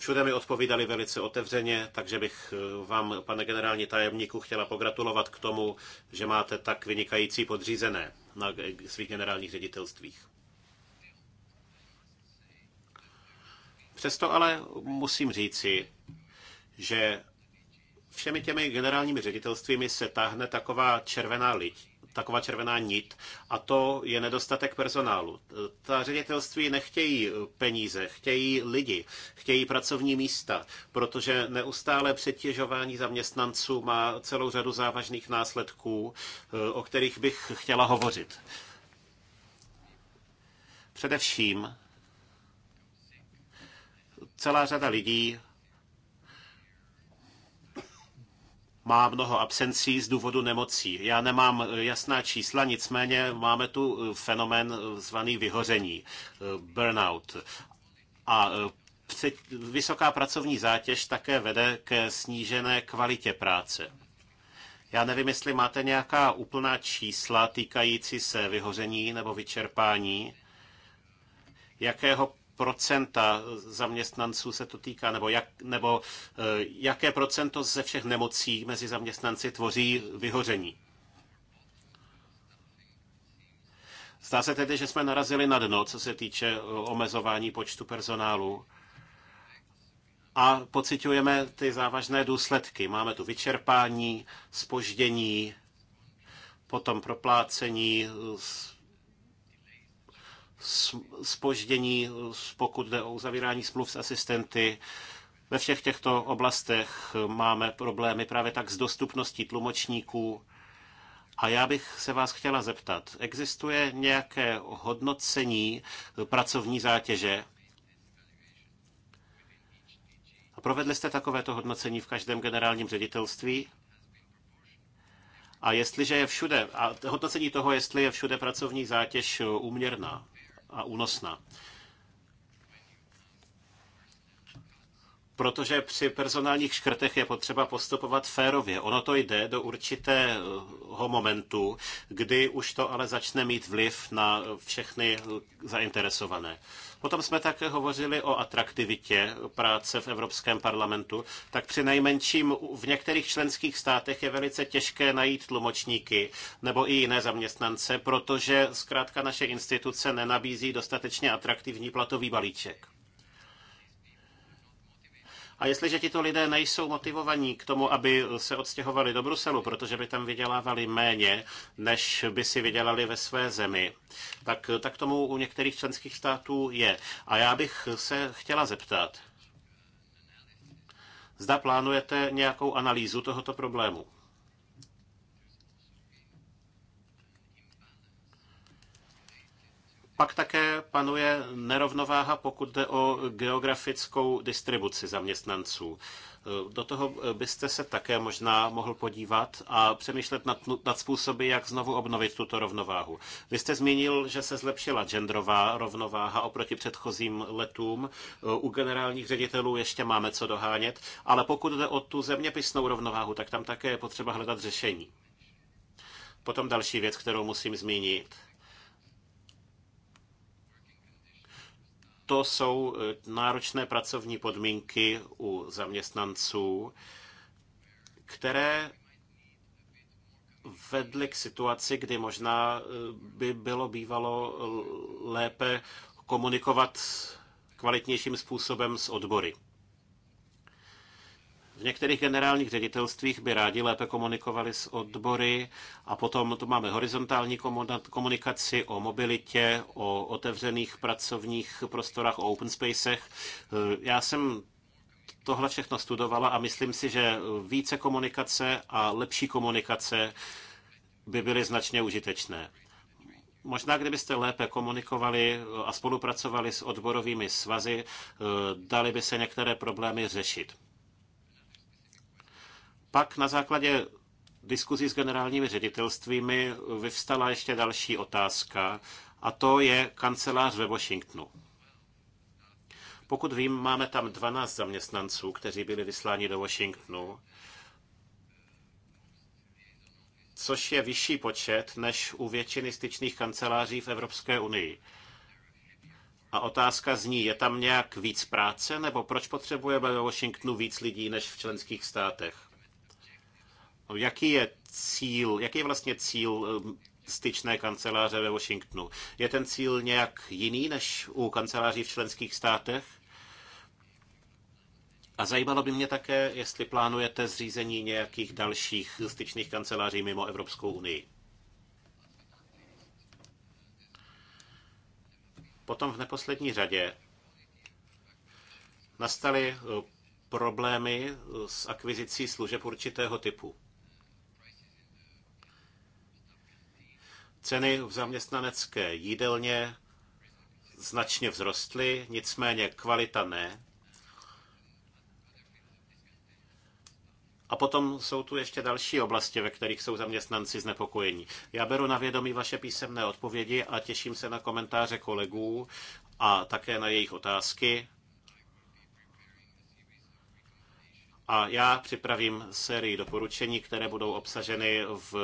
Všude mi odpovídali velice otevřeně, takže bych eh, vám, pane generální tajemníku, chtěla pogratulovat k tomu, že máte tak vynikající podřízené na svých generálních ředitelstvích. Přesto ale musím říci, že všemi těmi generálními ředitelstvími se táhne taková červená liť, taková červená nit a to je nedostatek personálu. Ta ředitelství nechtějí peníze, chtějí lidi, chtějí pracovní místa, protože neustále přetěžování zaměstnanců má celou řadu závažných následků, eh, o kterých bych chtěla hovořit. Především celá řada lidí má mnoho absencí z důvodu nemocí. Já nemám eh, jasná čísla, nicméně máme tu eh, fenomén eh, zvaný vyhoření, burnout. A vysoká pracovní zátěž také vede ke snížené kvalitě práce. Já nevím, jestli máte nějaká úplná čísla týkající se vyhoření nebo vyčerpání, jakého procenta zaměstnanců se to týká, nebo, jak, nebo eh, jaké procento ze všech nemocí mezi zaměstnanci tvoří vyhoření? Zdá se tedy, že jsme narazili na dno, co se týče eh, omezování počtu personálu a pociťujeme ty závažné důsledky. Máme tu vyčerpání, spoždění, potom proplácení, eh, spoždění, pokud jde o uzavírání smluv s asistenty. Ve všech těchto oblastech máme problémy právě tak s dostupností tlumočníků. A já bych se vás chtěla zeptat, existuje nějaké hodnocení pracovní zátěže? A provedli jste takovéto hodnocení v každém generálním ředitelství? A jestliže je všude, a hodnocení toho, jestli je všude pracovní zátěž uměrná a únosná. protože při personálních škrtech je potřeba postupovat férově. Ono to jde do určitého momentu, kdy už to ale začne mít vliv na všechny zainteresované. Potom jsme také hovořili o atraktivitě práce v Evropském parlamentu, tak při nejmenším v některých členských státech je velice těžké najít tlumočníky nebo i jiné zaměstnance, protože zkrátka naše instituce nenabízí dostatečně atraktivní platový balíček. A jestliže tito lidé nejsou motivovaní k tomu, aby se odstěhovali do Bruselu, protože by tam vydělávali méně, než by si vydělali ve své zemi, tak, tak tomu u některých členských států je. A já bych se chtěla zeptat, zda plánujete nějakou analýzu tohoto problému. Pak také panuje nerovnováha, pokud jde o geografickou distribuci zaměstnanců. Do toho byste se také možná mohl podívat a přemýšlet nad, nad způsoby, jak znovu obnovit tuto rovnováhu. Vy jste zmínil, že se zlepšila genderová rovnováha oproti předchozím letům. U generálních ředitelů ještě máme co dohánět, ale pokud jde o tu zeměpisnou rovnováhu, tak tam také je potřeba hledat řešení. Potom další věc, kterou musím zmínit to jsou e, náročné pracovní podmínky u zaměstnanců, které vedly k situaci, kdy možná e, by bylo bývalo lépe komunikovat kvalitnějším způsobem s odbory. V některých generálních ředitelstvích by rádi lépe komunikovali s odbory a potom tu máme horizontální komunikaci o mobilitě, o otevřených pracovních prostorách, o open spacech. Eh, já jsem tohle všechno studovala a myslím si, že více komunikace a lepší komunikace by byly značně užitečné. Možná, kdybyste lépe komunikovali a spolupracovali s odborovými svazy, eh, dali by se některé problémy řešit. Pak na základě diskuzí s generálními ředitelstvími vyvstala ještě další otázka, a to je kancelář ve Washingtonu. Pokud vím, máme tam 12 zaměstnanců, kteří byli vysláni do Washingtonu, což je vyšší počet než u většiny styčných kanceláří v Evropské unii. A otázka zní, je tam nějak víc práce, nebo proč potřebujeme ve Washingtonu víc lidí než v členských státech? Jaký je cíl, jaký je vlastně cíl um, styčné kanceláře ve Washingtonu? Je ten cíl nějak jiný než u kanceláří v členských státech? A zajímalo by mě také, jestli plánujete zřízení nějakých dalších styčných kanceláří mimo Evropskou unii. Potom v neposlední řadě nastaly uh, problémy uh, s akvizicí služeb určitého typu. Ceny v zaměstnanecké jídelně značně vzrostly, nicméně kvalita ne. A potom jsou tu ještě další oblasti, ve kterých jsou zaměstnanci znepokojení. Já beru na vědomí vaše písemné odpovědi a těším se na komentáře kolegů a také na jejich otázky. a já připravím sérii doporučení, které budou obsaženy v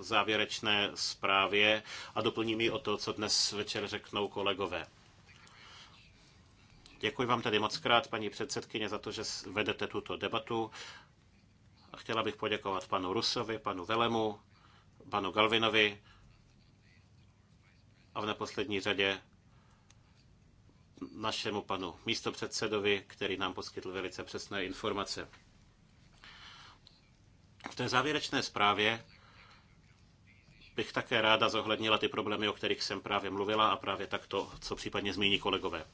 závěrečné zprávě a doplním ji o to, co dnes večer řeknou kolegové. Děkuji vám tedy moc krát, paní předsedkyně, za to, že vedete tuto debatu. A chtěla bych poděkovat panu Rusovi, panu Velemu, panu Galvinovi a v neposlední řadě našemu panu místopředsedovi, který nám poskytl velice přesné informace. V té závěrečné zprávě bych také ráda zohlednila ty problémy, o kterých jsem právě mluvila a právě tak to, co případně zmíní kolegové.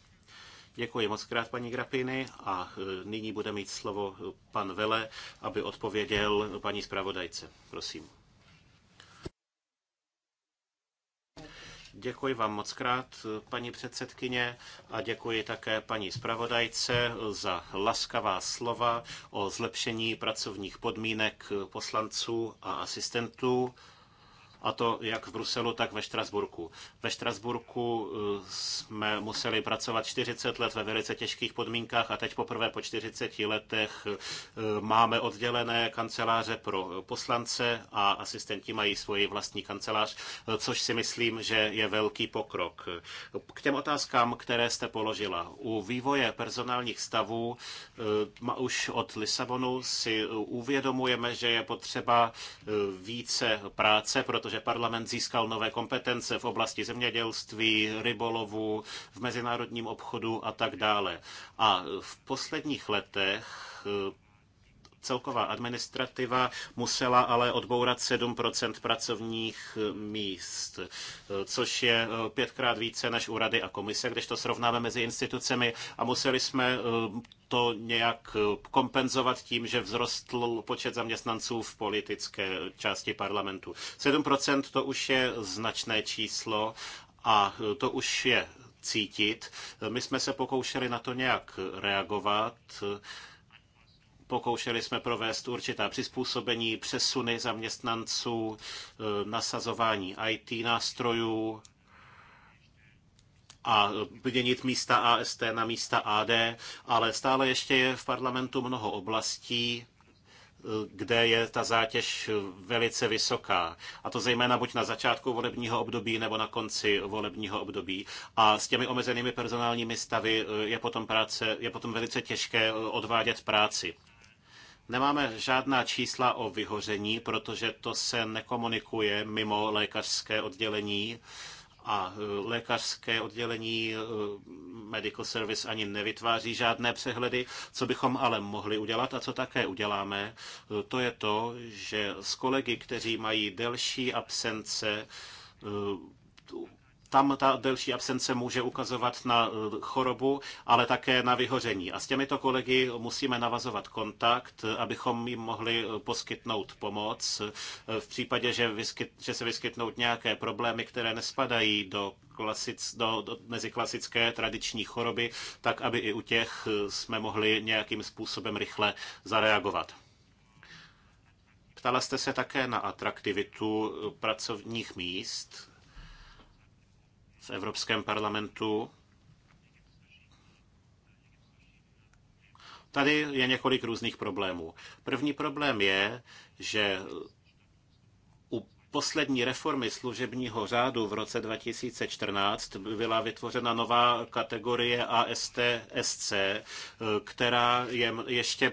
Děkuji moc krát, paní Grapiny, a e, nyní bude mít slovo pan Vele, aby odpověděl paní zpravodajce. Prosím. Děkuji vám moc krát, paní předsedkyně, a děkuji také paní zpravodajce za laskavá slova o zlepšení pracovních podmínek poslanců a asistentů a to jak v Bruselu, tak ve Štrasburku. Ve Štrasburku eh, jsme museli pracovat 40 let ve velice těžkých podmínkách a teď poprvé po 40 letech eh, máme oddělené kanceláře pro poslance a asistenti mají svoji vlastní kancelář, eh, což si myslím, že je velký pokrok. K těm otázkám, které jste položila. U vývoje personálních stavů už od Lisabonu si uvědomujeme, že je potřeba více práce, proto protože parlament získal nové kompetence v oblasti zemědělství, rybolovu, v mezinárodním obchodu a tak dále. A v posledních letech Celková administrativa musela ale odbourat 7% pracovních míst, což je eh, pětkrát více než u Rady a komise, když to srovnáme mezi institucemi a museli jsme eh, to nějak eh, kompenzovat tím, že vzrostl počet zaměstnanců v politické části parlamentu. 7% to už je značné číslo a to už je cítit. My jsme se pokoušeli na to nějak reagovat Pokoušeli jsme provést určitá přizpůsobení, přesuny zaměstnanců, eh, nasazování IT nástrojů a eh, měnit místa AST na místa AD, ale stále ještě je v parlamentu mnoho oblastí, eh, kde je ta zátěž velice vysoká. A to zejména buď na začátku volebního období nebo na konci volebního období. A s těmi omezenými personálními stavy je potom, práce, je potom velice těžké odvádět práci. Nemáme žádná čísla o vyhoření, protože to se nekomunikuje mimo lékařské oddělení a e, lékařské oddělení e, Medical Service ani nevytváří žádné přehledy. Co bychom ale mohli udělat a co také uděláme, e, to je to, že s kolegy, kteří mají delší absence, tam ta delší absence může ukazovat na eh, chorobu, ale také na vyhoření. A s těmito kolegy musíme navazovat kontakt, eh, abychom jim mohli eh, poskytnout pomoc v případě, že, vyskyt, že se vyskytnou nějaké problémy, které nespadají do, klasic, do, do mezi klasické tradiční choroby, tak aby i u těch jsme mohli nějakým způsobem rychle zareagovat. Ptala jste se také na atraktivitu pracovních míst v Evropském parlamentu. Tady je několik různých problémů. První problém je, že u poslední reformy služebního řádu v roce 2014 byla vytvořena nová kategorie ASTSC, která je ještě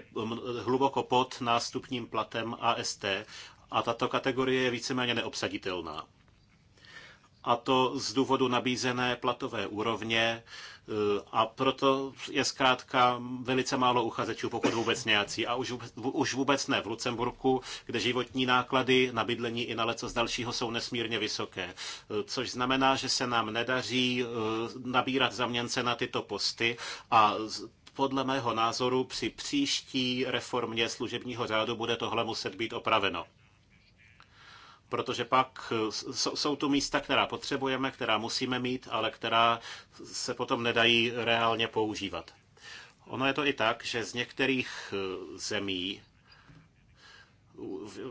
hluboko pod nástupním platem AST a tato kategorie je víceméně neobsaditelná a to z důvodu nabízené platové úrovně e, a proto je zkrátka velice málo uchazečů, pokud vůbec nějací. A už, už vůbec ne v Lucemburku, kde životní náklady na bydlení i na leco z dalšího jsou nesmírně vysoké. E, což znamená, že se nám nedaří e, nabírat zaměnce na tyto posty a podle mého názoru při příští reformě služebního řádu bude tohle muset být opraveno protože pak eh, jsou tu místa, která potřebujeme, která musíme mít, ale která se potom nedají reálně používat. Ono je to i tak, že z některých eh, zemí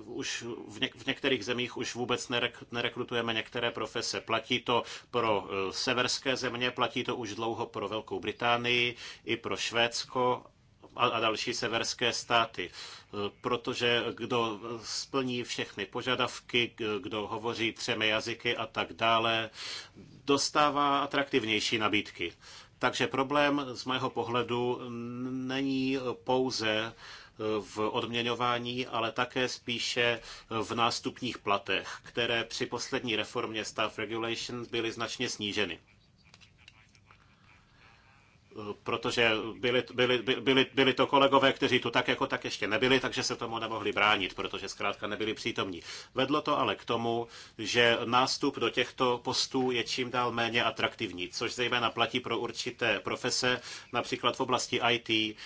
už v, něk- v některých zemích už vůbec nerek- nerekrutujeme některé profese. Platí to pro eh, severské země, platí to už dlouho pro Velkou Británii i pro Švédsko a, a další severské státy. Protože kdo splní všechny požadavky, kdo hovoří třemi jazyky a tak dále, dostává atraktivnější nabídky. Takže problém z mého pohledu není pouze v odměňování, ale také spíše v nástupních platech, které při poslední reformě staff regulations byly značně sníženy protože byli, byli, byli, byli to kolegové, kteří tu tak jako tak ještě nebyli, takže se tomu nemohli bránit, protože zkrátka nebyli přítomní. Vedlo to ale k tomu, že nástup do těchto postů je čím dál méně atraktivní, což zejména platí pro určité profese, například v oblasti IT eh,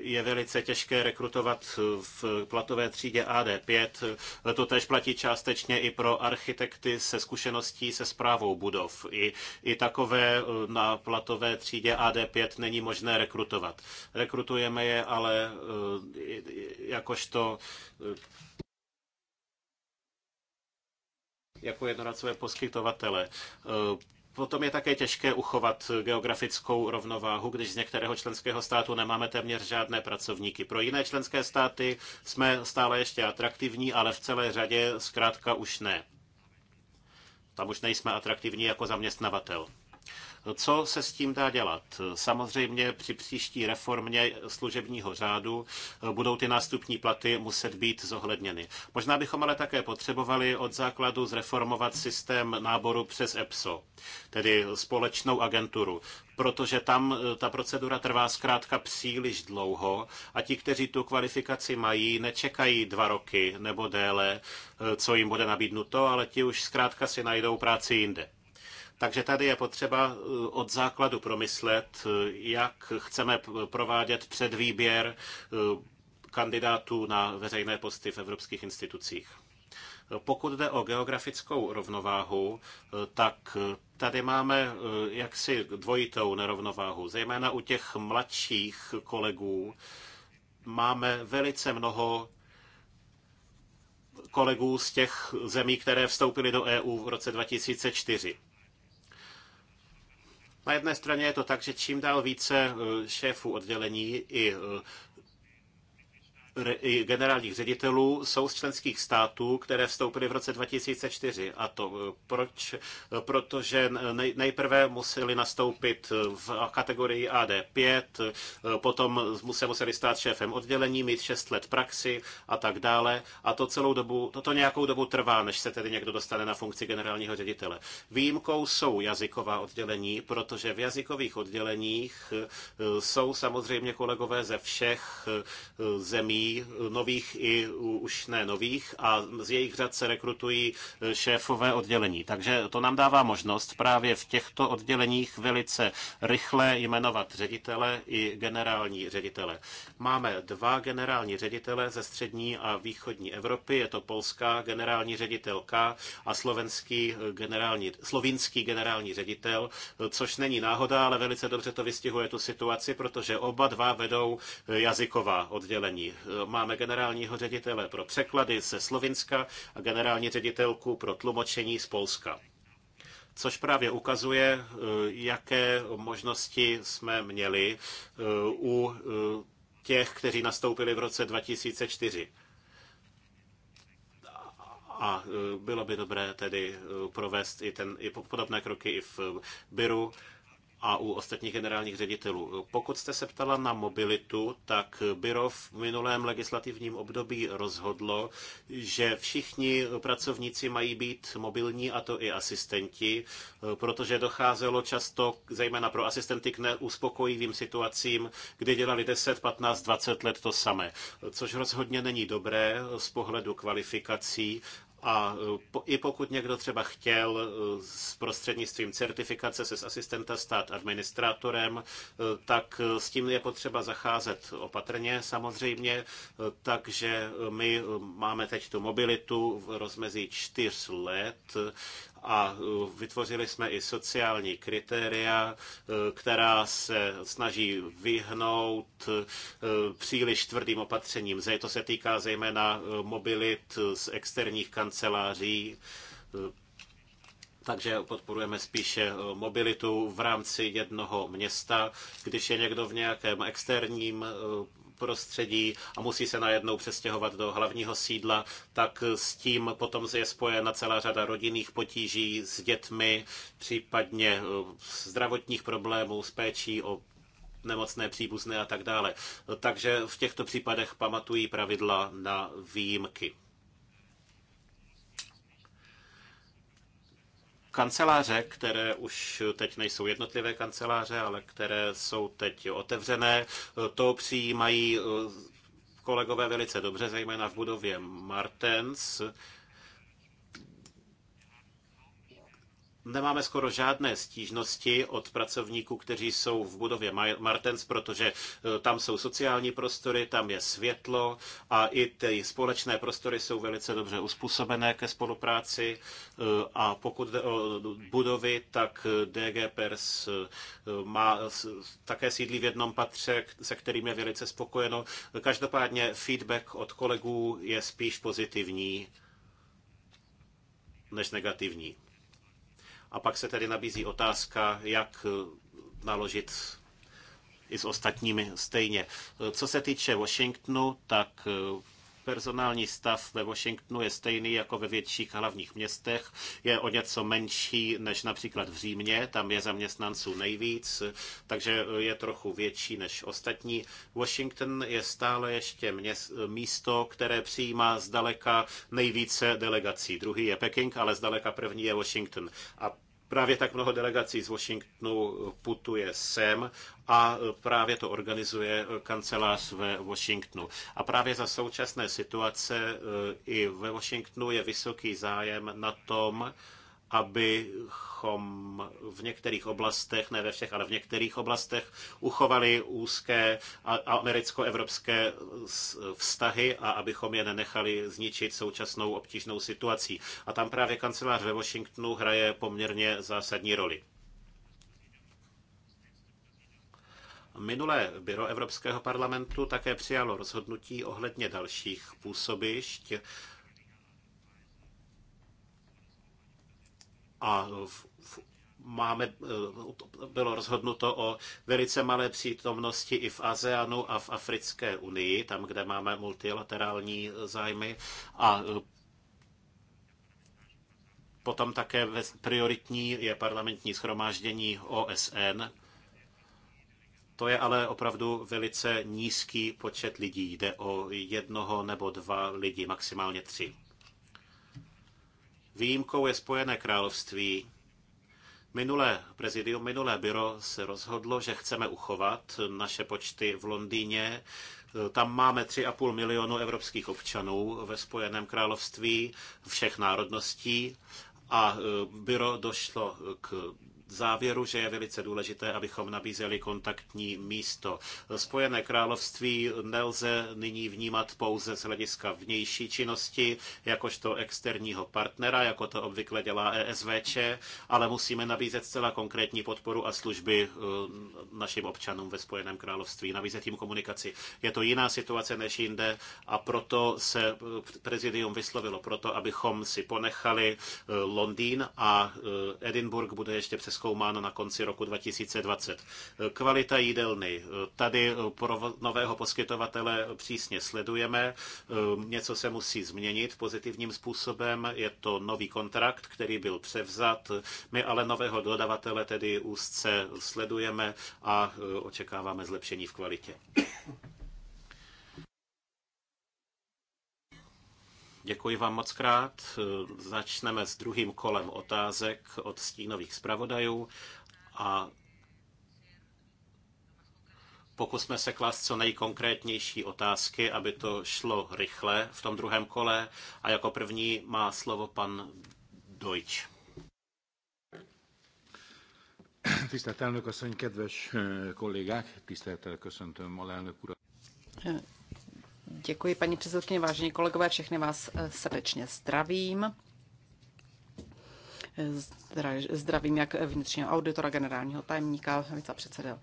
je velice těžké rekrutovat v platové třídě AD5, to tež platí částečně i pro architekty se zkušeností se zprávou budov. I, i takové eh, na platové třídě AD5 opět není možné rekrutovat. Rekrutujeme je ale eh, jakožto eh, jako jednoracové poskytovatele. Eh, potom je také těžké uchovat geografickou rovnováhu, když z některého členského státu nemáme téměř žádné pracovníky. Pro jiné členské státy jsme stále ještě atraktivní, ale v celé řadě zkrátka už ne. Tam už nejsme atraktivní jako zaměstnavatel. Co se s tím dá dělat? Samozřejmě při příští reformě služebního řádu eh, budou ty nástupní platy muset být zohledněny. Možná bychom ale také potřebovali od základu zreformovat systém náboru přes EPSO, tedy společnou agenturu, protože tam eh, ta procedura trvá zkrátka příliš dlouho a ti, kteří tu kvalifikaci mají, nečekají dva roky nebo déle, eh, co jim bude nabídnuto, ale ti už zkrátka si najdou práci jinde. Takže tady je potřeba eh, od základu promyslet, eh, jak chceme provádět předvýběr eh, kandidátů na veřejné posty v evropských institucích. Pokud jde o geografickou rovnováhu, tak tady máme jaksi dvojitou nerovnováhu, zejména u těch mladších kolegů. Máme velice mnoho kolegů z těch zemí, které vstoupily do EU v roce 2004. Na jedné straně je to tak, že čím dál více eh, šéfů oddělení i eh, generálních ředitelů jsou z členských států, které vstoupily v roce 2004. A to e, proč? Protože nejprve museli nastoupit v kategorii AD5, e, potom se museli stát šéfem oddělení, mít 6 let praxi a tak dále. A to celou dobu, toto nějakou dobu trvá, než se tedy někdo dostane na funkci generálního ředitele. Výjimkou jsou jazyková oddělení, protože v jazykových odděleních e, jsou samozřejmě kolegové ze všech zemí, nových i už ne nových, a z jejich řad se rekrutují eh, šéfové oddělení. Takže to nám dává možnost právě v těchto odděleních velice rychle jmenovat ředitele i generální ředitele. Máme dva generální ředitele ze střední a východní Evropy, je to polská generální ředitelka a slovenský eh, generální, slovinský generální ředitel, eh, což není náhoda, ale velice dobře to vystihuje tu situaci, protože oba dva vedou jazyková oddělení máme generálního ředitele pro překlady ze Slovinska a generální ředitelku pro tlumočení z Polska což právě ukazuje, e, jaké možnosti jsme měli e, u e, těch, kteří nastoupili v roce 2004. A bylo by dobré tedy provést i, ten, i podobné kroky i v Biru a u ostatních generálních ředitelů. Pokud jste se ptala na mobilitu, tak Byro v minulém legislativním období rozhodlo, že všichni pracovníci mají být mobilní, a to i asistenti, protože docházelo často, zejména pro asistenty, k neuspokojivým situacím, kdy dělali 10, 15, 20 let to samé, což rozhodně není dobré z pohledu kvalifikací a i pokud někdo třeba chtěl e, s prostřednictvím certifikace se z asistenta stát administrátorem, e, tak e, s tím je potřeba zacházet opatrně samozřejmě, takže my máme teď tu mobilitu v rozmezí čtyř let a e, vytvořili jsme i sociální kritéria, e, která se snaží vyhnout e, příliš tvrdým opatřením. To se týká zejména mobilit z externích kanceláří, takže podporujeme spíše mobilitu v rámci jednoho města. Když je někdo v nějakém externím prostředí a musí se najednou přestěhovat do hlavního sídla, tak s tím potom je spojena celá řada rodinných potíží s dětmi, případně eh, zdravotních problémů s péčí o nemocné příbuzné a tak dále. Takže v těchto případech pamatují pravidla na výjimky. kanceláře, které už teď nejsou jednotlivé kanceláře, ale které jsou teď otevřené, to přijímají eh, kolegové velice dobře, zejména v budově Martens, Nemáme skoro žádné stížnosti od pracovníků, kteří jsou v budově Martens, protože eh, tam jsou sociální prostory, tam je světlo a i ty společné prostory jsou velice dobře uspůsobené ke spolupráci. Eh, a pokud jde o budovy, tak eh, DG Pers má také sídlí v jednom patře, se kterým je velice spokojeno. Každopádně feedback od kolegů je spíš pozitivní než negativní. A pak se tedy nabízí otázka, jak eh, naložit i s ostatními stejně. Eh, co se týče Washingtonu, tak eh, personální stav ve Washingtonu je stejný jako ve větších hlavních městech. Je o něco menší než například v Římě, tam je zaměstnanců nejvíc, takže je trochu větší než ostatní. Washington je stále ještě měst, místo, které přijímá zdaleka nejvíce delegací. Druhý je Peking, ale zdaleka první je Washington. A Právě tak mnoho delegací z Washingtonu putuje sem a právě to organizuje kancelář ve Washingtonu. A právě za současné situace e, i ve Washingtonu je vysoký zájem na tom, abychom v některých oblastech, ne ve všech, ale v některých oblastech uchovali úzké americko-evropské vztahy a abychom je nenechali zničit současnou obtížnou situací. A tam právě kancelář ve Washingtonu hraje poměrně zásadní roli. Minulé byro Evropského parlamentu také přijalo rozhodnutí ohledně dalších působišť a v, v, máme, eh, bylo rozhodnuto o velice malé přítomnosti i v ASEANu a v Africké unii, tam, kde máme multilaterální eh, zájmy a eh, Potom také prioritní je parlamentní schromáždění OSN. To je ale opravdu velice nízký počet lidí. Jde o jednoho nebo dva lidi, maximálně tři. Výjimkou je Spojené království. Minulé prezidium, minulé byro se rozhodlo, že chceme uchovat naše počty v Londýně. Tam máme 3,5 milionu evropských občanů ve Spojeném království všech národností a e, byro došlo k závěru, že je velice důležité, abychom nabízeli kontaktní místo. Spojené království nelze nyní vnímat pouze z hlediska vnější činnosti, jakožto externího partnera, jako to obvykle dělá ESVČ, ale musíme nabízet zcela konkrétní podporu a služby eh, našim občanům ve Spojeném království, nabízet jim komunikaci. Je to jiná situace než jinde a proto se eh, prezidium vyslovilo proto, abychom si ponechali eh, Londýn a Edinburgh bude ještě přes přeskoumána na konci roku 2020. Kvalita jídelny. Tady pro nového poskytovatele přísně sledujeme. Něco se musí změnit pozitivním způsobem. Je to nový kontrakt, který byl převzat. My ale nového dodavatele tedy úzce sledujeme a očekáváme zlepšení v kvalitě. Děkuji vám moc krát. Začneme s druhým kolem otázek od stínových zpravodajů a pokusme se klást co nejkonkrétnější otázky, aby to šlo rychle v tom druhém kole. A jako první má slovo pan Dojč. Tisztelt elnök asszony, kedves eh, kollégák, tisztelettel köszöntöm alelnök urat. Eh, Děkuji, paní předsedkyně, vážení kolegové, všechny vás eh, srdečně zdravím. Zdravím jak vnitřního auditora, generálního tajemníka, vicepředseda.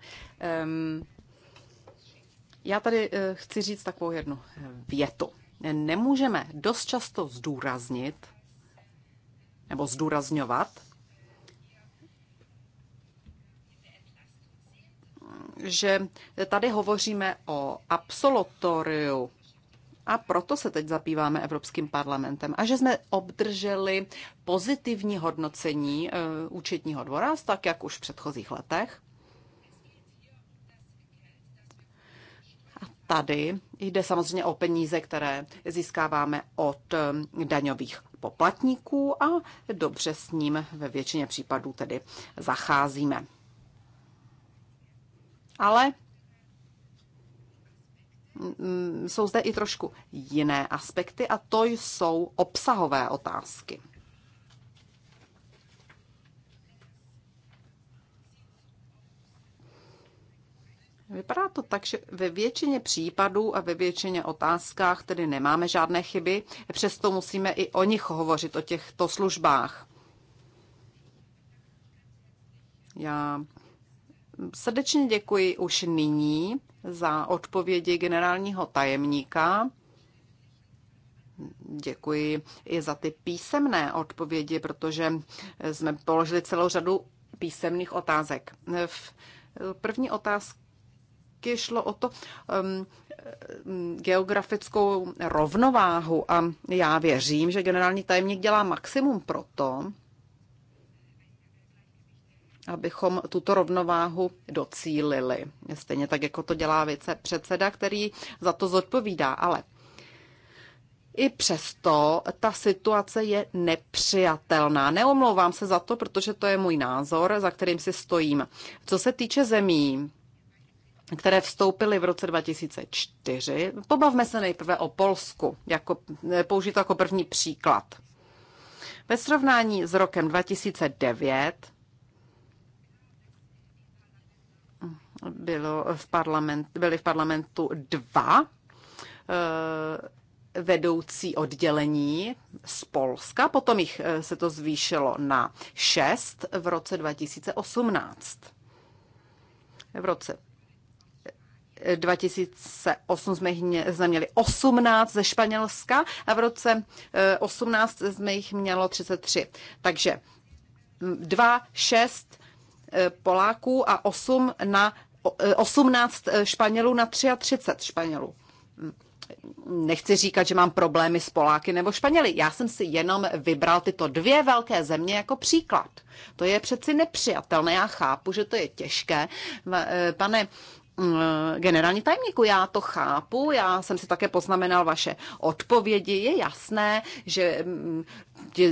Já tady eh, chci říct takovou jednu eh, větu. Nemůžeme dost často zdůraznit nebo zdůrazňovat, že tady hovoříme o absolutoriu a proto se teď zabýváme Evropským parlamentem a že jsme obdrželi pozitivní hodnocení eh, účetního dvora, tak jak už v předchozích letech. tady jde samozřejmě o peníze, které získáváme od eh, daňových poplatníků a dobře s ním ve většině případů tedy zacházíme ale mm, jsou zde i trošku jiné aspekty a to jsou obsahové otázky. Vypadá to tak, že ve většině případů a ve většině otázkách tedy nemáme žádné chyby, přesto musíme i o nich hovořit, o těchto službách. Já Srdečně děkuji už nyní za odpovědi generálního tajemníka. Děkuji i za ty písemné odpovědi, protože jsme položili celou řadu písemných otázek. V první otázky šlo o to um, geografickou rovnováhu a já věřím, že generální tajemník dělá maximum pro to, abychom tuto rovnováhu docílili. Stejně tak, jako to dělá vicepředseda, který za to zodpovídá. Ale i přesto ta situace je nepřijatelná. Neomlouvám se za to, protože to je můj názor, za kterým si stojím. Co se týče zemí, které vstoupily v roce 2004, pobavme se nejprve o Polsku, jako, eh, použít jako první příklad. Ve srovnání s rokem 2009 bylo v parlament, byly v parlamentu dva eh, vedoucí oddělení z Polska, potom jich eh, se to zvýšilo na šest v roce 2018. V roce 2008 eh, jsme, jich mě, jsme měli 18 ze Španělska a v roce 18 jsme jich mělo 33. Takže 2, mm, 6 Poláků a 8 na 18 e, e, Španělů na 33 Španělů. Nechci říkat, že mám problémy s Poláky nebo Španěly. Já jsem si jenom vybral tyto dvě velké země jako příklad. To je přeci nepřijatelné. Já chápu, že to je těžké. E, pane mm, generální tajemníku, já to chápu, já jsem si také poznamenal vaše odpovědi. Je jasné, že mm,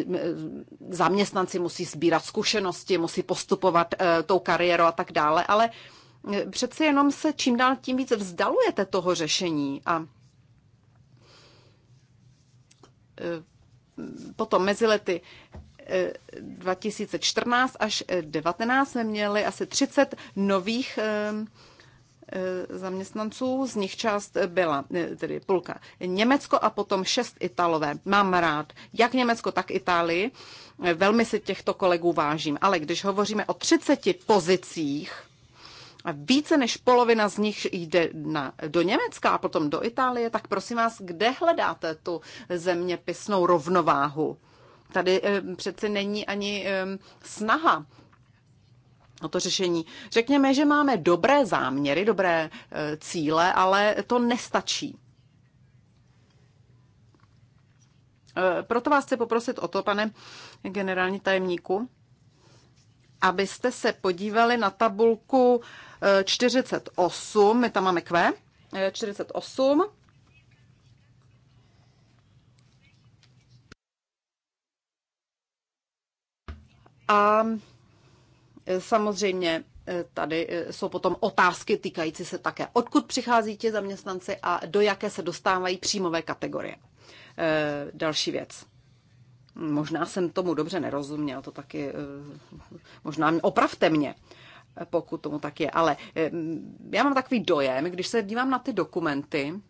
mm, zaměstnanci musí sbírat zkušenosti, musí postupovat tou kariérou a tak dále, ale přece jenom se čím dál tím víc vzdalujete toho řešení a e, potom mezi lety 2014 e, až 2019 e, jsme měli asi 30 nových zaměstnanců, z nich část byla tedy půlka Německo a potom šest Italové. Mám rád jak Německo, tak Itálii. Velmi si těchto kolegů vážím. Ale když hovoříme o 30 pozicích, a více než polovina z nich jde na, do Německa a potom do Itálie, tak prosím vás, kde hledáte tu zeměpisnou rovnováhu? Tady eh, přece není ani eh, snaha o to řešení. Řekněme, že máme dobré záměry, dobré eh, cíle, ale to nestačí. Proto vás chci poprosit o to, pane generální tajemníku, abyste se podívali na tabulku 48, my tam máme Q, 48. A e, samozřejmě e, tady e, jsou potom otázky týkající se také, odkud přichází ti zaměstnanci a do jaké se dostávají příjmové kategorie. Další věc. Možná jsem tomu dobře nerozuměl, to taky, možná opravte mě pokud tomu tak je. Ale já mám takový dojem, když se dívám na ty dokumenty,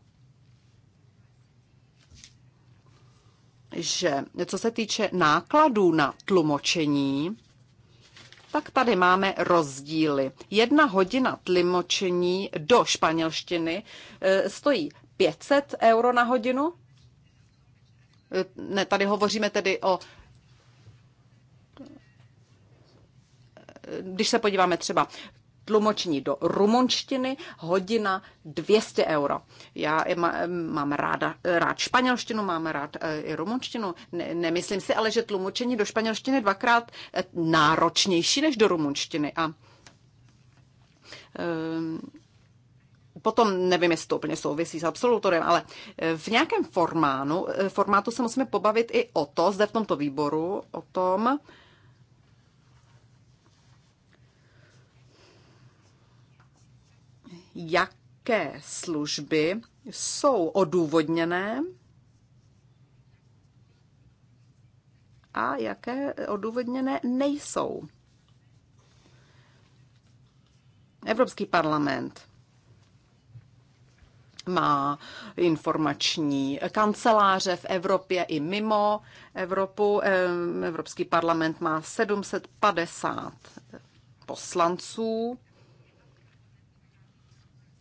že co se týče nákladů na tlumočení, tak tady máme rozdíly. Jedna hodina tlumočení do španělštiny e, stojí 500 euro na hodinu. E, ne, tady hovoříme tedy o když se podíváme třeba tlumočení do rumunštiny, hodina 200 euro. Já mám ráda, rád španělštinu, mám rád eh, i rumunštinu. Ne, nemyslím si ale, že tlumočení do španělštiny je dvakrát eh, náročnější než do rumunštiny. A um, potom nevím, jestli to úplně souvisí s absolutorem, ale v nějakém formánu, formátu se musíme pobavit i o to, zde v tomto výboru, o tom, jaké služby jsou odůvodněné a jaké odůvodněné nejsou. Evropský parlament má informační kanceláře v Evropě i mimo Evropu. Evropský parlament má 750 poslanců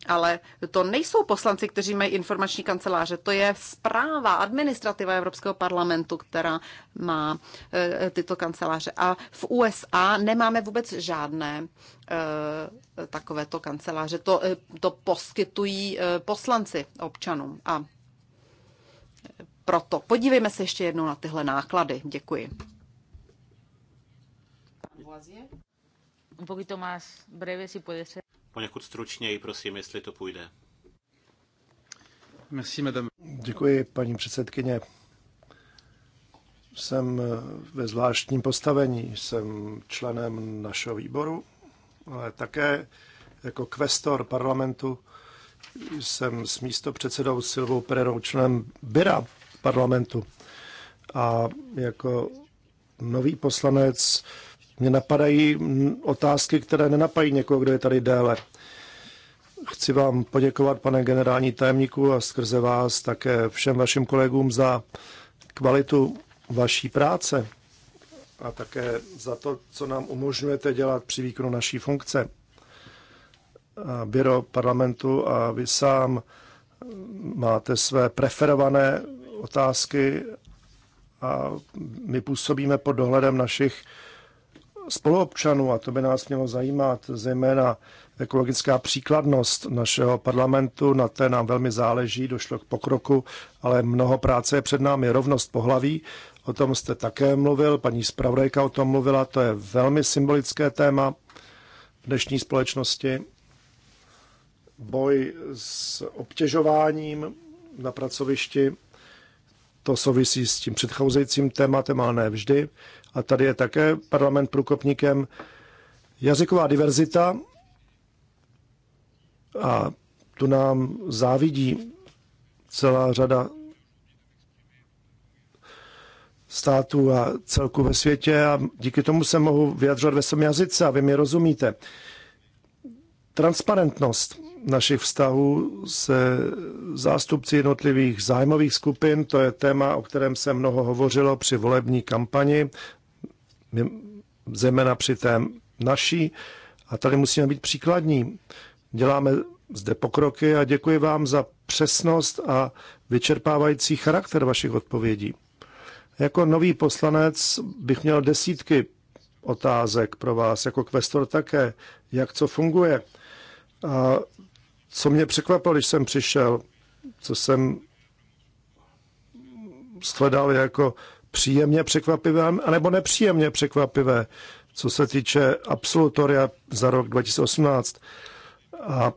ale to nejsou poslanci, kteří mají informační kanceláře, to je zpráva, administrativa Evropského parlamentu, která má eh, tyto kanceláře. A v USA nemáme vůbec žádné eh, takovéto kanceláře. To, eh, to poskytují poslanci občanům. A proto podívejme se ještě jednou na tyhle náklady. Děkuji. Un poquito más breve, si puede ser poněkud stručněji, prosím, jestli to půjde. Merci, madame. Děkuji, paní předsedkyně. Jsem eh, ve zvláštním postavení. Jsem členem našeho výboru, ale také jako kvestor parlamentu jsem s místo předsedou Silvou Pererou členem Byra parlamentu. A jako nový poslanec mě napadají otázky, které nenapají někoho, kdo je tady déle. Chci vám poděkovat, pane generální tajemníku, a skrze vás také všem vašim kolegům za kvalitu vaší práce a také za to, co nám umožňujete dělat při výkonu naší funkce. A Biro parlamentu a vy sám máte své preferované otázky a my působíme pod dohledem našich spoluobčanů, a to by nás mělo zajímat, zejména ekologická příkladnost našeho parlamentu, na té nám velmi záleží, došlo k pokroku, ale mnoho práce je před námi, rovnost pohlaví, o tom jste také mluvil, paní zpravodajka o tom mluvila, to je velmi symbolické téma v dnešní společnosti. Boj s obtěžováním na pracovišti, to souvisí s tím předcházejícím tématem, ale ne vždy a tady je také parlament průkopníkem, jazyková diverzita a tu nám závidí celá řada států a celku ve světě a díky tomu se mohu vyjadřovat ve svém jazyce a vy mě rozumíte. Transparentnost našich vztahů se zástupci jednotlivých zájmových skupin, to je téma, o kterém se mnoho hovořilo při volební kampani zejména při té naší. A tady musíme být příkladní. Děláme zde pokroky a děkuji vám za přesnost a vyčerpávající charakter vašich odpovědí. Jako nový poslanec bych měl desítky otázek pro vás, jako kvestor také, jak co funguje. A co mě překvapilo, když jsem přišel, co jsem shledal jako příjemně překvapivé, anebo nepříjemně překvapivé, co se týče absolutoria za rok 2018. A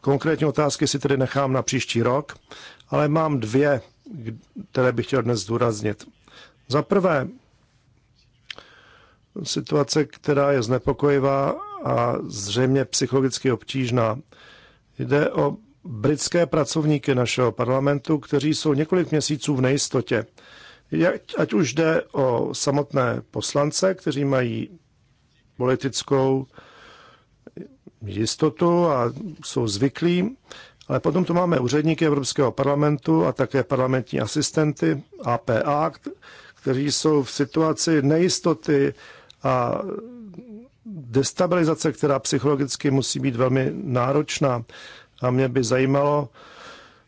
konkrétní otázky si tedy nechám na příští rok, ale mám dvě, které bych chtěl dnes zdůraznit. Za prvé, situace, která je znepokojivá a zřejmě psychologicky obtížná. Jde o britské pracovníky našeho parlamentu, kteří jsou několik měsíců v nejistotě. Ať už jde o samotné poslance, kteří mají politickou jistotu a jsou zvyklí, ale potom tu máme úředníky Evropského parlamentu a také parlamentní asistenty APA, kteří jsou v situaci nejistoty a destabilizace, která psychologicky musí být velmi náročná. A mě by zajímalo,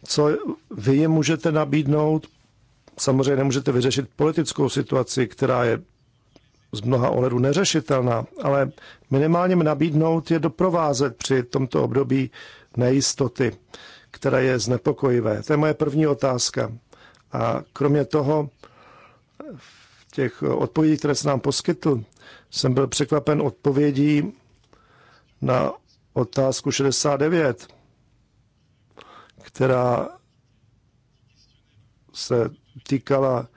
co vy jim můžete nabídnout. Samozřejmě nemůžete vyřešit politickou situaci, která je z mnoha ohledů neřešitelná, ale minimálně nabídnout je doprovázet při tomto období nejistoty, které je znepokojivé. To je moje první otázka. A kromě toho, v těch odpovědí, které se nám poskytl, jsem byl překvapen odpovědí na otázku 69 která se týkala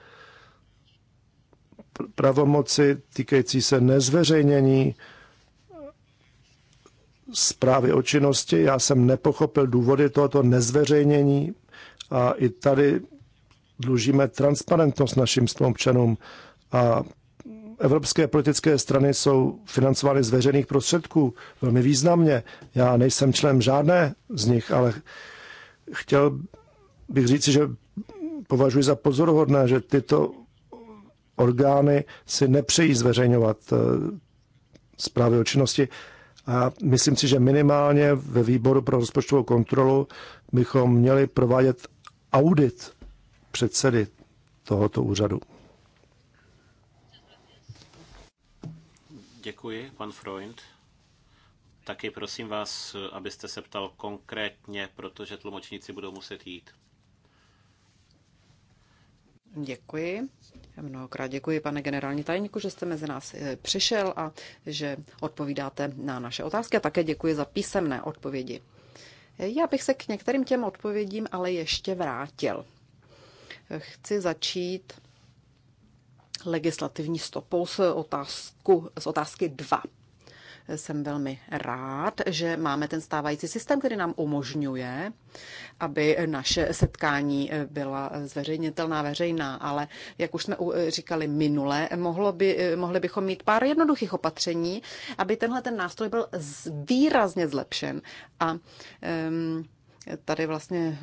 pravomoci týkající se nezveřejnění zprávy o činnosti. Já jsem nepochopil důvody tohoto nezveřejnění a i tady dlužíme transparentnost našim spolupčanům a evropské politické strany jsou financovány z veřejných prostředků velmi významně. Já nejsem člen žádné z nich, ale Chtěl bych říci, že považuji za pozoruhodné, že tyto orgány si nepřejí zveřejňovat eh, zprávy o činnosti. A myslím si, že minimálně ve výboru pro rozpočtovou kontrolu bychom měli provádět audit předsedy tohoto úřadu. Děkuji, pan Freund. Taky prosím vás, abyste se ptal konkrétně, protože tlumočníci budou muset jít. Děkuji. Mnohokrát děkuji, pane generální tajníku, že jste mezi nás eh, přišel a že odpovídáte na naše otázky a také děkuji za písemné odpovědi. Eh, já bych se k některým těm odpovědím ale ještě vrátil. Eh, chci začít legislativní stopou s, otázku, s otázky 2 jsem velmi rád, že máme ten stávající systém, který nám umožňuje, aby naše setkání eh, byla zveřejnitelná, veřejná, ale jak už jsme eh, říkali minule, mohlo by, eh, mohli bychom mít pár jednoduchých opatření, aby tenhle ten nástroj byl výrazně zlepšen a um, tady vlastně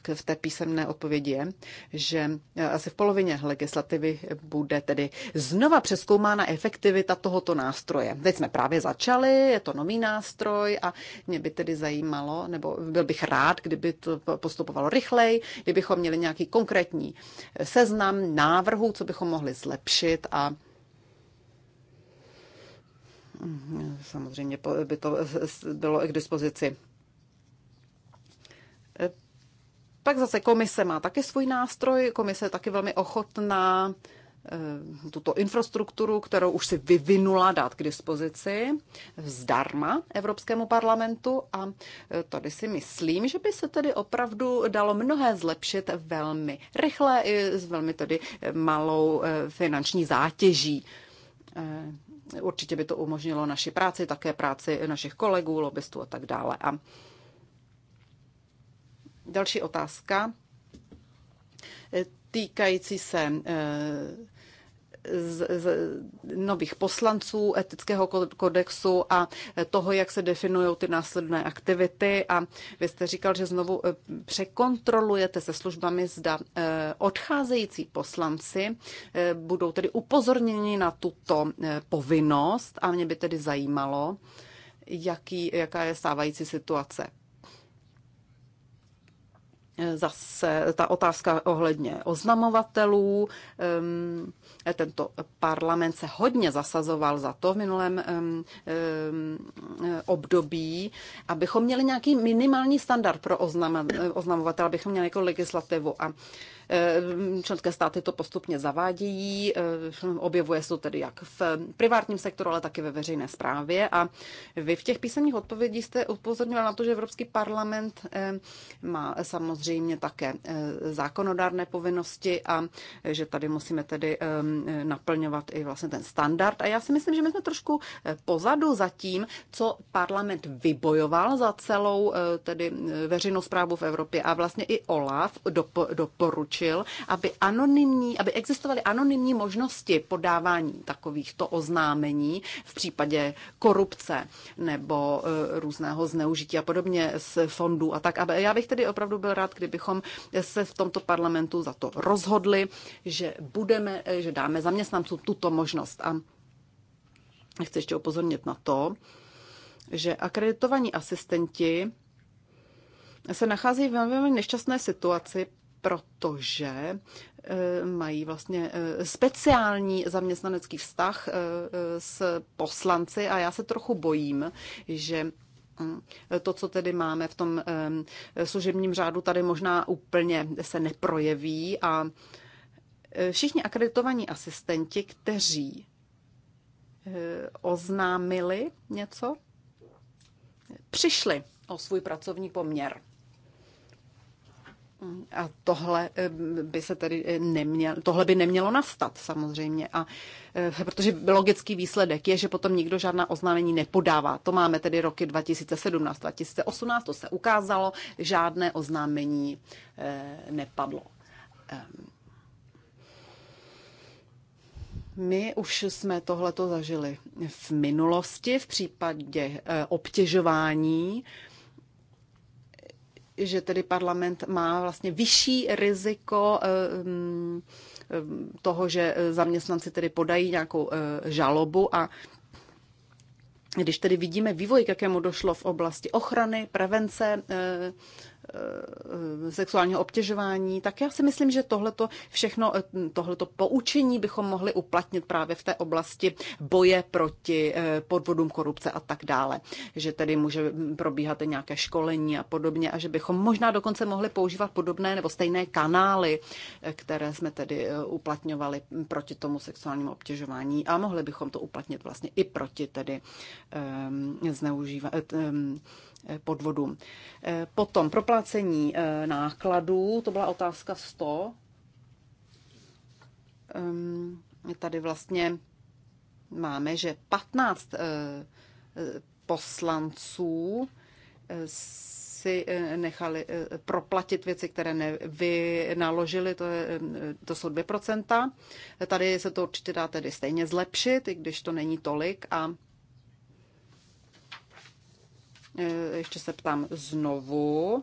eh, v té písemné odpovědi je, že eh, asi v polovině legislativy bude tedy znova přeskoumána efektivita tohoto nástroje. Teď jsme právě začali, je to nový nástroj a mě by tedy zajímalo, nebo byl bych rád, kdyby to postupovalo rychleji, kdybychom měli nějaký konkrétní eh, seznam návrhů, co bychom mohli zlepšit a mm, Samozřejmě by to bylo i k dispozici Pak zase komise má také svůj nástroj, komise je taky velmi ochotná eh, tuto infrastrukturu, kterou už si vyvinula, dát k dispozici zdarma Evropskému parlamentu a eh, tady si myslím, že by se tedy opravdu dalo mnohé zlepšit velmi rychle i s velmi tedy eh, malou finanční zátěží. Určitě by to umožnilo naši práci, také práci našich kolegů, lobbystů a tak dále. A Další otázka eh, týkající se eh, z, z nových poslanců etického kodexu a toho, jak se definují ty následné aktivity. A vy jste říkal, že znovu eh, překontrolujete se službami, zda odcházející poslanci budou tedy upozorněni na tuto povinnost. A mě by tedy zajímalo, jaký, jaká je stávající situace zase ta otázka ohledně oznamovatelů. Tento parlament se hodně zasazoval za to v minulém období, abychom měli nějaký minimální standard pro oznamovatele, abychom měli jako legislativu. A Eh, členské státy to postupně zavádějí, eh, objevuje se to tedy jak v privátním sektoru, ale taky ve veřejné správě. A vy v těch písemných odpovědích jste upozorňoval na to, že Evropský parlament eh, má samozřejmě také zákonodárné povinnosti a že tady musíme tedy naplňovat i vlastně ten standard. A já si myslím, že my jsme trošku pozadu za tím, co parlament vybojoval za celou tedy veřejnou zprávu v Evropě a vlastně i OLAF doporučil doporučil, aby, anonymní, aby existovaly anonymní možnosti podávání takovýchto oznámení v případě korupce nebo e, různého zneužití a podobně z fondů a tak. Já bych tedy opravdu byl rád, kdybychom se v tomto parlamentu za to rozhodli, že budeme, e, že dáme zaměstnancům tuto možnost. A chci ještě upozornit na to, že akreditovaní asistenti se nacházejí v velmi nešťastné situaci, protože eh, mají vlastně eh, speciální zaměstnanecký vztah eh, s poslanci a já se trochu bojím, že hm, to, co tedy máme v tom služebním řádu, tady možná úplně se neprojeví a všichni akreditovaní asistenti, kteří oznámili něco, přišli o svůj pracovní poměr. A tohle eh, by se tedy eh, neměl, tohle by nemělo nastat samozřejmě. A, eh, protože logický výsledek je, že potom nikdo žádná oznámení nepodává. To máme tedy roky 2017, 2018, to se ukázalo, žádné oznámení nepadlo. Ehm, my už jsme tohleto zažili v minulosti v případě obtěžování že tedy parlament má vlastně vyšší riziko eh, mm, eh, toho, že eh, zaměstnanci tedy podají nějakou žalobu a když tedy vidíme vývoj, k jakému došlo v oblasti ochrany, prevence Eh, sexuálního obtěžování, tak já si myslím, že tohleto všechno, eh, tohleto poučení bychom mohli uplatnit právě v té oblasti boje proti eh, podvodům korupce a tak dále. Že tedy může hm, probíhat nějaké školení a podobně a že bychom možná dokonce mohli používat podobné nebo stejné kanály, které jsme tedy uplatňovali proti tomu sexuálnímu obtěžování a mohli bychom to uplatnit vlastně i proti tedy um, ehm, zneužívat, um, ehm, podvodům. Eh, potom proplácení eh, nákladů, to byla otázka 100. Ehm, tady vlastně máme, že 15 eh, poslanců si nechali proplatit věci, které nevynaložili, to, je, to jsou 2%. Tady se to určitě dá tedy stejně zlepšit, i když to není tolik a Eh, ještě se ptám znovu.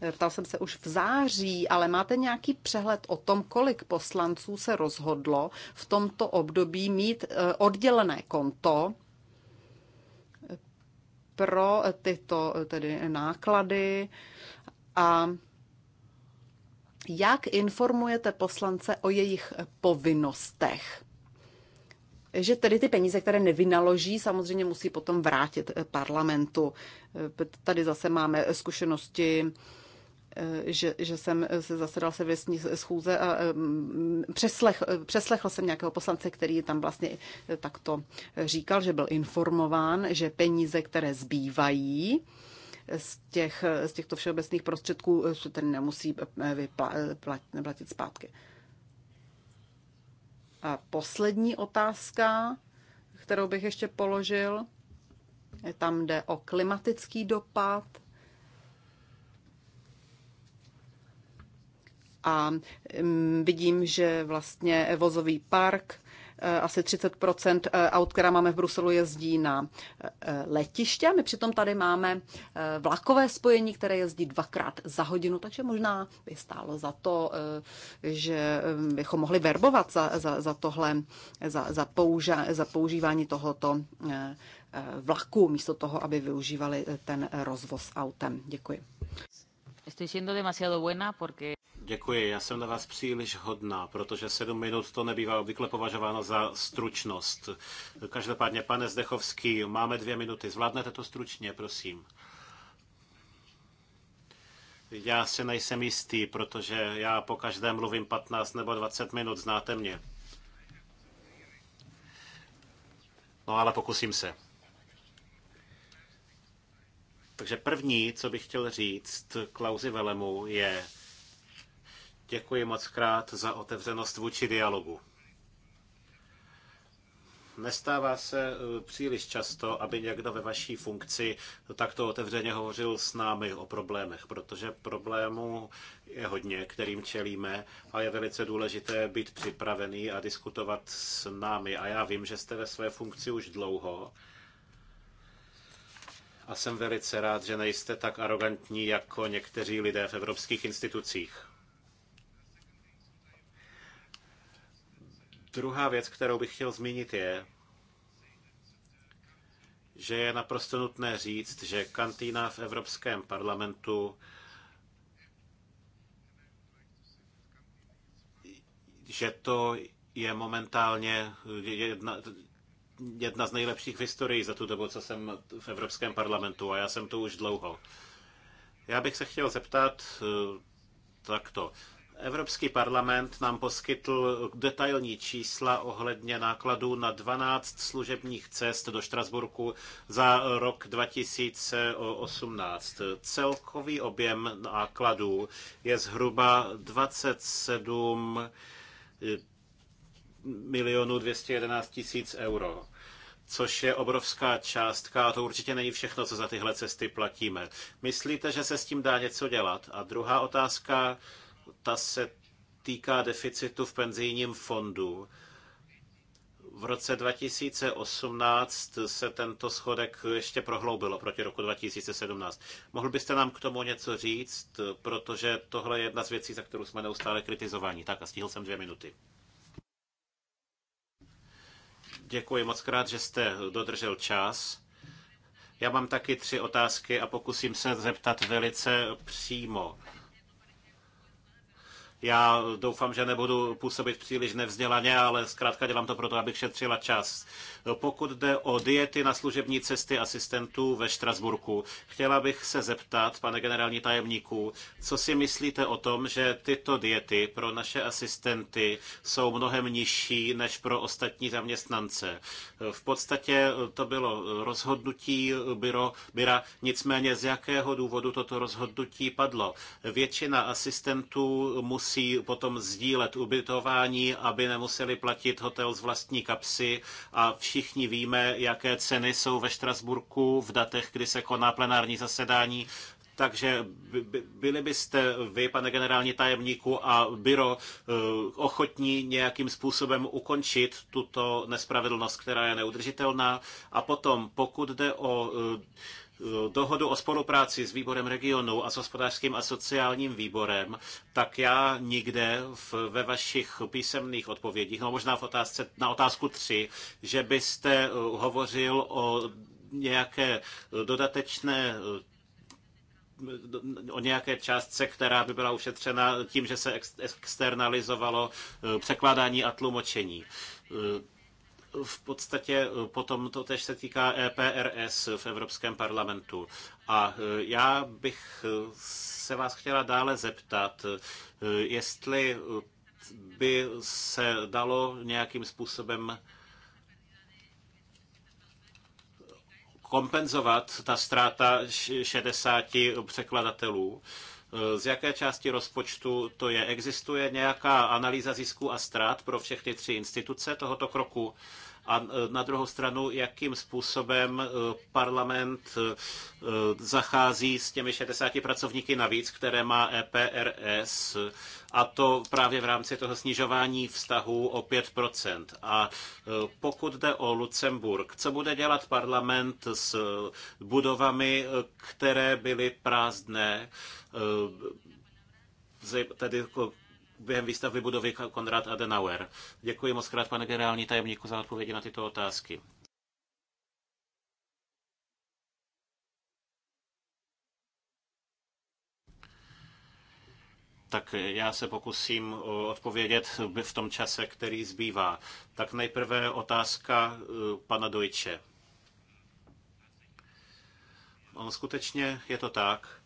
Eh, ptal jsem se už v září, ale máte nějaký přehled o tom, kolik poslanců se rozhodlo v tomto období mít eh, oddělené konto pro tyto tedy náklady a jak informujete poslance o jejich povinnostech? že tedy ty peníze, které nevynaloží, samozřejmě musí potom vrátit eh, parlamentu. Eh, tady zase máme zkušenosti eh, že, že jsem se zasedal se věstní schůze a přeslech, přeslechl jsem nějakého poslance, který tam vlastně takto říkal, že byl informován, že peníze, které zbývají, z, těch, z těchto všeobecných prostředků se ten nemusí neplatit zpátky. A poslední otázka, kterou bych ještě položil, tam jde o klimatický dopad. A mm, vidím, že vlastně vozový park Eh, asi 30 eh, aut, která máme v Bruselu, jezdí na eh, letiště. My přitom tady máme vlakové spojení, které jezdí dvakrát za hodinu, takže možná by stálo za to, že bychom mohli verbovat za, za, za tohle, za, za, použa, za používání tohoto vlaku, místo toho, aby využívali ten rozvoz autem. Děkuji. Estoy siendo demasiado buena porque... Děkuji, já jsem na vás příliš hodná, protože sedm minut to nebývá obvykle považováno za stručnost. Každopádně, pane Zdechovský, máme dvě minuty. Zvládnete to stručně, prosím. Já se nejsem jistý, protože já po každém mluvím 15 nebo 20 minut, znáte mě. No ale pokusím se. Takže první, co bych chtěl říct Klausi Velemu, je děkuji moc krát za otevřenost vůči dialogu. Nestává se eh, příliš často, aby někdo ve vaší funkci takto otevřeně hovořil s námi o problémech, protože problémů je hodně, kterým čelíme a je velice důležité být připravený a diskutovat s námi. A já vím, že jste ve své funkci už dlouho a jsem velice rád, že nejste tak arrogantní jako někteří lidé v evropských institucích. Druhá věc, kterou bych chtěl zmínit, je, že je naprosto nutné říct, že kantýna v Evropském parlamentu že to je momentálně jedna, jedna z nejlepších v historii za tu dobu, co jsem v Evropském parlamentu a já jsem tu už dlouho. Já bych se chtěl zeptat e, takto. Evropský parlament nám poskytl detailní čísla ohledně nákladů na 12 služebních cest do Štrasburku za rok 2018. Celkový objem nákladů je zhruba 27 milionů 211 tisíc euro což je obrovská částka a to určitě není všechno, co za tyhle cesty platíme. Myslíte, že se s tím dá něco dělat? A druhá otázka, ta se týká deficitu v penzijním fondu. V roce 2018 se tento schodek ještě prohloubil proti roku 2017. Mohl byste nám k tomu něco říct, protože tohle je jedna z věcí, za kterou jsme neustále kritizováni. Tak a stihl jsem dvě minuty. Děkuji moc krát, že jste dodržel čas. Já mám taky tři otázky a pokusím se zeptat velice přímo. Já doufám, že nebudu působit příliš nevzdělaně, ale zkrátka dělám to proto, abych šetřila čas. Pokud jde o diety na služební cesty asistentů ve Štrasburku, chtěla bych se zeptat, pane generální tajemníku, co si myslíte o tom, že tyto diety pro naše asistenty jsou mnohem nižší než pro ostatní zaměstnance. V podstatě to bylo rozhodnutí byro, byra, nicméně z jakého důvodu toto rozhodnutí padlo. Většina asistentů musí musí potom sdílet ubytování, aby nemuseli platit hotel z vlastní kapsy a všichni víme, jaké ceny jsou ve Štrasburku v datech, kdy se koná plenární zasedání. Takže byli byste vy, pane generální tajemníku a byro, eh, ochotní nějakým způsobem ukončit tuto nespravedlnost, která je neudržitelná? A potom, pokud jde o eh, dohodu o spolupráci s výborem regionu a s hospodářským a sociálním výborem, tak já nikde v, ve vašich písemných odpovědích, no možná v otázce, na otázku 3, že byste uh, hovořil o nějaké dodatečné uh, o nějaké částce, která by byla ušetřena tím, že se externalizovalo uh, překládání a tlumočení v podstatě eh, potom to tež se týká EPRS v Evropském parlamentu. A eh, já bych eh, se vás chtěla dále zeptat, jestli by se dalo nějakým způsobem kompenzovat ta ztráta 60 překladatelů. Z jaké části rozpočtu to je? Existuje nějaká analýza zisku a ztrát pro všechny tři instituce tohoto kroku? a e, na druhou stranu, jakým způsobem e, parlament e, zachází s těmi 60 pracovníky navíc, které má EPRS, a to právě v rámci toho snižování vztahu o 5%. A pokud jde o Lucemburg, co bude dělat parlament s budovami, které byly prázdné, tedy během výstavby budovy Konrad Adenauer. Děkuji moc krát, pane generální tajemníku, za odpovědi na tyto otázky. tak já se pokusím eh, odpovědět v tom čase, který zbývá. Tak nejprve otázka eh, pana Dojče. On skutečně je to tak,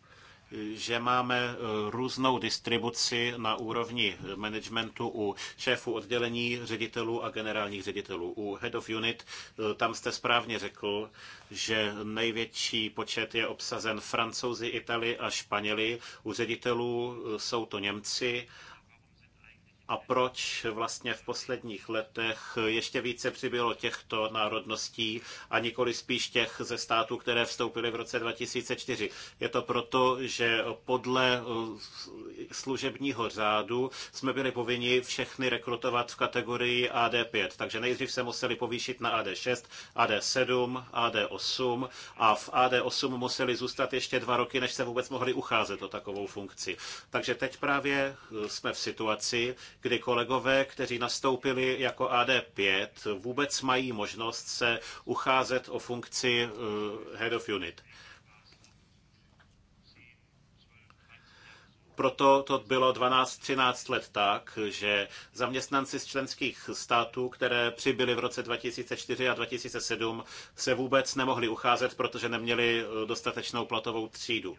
že máme e, různou distribuci na úrovni managementu u šéfů oddělení, ředitelů a generálních ředitelů. U Head of Unit e, tam jste správně řekl, že největší počet je obsazen francouzi, Itali a Španěli. U ředitelů e, jsou to Němci a proč vlastně v posledních letech ještě více přibylo těchto národností a nikoli spíš těch ze států, které vstoupily v roce 2004. Je to proto, že podle eh, služebního řádu jsme byli povinni všechny rekrutovat v kategorii AD5, takže nejdřív se museli povýšit na AD6, AD7, AD8 a v AD8 museli zůstat ještě dva roky, než se vůbec mohli ucházet o takovou funkci. Takže teď právě eh, jsme v situaci, kdy kolegové, kteří nastoupili jako AD5, vůbec mají možnost se ucházet o funkci eh, Head of Unit. proto to bylo 12-13 let tak, že zaměstnanci z členských států, které přibyli v roce 2004 a 2007, se vůbec nemohli ucházet, protože neměli eh, dostatečnou platovou třídu.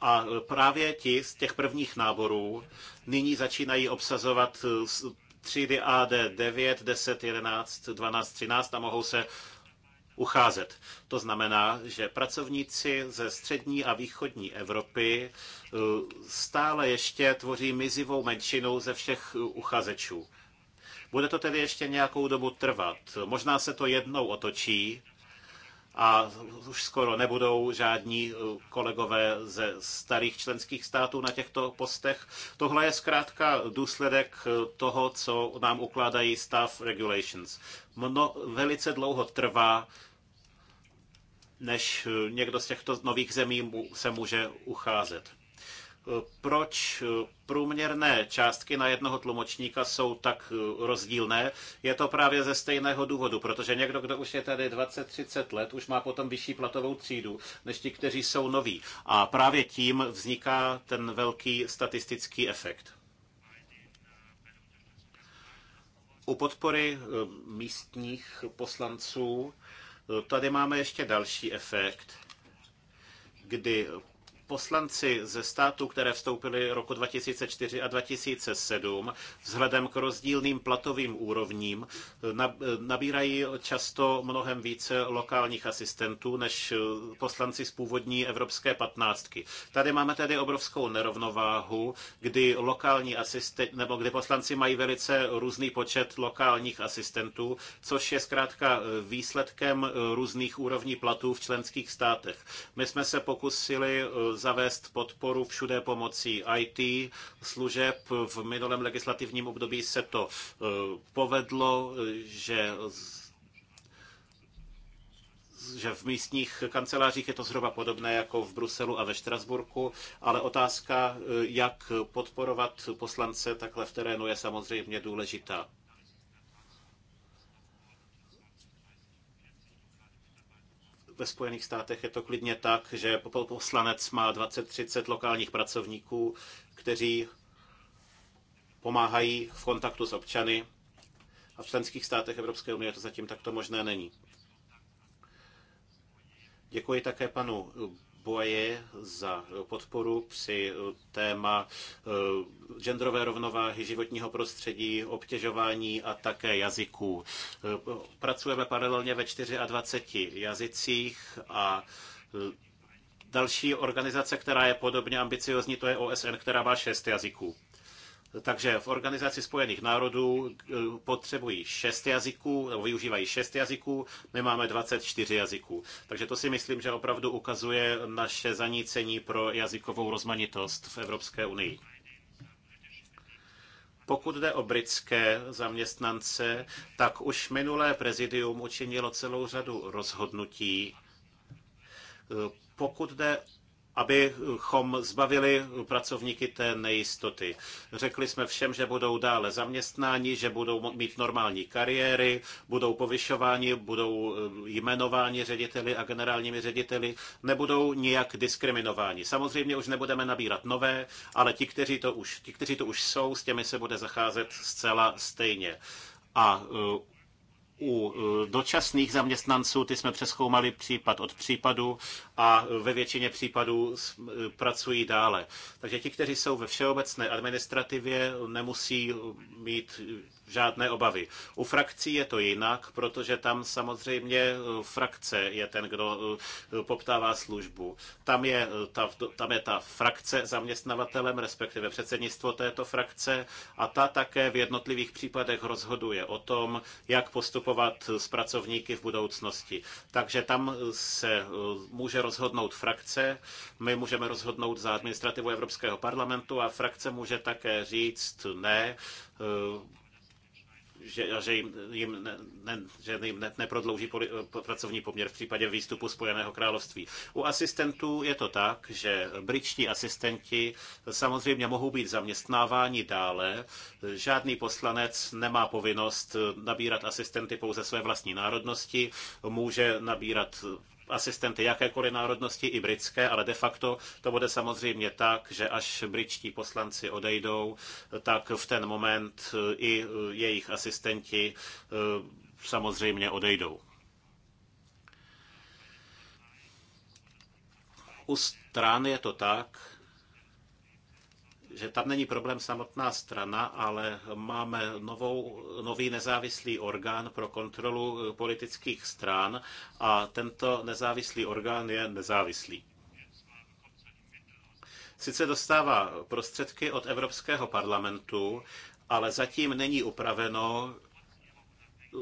A právě ti z těch prvních náborů nyní začínají obsazovat eh, třídy AD 9, 10, 11, 12, 13 a mohou se ucházet. To znamená, že pracovníci ze střední a východní Evropy eh, stále ještě tvoří mizivou menšinu ze všech eh, uchazečů. Bude to tedy ještě nějakou dobu trvat. Možná se to jednou otočí, a už skoro nebudou žádní eh, kolegové ze starých členských států na těchto postech. Tohle je zkrátka důsledek eh, toho, co nám ukládají staff regulations. Mno, velice dlouho trvá, než eh, někdo z těchto nových zemí se může ucházet proč průměrné částky na jednoho tlumočníka jsou tak rozdílné. Je to právě ze stejného důvodu, protože někdo, kdo už je tady 20-30 let, už má potom vyšší platovou třídu než ti, kteří jsou noví. A právě tím vzniká ten velký statistický efekt. U podpory eh, místních poslanců eh, tady máme ještě další efekt, kdy Poslanci ze států, které vstoupily roku 2004 a 2007, vzhledem k rozdílným platovým úrovním, nabírají často mnohem více lokálních asistentů než poslanci z původní Evropské patnáctky. Tady máme tedy obrovskou nerovnováhu, kdy lokální asistenti, nebo kdy poslanci mají velice různý počet lokálních asistentů, což je zkrátka výsledkem různých úrovní platů v členských státech. My jsme se pokusili eh, zavést podporu všude pomocí IT služeb. V minulém legislativním období se to e, povedlo, že že v místních kancelářích je to zhruba podobné jako v Bruselu a ve Štrasburku, ale otázka, e, jak podporovat poslance takhle v terénu, je samozřejmě důležitá. ve Spojených státech je to klidně tak, že poslanec má 20-30 lokálních pracovníků, kteří pomáhají v kontaktu s občany a v členských státech Evropské unie to zatím takto možné není. Děkuji také panu Boje za podporu při eh, téma eh, genderové rovnováhy, životního prostředí, obtěžování a také jazyků. Eh, pracujeme paralelně ve 24 jazycích a další organizace, která je podobně ambiciozní, to je OSN, která má šest jazyků. Takže v Organizaci spojených národů eh, potřebují šest jazyků, nebo využívají šest jazyků, my máme 24 jazyků. Takže to si myslím, že opravdu ukazuje naše zanícení pro jazykovou rozmanitost v Evropské unii. Pokud jde o britské zaměstnance, tak už minulé prezidium učinilo celou řadu rozhodnutí. Eh, Pokud jde abychom zbavili pracovníky té nejistoty. Řekli jsme všem, že budou dále zaměstnáni, že budou mít normální kariéry, budou povyšováni, budou eh, jmenováni řediteli a generálními řediteli, nebudou nijak diskriminováni. Samozřejmě už nebudeme nabírat nové, ale ti, kteří to už, ti, kteří to už jsou, s těmi se bude zacházet zcela stejně. A eh, u e, dočasných zaměstnanců ty jsme přeskoumali případ od případu a ve většině případů e, pracují dále. Takže ti, kteří jsou ve všeobecné administrativě, nemusí mít žádné obavy. U frakcí je to jinak, protože tam samozřejmě eh, frakce je ten, kdo eh, poptává službu. Tam je eh, ta, tam je ta frakce zaměstnavatelem, respektive předsednictvo této frakce a ta také v jednotlivých případech rozhoduje o tom, jak postupovat s pracovníky v budoucnosti. Takže tam se může rozhodnout frakce, my můžeme rozhodnout za administrativu Evropského parlamentu a frakce může také říct ne, že, že jim, jim, ne, ne, že jim ne, neprodlouží poli, eh, pracovní poměr v případě výstupu Spojeného království. U asistentů je to tak, že britští asistenti samozřejmě mohou být zaměstnáváni dále. Žádný poslanec nemá povinnost nabírat asistenty pouze své vlastní národnosti, může nabírat asistenty jakékoliv národnosti, i britské, ale de facto to bude samozřejmě tak, že až britští poslanci odejdou, tak v ten moment eh, i eh, jejich asistenti eh, samozřejmě odejdou. U stran je to tak, že tam není problém samotná strana, ale máme novou, nový nezávislý orgán pro kontrolu eh, politických stran a tento nezávislý orgán je nezávislý. Sice dostává prostředky od Evropského parlamentu, ale zatím není upraveno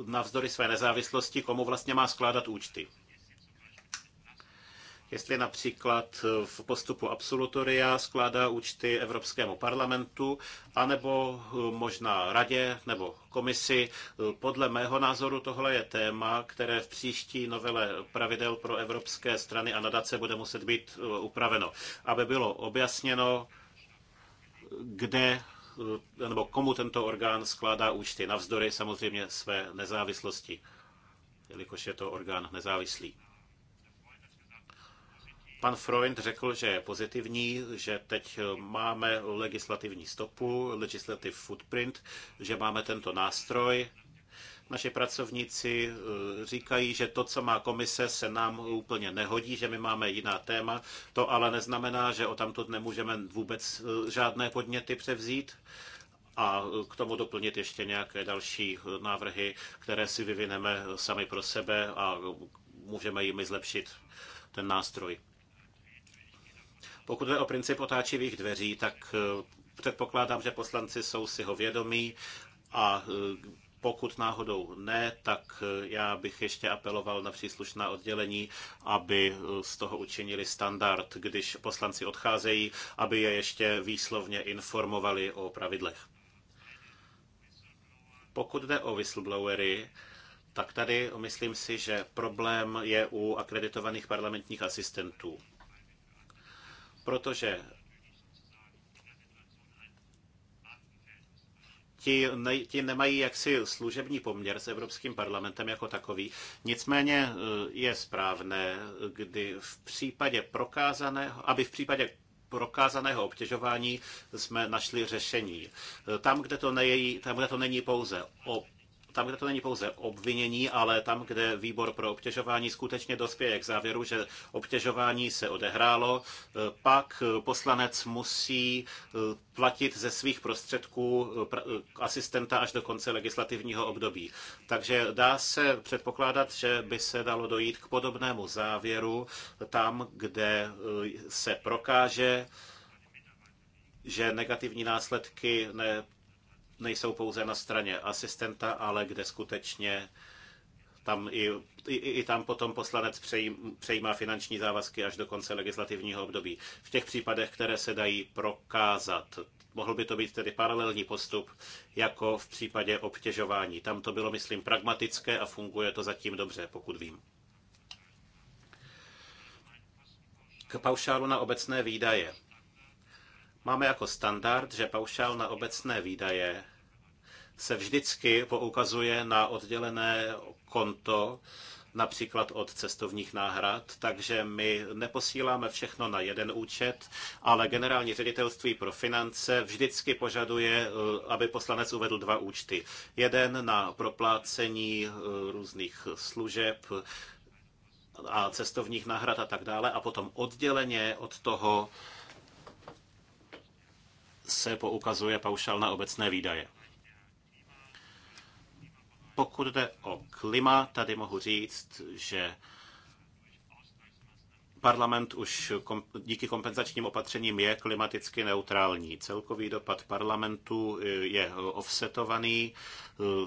navzdory své nezávislosti, komu vlastně má skládat účty jestli například v postupu absolutoria skládá účty Evropskému parlamentu, anebo možná radě nebo komisi. Podle mého názoru tohle je téma, které v příští novele pravidel pro evropské strany a nadace bude muset být eh, upraveno, aby bylo objasněno, kde eh, nebo komu tento orgán skládá účty, navzdory samozřejmě své nezávislosti, jelikož je to orgán nezávislý. Pan Freund řekl, že je pozitivní, že teď máme legislativní stopu, legislative footprint, že máme tento nástroj, naši pracovníci eh, říkají, že to, co má komise, se nám úplně nehodí, že my máme jiná téma. To ale neznamená, že o tamto nemůžeme vůbec eh, žádné podněty převzít a eh, k tomu doplnit ještě nějaké další návrhy, které si vyvineme sami pro sebe a můžeme jimi zlepšit ten nástroj. Pokud jde o princip otáčivých dveří, tak eh, předpokládám, že poslanci jsou si ho vědomí a eh, pokud náhodou ne, tak eh, já bych ještě apeloval na příslušná oddělení, aby z toho učinili standard, když poslanci odcházejí, aby je ještě výslovně informovali o pravidlech. Pokud jde o whistleblowery, tak tady myslím si, že problém je u akreditovaných parlamentních asistentů protože ti, ne, ti nemají jaksi služební poměr s Evropským parlamentem jako takový. Nicméně eh, je správné, kdy v případě prokázaného, aby v případě prokázaného obtěžování jsme našli řešení. Eh, tam, kde to, nejí, tam, kde to není pouze o tam, kde to není pouze obvinění, ale tam, kde výbor pro obtěžování skutečně dospěje k závěru, že obtěžování se odehrálo, eh, pak eh, poslanec musí eh, platit ze svých prostředků asistenta až do konce legislativního období. Takže dá se předpokládat, že by se dalo dojít k podobnému závěru tam, kde se prokáže, že negativní následky ne nejsou pouze na straně asistenta, ale kde skutečně tam i, i, i tam potom poslanec přejím, přejímá finanční závazky až do konce legislativního období. V těch případech, které se dají prokázat, mohl by to být tedy paralelní postup, jako v případě obtěžování. Tam to bylo, myslím, pragmatické a funguje to zatím dobře, pokud vím. K paušálu na obecné výdaje. Máme jako standard, že paušál na obecné výdaje se vždycky poukazuje na oddělené konto, například od cestovních náhrad, takže my neposíláme všechno na jeden účet, ale generální ředitelství pro finance vždycky požaduje, eh, aby poslanec uvedl dva účty. Jeden na proplácení eh, různých služeb a cestovních náhrad a tak dále a potom odděleně od toho se poukazuje paušál na obecné výdaje. Pokud jde o klima, tady mohu říct, že parlament už díky kompenzačním opatřením je klimaticky neutrální. Celkový dopad parlamentu e, je offsetovaný e,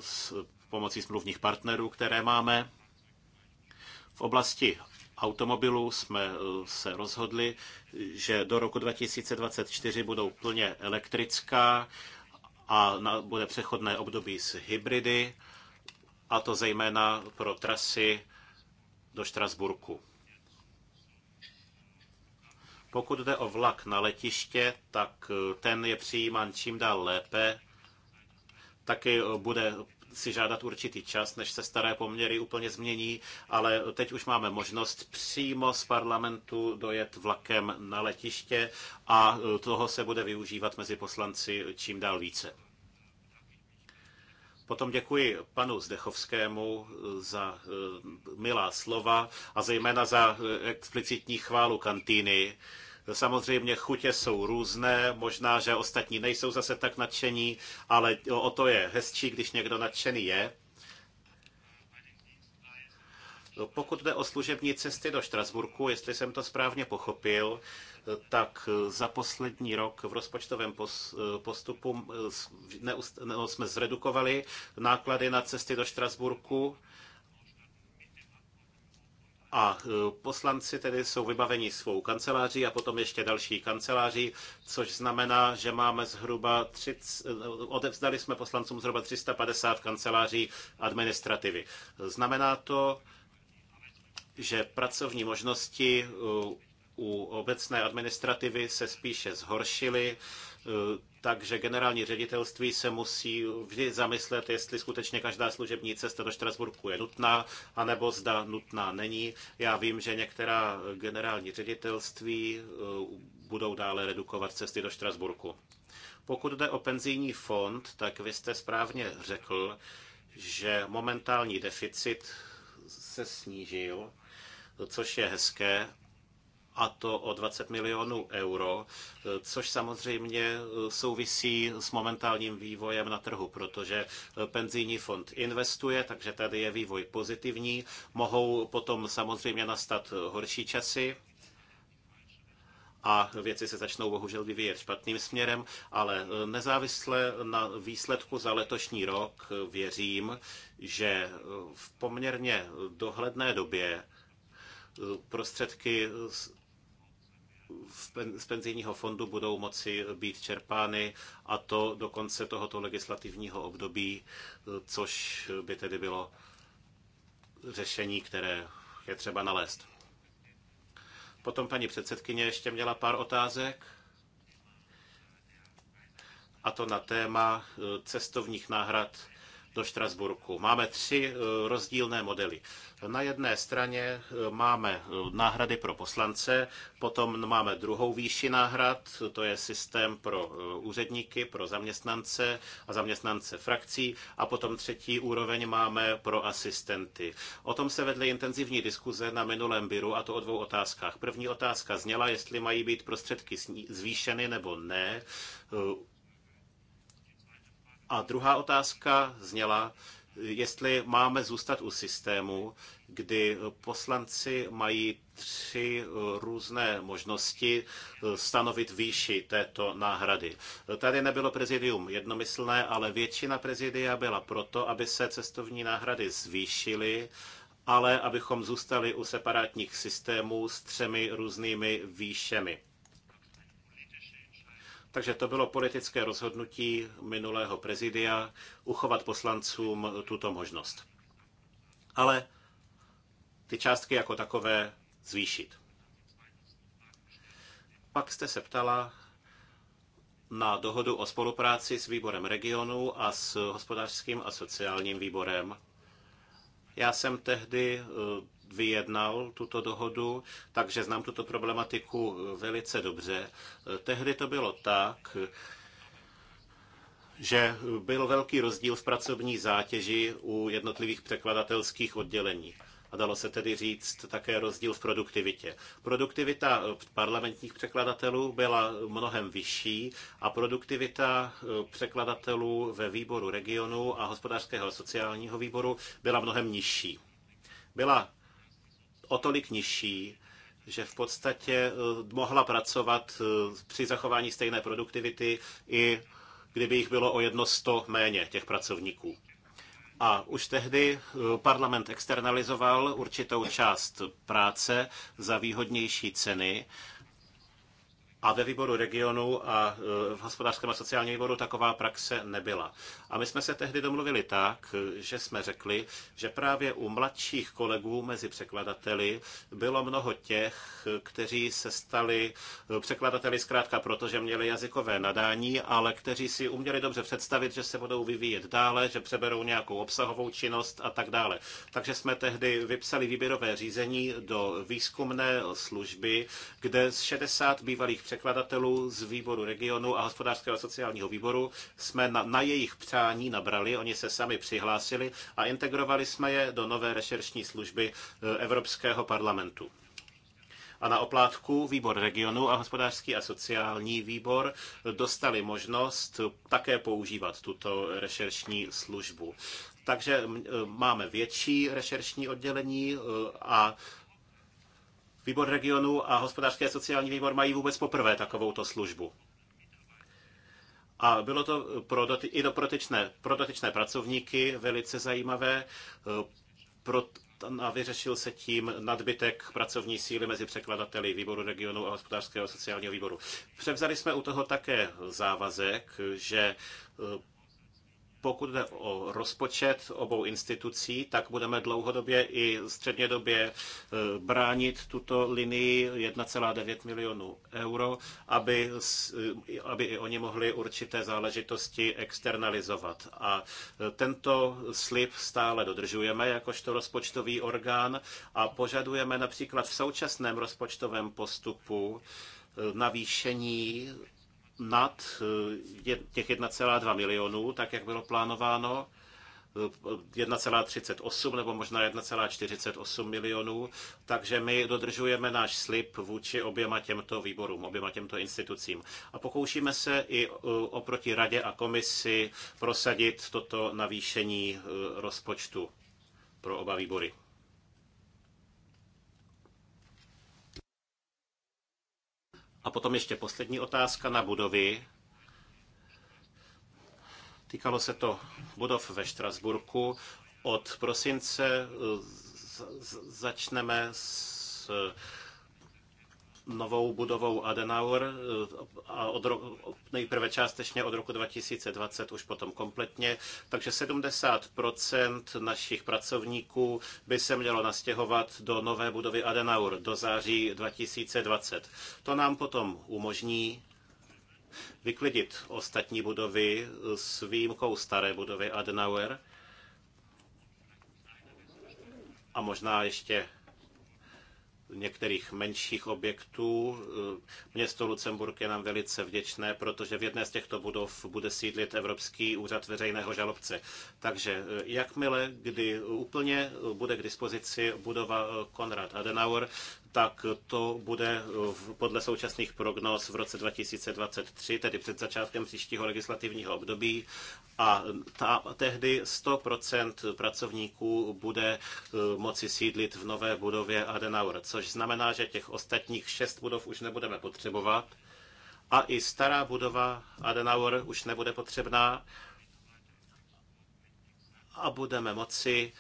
s pomocí smluvních partnerů, které máme. V oblasti automobilů jsme eh, se rozhodli, že do roku 2024 budou plně elektrická a bude přechodné období s hybridy, a to zejména pro trasy do Štrasburku. Pokud jde o vlak na letiště, tak eh, ten je přijímán čím dál lépe. Taky eh, bude si žádat určitý čas, než se staré poměry úplně změní, ale teď už máme možnost přímo z parlamentu dojet vlakem na letiště a toho se bude využívat mezi poslanci čím dál více. Potom děkuji panu Zdechovskému za eh, milá slova a zejména za eh, explicitní chválu kantýny. Samozřejmě chutě jsou různé, možná, že ostatní nejsou zase tak nadšení, ale o to je hezčí, když někdo nadšený je. Pokud jde o služební cesty do Štrasburku, jestli jsem to správně pochopil, tak za poslední rok v rozpočtovém postupu eh, no, jsme zredukovali náklady na cesty do Štrasburku a eh, poslanci tedy jsou vybaveni svou kanceláří a potom ještě další kanceláří, což znamená, že máme zhruba 30, eh, odevzdali jsme poslancům zhruba 350 kanceláří administrativy. Znamená to, že pracovní možnosti eh, u obecné administrativy se spíše zhoršily Eh, takže generální ředitelství se musí vždy zamyslet, jestli skutečně každá služební cesta do Štrasburku je nutná, anebo zda nutná není. Já vím, že některá generální ředitelství eh, budou dále redukovat cesty do Štrasburku. Pokud jde o penzijní fond, tak vy jste správně řekl, že momentální deficit se snížil, což je hezké, a to o 20 milionů euro, což samozřejmě eh, souvisí s momentálním vývojem na trhu, protože eh, penzijní fond investuje, takže tady je vývoj pozitivní. Mohou potom samozřejmě nastat eh, horší časy, a věci se začnou bohužel vyvíjet špatným směrem, ale nezávisle na výsledku za letošní rok věřím, že v poměrně dohledné době prostředky z penzijního fondu budou moci být čerpány a to do konce tohoto legislativního období, což by tedy bylo řešení, které je třeba nalézt. Potom paní předsedkyně ještě měla pár otázek a to na téma eh, cestovních náhrad do Štrasburku. Máme tři eh, rozdílné modely. Na jedné straně eh, máme eh, náhrady pro poslance, potom máme druhou výši náhrad, to je systém pro úředníky, pro zaměstnance a zaměstnance frakcí a potom třetí úroveň máme pro asistenty. O tom se vedly intenzivní diskuze na minulém byru a to o dvou otázkách. První otázka zněla, jestli mají být prostředky zvýšeny nebo ne a druhá otázka zněla, jestli máme zůstat u systému, kdy poslanci mají tři různé možnosti stanovit výši této náhrady. Tady nebylo prezidium jednomyslné, ale většina prezidia byla proto, aby se cestovní náhrady zvýšily, ale abychom zůstali u separátních systémů s třemi různými výšemi. Takže to bylo politické rozhodnutí minulého prezidia uchovat poslancům tuto možnost. Ale ty částky jako takové zvýšit. Pak jste se ptala na dohodu o spolupráci s výborem regionu a s hospodářským a sociálním výborem. Já jsem tehdy eh, vyjednal tuto dohodu, takže znám tuto problematiku eh, velice dobře. Eh, tehdy to bylo tak, že byl velký rozdíl v pracovní zátěži u jednotlivých překladatelských oddělení. A dalo se tedy říct také rozdíl v produktivitě. Produktivita eh, parlamentních překladatelů byla mnohem vyšší a produktivita překladatelů ve výboru regionu a hospodářského a sociálního výboru byla mnohem nižší. Byla o tolik nižší, že v podstatě eh, mohla pracovat eh, při zachování stejné produktivity i kdyby jich bylo o jedno sto méně těch pracovníků. A už tehdy eh, parlament externalizoval určitou část práce za výhodnější ceny a ve výboru regionu a e, v hospodářském a sociálním výboru taková praxe nebyla. A my jsme se tehdy domluvili tak, že jsme řekli, že právě u mladších kolegů mezi překladateli bylo mnoho těch, kteří se stali e, překladateli zkrátka proto, že měli jazykové nadání, ale kteří si uměli dobře představit, že se budou vyvíjet dále, že přeberou nějakou obsahovou činnost a tak dále. Takže jsme tehdy vypsali výběrové řízení do výzkumné služby, kde z 60 bývalých překladatelů z výboru regionu a hospodářského a sociálního výboru jsme na, na jejich přání nabrali, oni se sami přihlásili a integrovali jsme je do nové rešeršní služby e, Evropského parlamentu. A na oplátku výbor regionu a hospodářský a sociální výbor dostali možnost také používat tuto rešeršní službu. Takže e, máme větší rešeršní oddělení e, a Výbor regionu a hospodářský a sociální výbor mají vůbec poprvé takovouto službu. A bylo to pro doty, i do protečné, pro dotyčné pracovníky velice zajímavé. Eh, pro, a vyřešil se tím nadbytek pracovní síly mezi překladateli výboru regionu a hospodářského a sociálního výboru. Převzali jsme u toho také závazek, že eh, pokud jde o rozpočet obou institucí, tak budeme dlouhodobě i střednědobě e, bránit tuto linii 1,9 milionů euro, aby, e, aby i oni mohli určité záležitosti externalizovat. A e, tento slib stále dodržujeme jakožto rozpočtový orgán a požadujeme například v současném rozpočtovém postupu navýšení nad eh, těch 1,2 milionů, tak jak bylo plánováno, 1,38 eh, nebo možná 1,48 milionů, takže my dodržujeme náš slib vůči oběma těmto výborům, oběma těmto institucím. A pokoušíme se i eh, oproti radě a komisi prosadit toto navýšení rozpočtu pro oba výbory. A potom ještě poslední otázka na budovy. Týkalo se to budov ve Štrasburku. Od prosince začneme s novou budovou Adenauer eh, a od roku, nejprve částečně od roku 2020, už potom kompletně. Takže 70% našich pracovníků by se mělo nastěhovat do nové budovy Adenauer do září 2020. To nám potom umožní vyklidit ostatní budovy eh, s výjimkou staré budovy Adenauer a možná ještě některých menších objektů. Eh, Město Lucemburk je nám velice vděčné, protože v jedné z těchto budov bude sídlit Evropský úřad veřejného žalobce. Takže eh, jakmile, kdy úplně eh, bude k dispozici budova Konrad Adenauer, tak to bude eh, podle současných prognóz v roce 2023, tedy před začátkem příštího legislativního období. A ta, tehdy 100% pracovníků bude eh, moci sídlit v nové budově Adenauer, což znamená, že těch ostatních šest budov už nebudeme potřebovat. A i stará budova Adenauer už nebude potřebná a budeme moci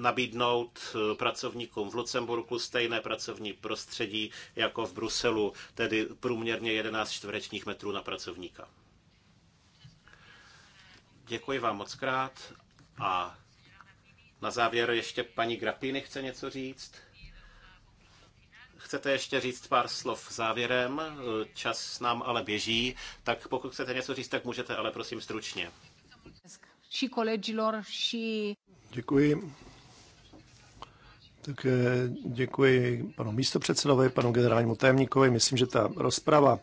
nabídnout eh, pracovníkům v Lucemburku stejné pracovní prostředí jako v Bruselu, tedy průměrně 11 čtverečních metrů na pracovníka. Děkuji vám moc krát a na závěr ještě paní Grapiny chce něco říct. Chcete ještě říct pár slov závěrem, eh, čas nám ale běží, tak pokud chcete něco říct, tak můžete, ale prosím stručně. Děkuji tak eh, děkuji panu místopředsedovi, panu generálnímu tajemníkovi. Myslím, že ta rozprava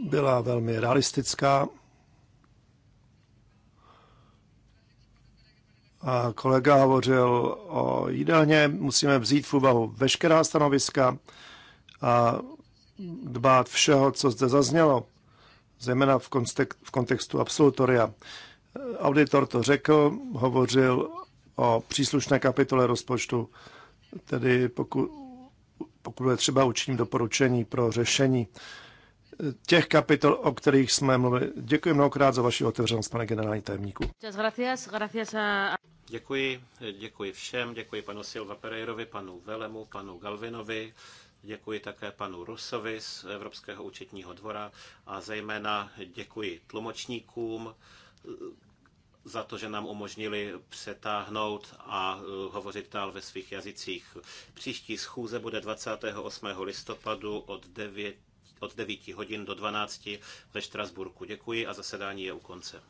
byla velmi realistická. A kolega hovořil o jídelně. Musíme vzít v úvahu veškerá stanoviska a dbát všeho, co zde zaznělo, zejména v, v kontextu absolutoria. Auditor to řekl, hovořil o příslušné kapitole rozpočtu, tedy pokud, pokud je třeba učiním doporučení pro řešení těch kapitol, o kterých jsme mluvili. Děkuji mnohokrát za vaši otevřenost, pane generální tajemníku. Děkuji, děkuji všem, děkuji panu Silva Pereirovi, panu Velemu, panu Galvinovi, děkuji také panu Rusovi z Evropského účetního dvora a zejména děkuji tlumočníkům, za to, že nám umožnili přetáhnout a e, hovořit dál ve svých jazycích. Příští schůze bude 28. listopadu od 9, od 9 hodin do 12 ve Štrasburku. Děkuji a zasedání je u konce.